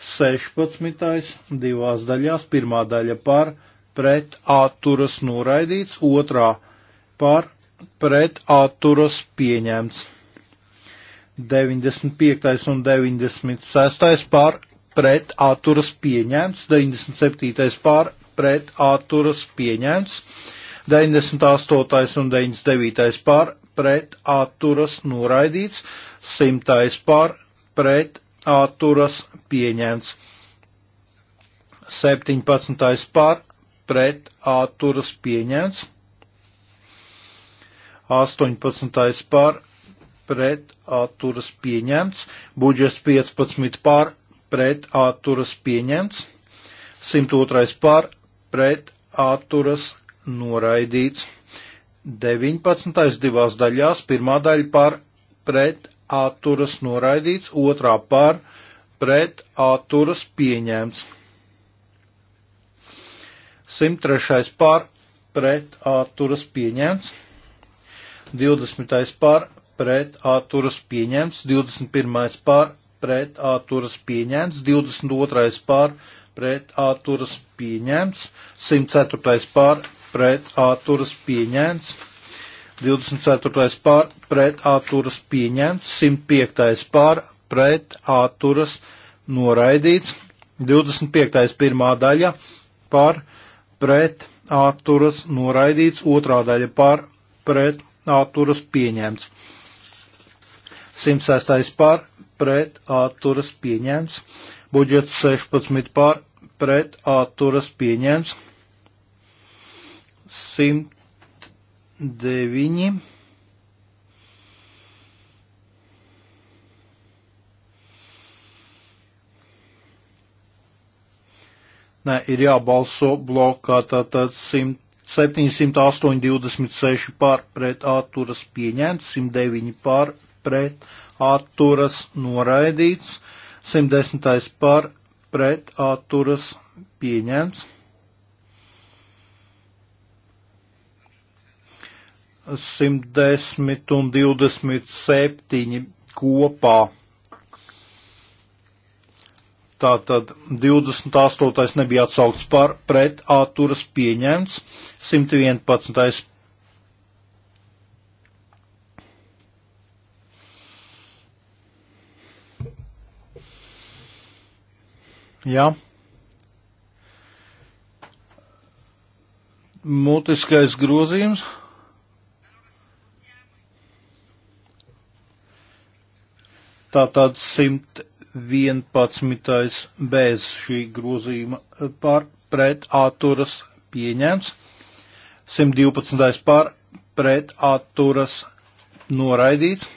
16. divās daļās, pirmā daļa par pret atturas noraidīts, otrā par pret atturas pieņemts. 95. un 96. par pret atturas pieņemts, 97. par pret atturas pieņemts, 98. un 99. par pret atturas noraidīts, 100. par pret atturas pieņemts. 17. par pret atturas pieņemts. 18. par pret atturas pieņemts. Budžets 15 par pret atturas pieņemts. 102. par pret atturas noraidīts. 19. divās daļās, pirmā daļa par pret atturas noraidīts, otrā par pret atturas pieņemts. 103. par pret atturas pieņemts. 20. par pret atturas pieņemts. 21. par pret atturas pieņemts. 22. par pret atturas pieņemts. 104. par pret atturas pieņemts. 24. pār pret atturas pieņemts, 105. pār pret atturas noraidīts. 25. pirmā daļa par pret atturas noraidīts, otrā daļa par pret atturas pieņemts. 106. par pret atturas pieņemts. Budžets 16 par pret atturas pieņemts. 109 Nē, ir jābalso blokā, tātad 708, 26 pār pret atturas pieņemts, 109 pār pret atturas noraidīts, 110 pār pret atturas pieņemts. 110 un 27 kopā Tātad 28. nebija atsaukts par pret atturas pieņemts, 111. Jā. Mutiskais grozījums. Tātad 100. 11. bez šī grozījuma par pret atturas pieņemts, 112. par pret atturas noraidīts,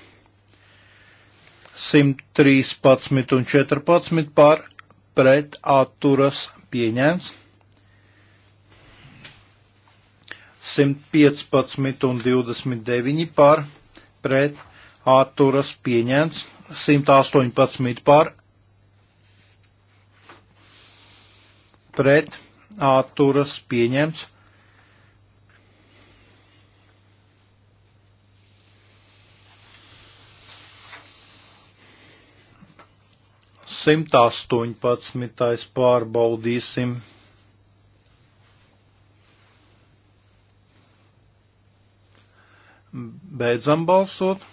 113 un 14 par pret atturas pieņemts, 115 un 29 par pret atturas pieņemts, 118 par pret atturas pieņemts. Simt astoņpadsmitais pārbaudīsim. Beidzam balsot.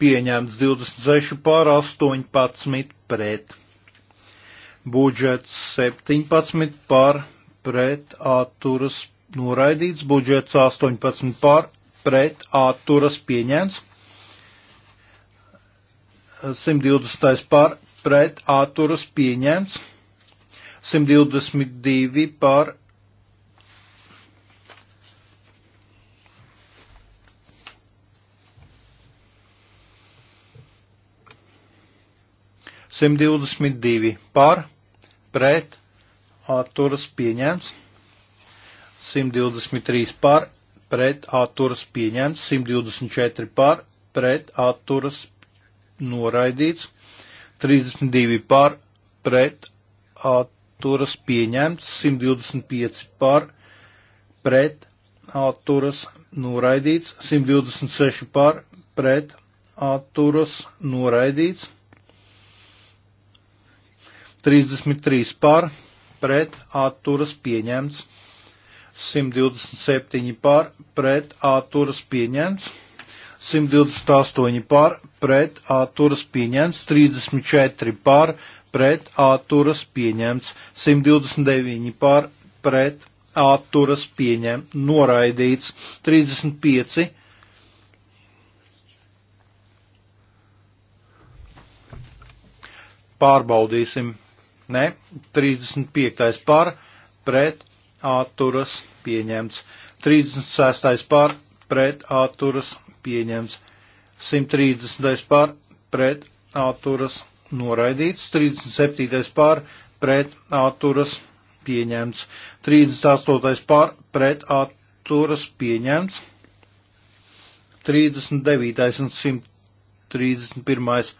pieņemts 26 pār 18 pret. Budžets 17 pār pret atturas noraidīts, budžets 18 pār pret atturas pieņemts, 120 pār pret atturas pieņemts, 122 pār 122 par, pret, atturas pieņemts, 123 par, pret, atturas pieņemts, 124 par, pret, atturas noraidīts, 32 par, pret, atturas pieņemts, 125 par, pret, atturas noraidīts, 126 par, pret, atturas noraidīts, 33 par, pret atturas pieņemts. 127 par, pret atturas pieņemts. 128 par, pret atturas pieņemts. 34 par, pret atturas pieņemts. 129 par, pret atturas pieņem, noraidīts. 35 pārbaudīsim. Nē, 35. par pret atturas pieņemts. 36. par pret atturas pieņemts. 130. par pret atturas noraidīts. 37. par pret atturas pieņemts. 38. par pret atturas pieņemts. 39. un 131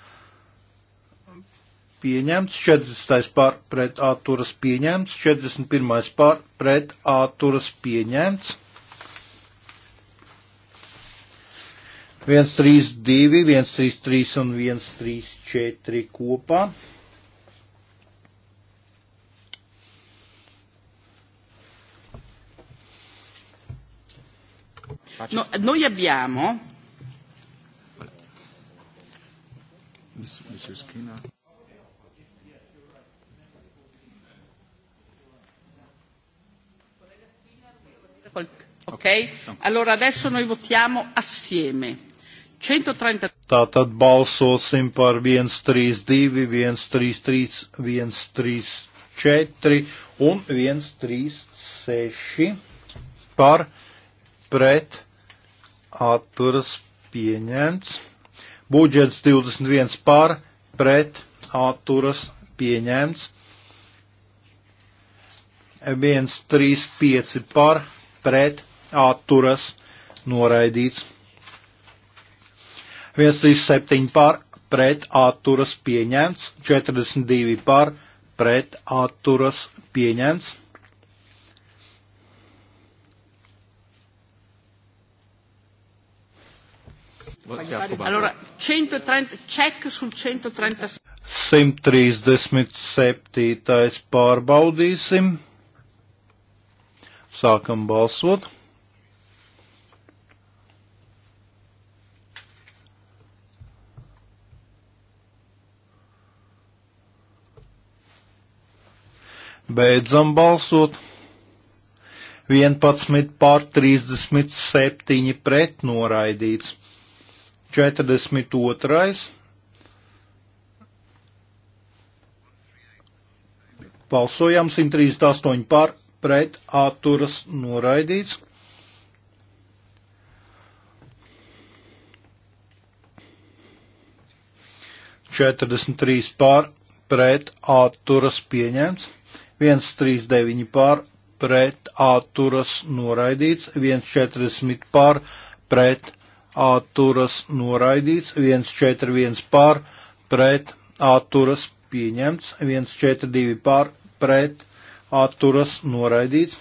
pieņemts, 40. par pret atturas pieņemts, 41. par pret atturas pieņemts. 1, 3, 2, 1, 3, 3 un 1, 3, 4 kopā. No, noi abbiamo Mrs. Skinner. Okay? Allora adesso noi votiamo assieme. 130... Tātad balsosim par 132, 133, 134 un 136 par pret atturas pieņemts. Budžets 21 par pret atturas pieņemts. 135 par pret pret atturas noraidīts. 137 pār pret atturas pieņemts, 42 pār pret atturas pieņemts. Allora, 130, check sul 137. 137. pārbaudīsim. Sākam balsot. Beidzam balsot. 11 pār 37 pret noraidīts. 42. Balsojam 138 pār pret atturas noraidīts. Četrdesmit trīs pār pret atturas pieņemts, viens trīs deviņi pār pret atturas noraidīts, viens četrdesmit pār pret atturas noraidīts, viens četri viens pār pret atturas pieņemts, viens četri divi pār pret atturas noraidīts,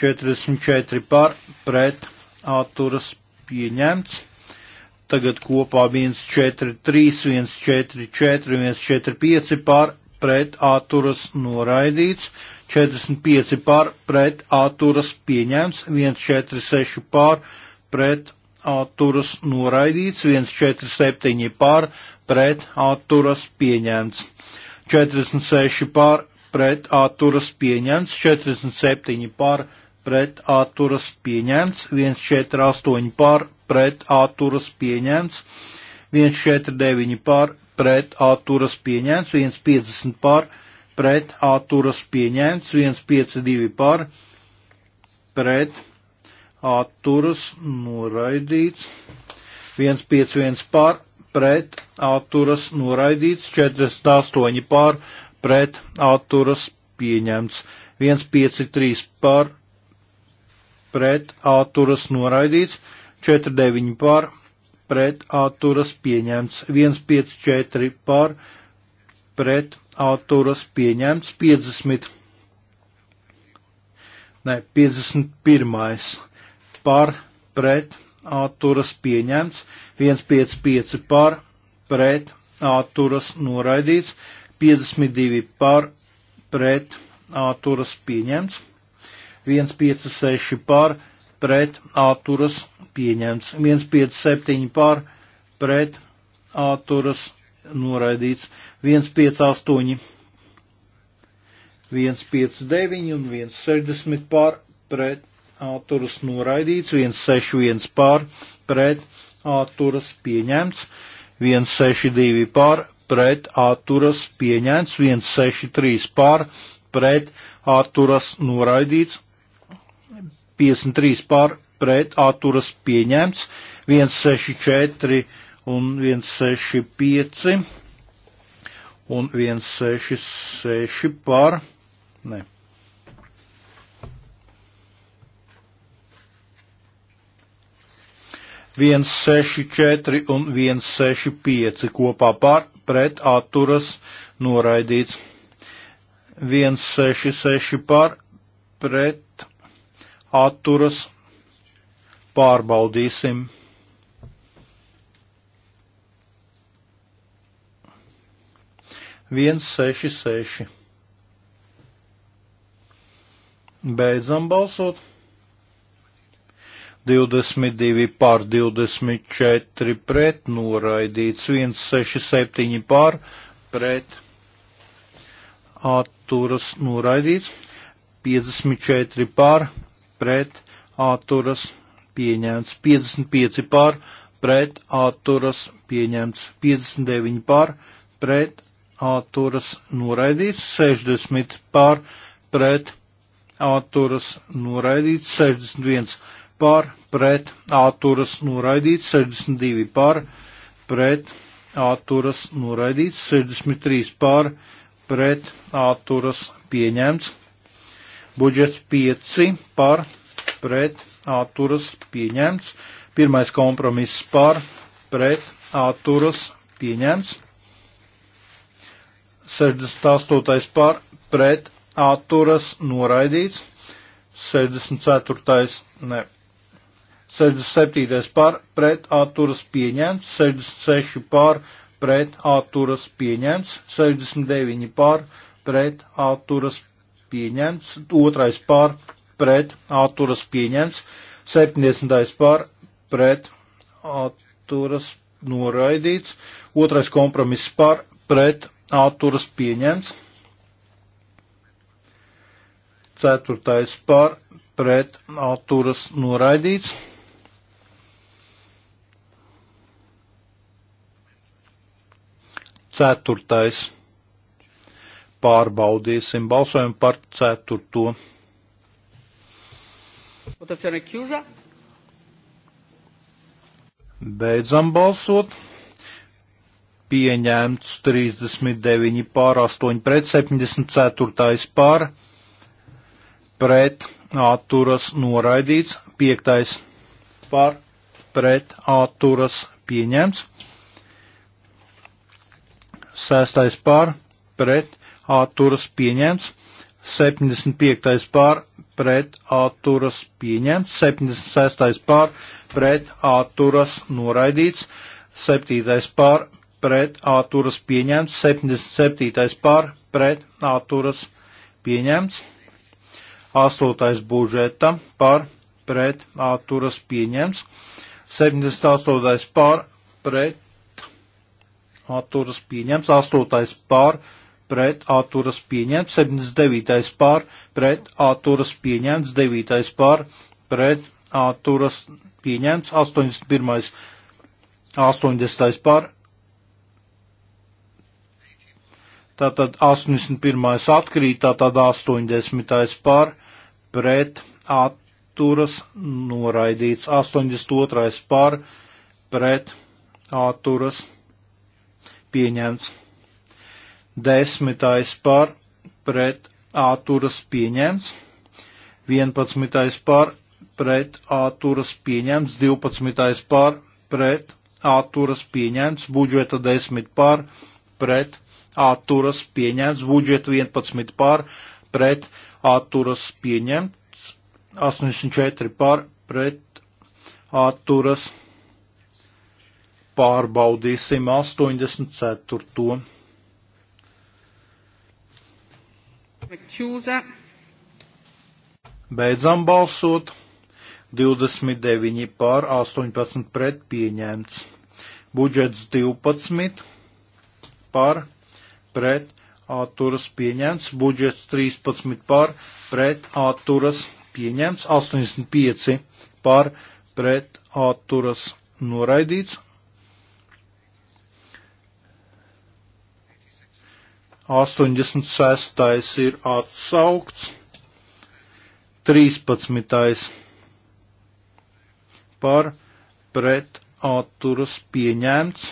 44 par pret atturas pieņemts, tagad kopā 1, 4, 3, 1, 4, 4, 1, 4, 5 par pret atturas noraidīts, 45 par pret atturas pieņemts, 1, 4, 6 par pret atturas noraidīts, 1, 4, 7 par pret atturas pieņemts. 46 pār pret atturas pieņemts, 47 par pret atturas pieņemts, 148 par pret atturas pieņemts, 149 par pret atturas pieņemts, 150 par pret atturas pieņemts, 152 par pret atturas noraidīts, 151 par pret atturas noraidīts, 48 par pret pret atturas pieņemts. 153 par pret atturas noraidīts. 49 par pret atturas pieņemts. 154 par pret atturas pieņemts. 50. Ne, 51. par pret atturas pieņemts. 155 par pret atturas noraidīts. 52 par pret āturas pieņemts, 156 par pret āturas pieņemts, 157 par pret āturas noraidīts, 158, 159 un 160 par pret āturas noraidīts, 161 par pret āturas pieņemts, 162 par pret atturas pieņēmts, 163 pār pret atturas noraidīts, 53 pār pret atturas pieņēmts, 164 un 165 un 166 pār. Ne. viens seši četri un viens seši pieci kopā par pret atturas noraidīts. 166 par pret atturas pārbaudīsim. viens, seši, seši. Beidzam balsot. 22 pār 24 pret, noraidīts 167 pār pret, atturas noraidīts 54 pār pret, atturas pieņemts 55 pār pret, atturas pieņemts 59 pār pret, atturas noraidīts 60 pār pret, atturas noraidīts 61 pār par pret āturas noraidīts, 62 par pret āturas noraidīts, 63 par pret āturas pieņemts, budžets 5 par pret āturas pieņemts, pirmais kompromiss par pret āturas pieņemts, 68 par pret āturas noraidīts, 64. ne 67 par pret atturas pieņemts, 66 par pret atturas pieņemts, 69 par pret atturas pieņemts, 2 par pret atturas pieņemts, 70 par pret atturas noraidīts, 2 kompromiss par pret atturas pieņemts, 4 par pret atturas noraidīts. Ceturtais. Pārbaudīsim balsojumu par ceturto. Votazione chiusa. Beidzam balsot. Pieņemts 39 pār 8 pret 74 pār pret atturas noraidīts 5 pār pret atturas pieņemts sēstais pār pret atturas pieņemts, 75. pār pret atturas pieņemts, 76. pār pret atturas noraidīts, 7. pār pret atturas pieņemts, 77. pār pret atturas pieņemts, 8. budžeta pār pret atturas pieņemts, 78. pār pret atturas pieņemts, 8. pār pret atturas pieņemts, 79. pār pret atturas pieņemts, 9. pār pret atturas pieņemts, 81. 80. pār. Tātad 81. atkrīt, tātad 80. pār pret atturas noraidīts, 82. pār pret atturas pieņemts pieņemts. Desmitais par pret āturas pieņemts. Vienpadsmitais par pret āturas pieņemts. Divpadsmitais par pret āturas pieņemts. Budžeta desmit par pret āturas pieņemts. Budžeta vienpadsmit par pret āturas pieņemts. 84 par pret āturas pieņemts pārbaudīsim 84. Čūza. Beidzam balsot. 29 pār 18 pret pieņemts. Budžets 12 pār pret atturas pieņemts. Budžets 13 pār pret atturas pieņemts. 85 pār pret atturas noraidīts. 86. ir atsaukts, 13. par pret atturas pieņemts,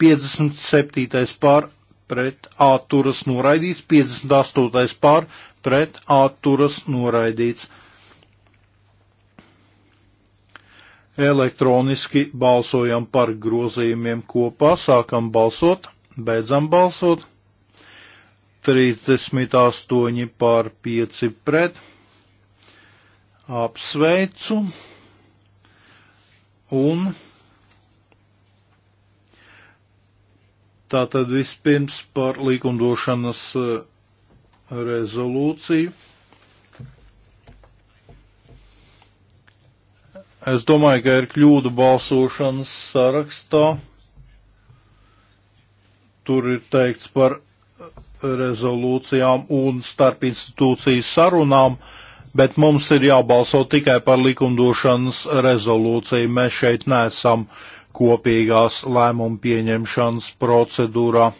57. par pret atturas noraidīts, 58. par pret atturas noraidīts. Elektroniski balsojam par grozījumiem kopā, sākam balsot, beidzam balsot. 38 pār 5 pret. Apsveicu un tātad vispirms par likumdošanas eh, rezolūciju. Es domāju, ka ir kļūda balsošanas sarakstā. Tur ir teikts par rezolūcijām un starp institūciju sarunām, bet mums ir jābalso tikai par likumdošanas rezolūciju. Mēs šeit nesam kopīgās lēmumu pieņemšanas procedūrā.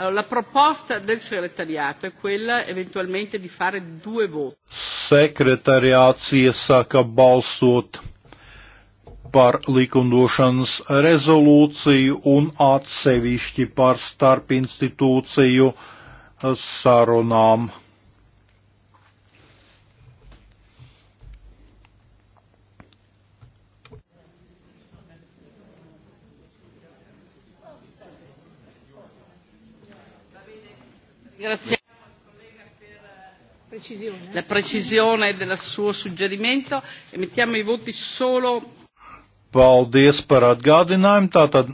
Allora, la proposta del segretariato è quella eventualmente di fare due voti. Sekretariāts iesaka balsot par likumdošanas rezolūciju un atsevišķi par starpinstitūciju eh, sarunām. Grazie. La precisione del suo suggerimento e mettiamo i voti solo Paldies par atgādinājumu. Tātad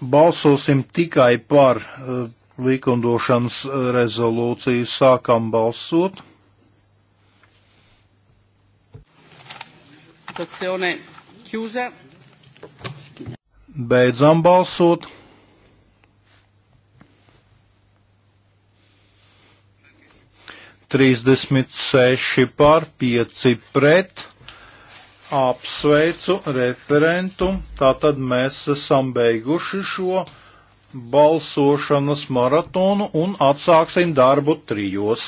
balsosim tikai par eh, likumdošanas eh, rezolūciju. Sākam balsot. Beidzam balsot. Trīsdesmit seši pār pieci pret apsveicu referentu. Tātad mēs esam beiguši šo balsošanas maratonu un atsāksim darbu trijos.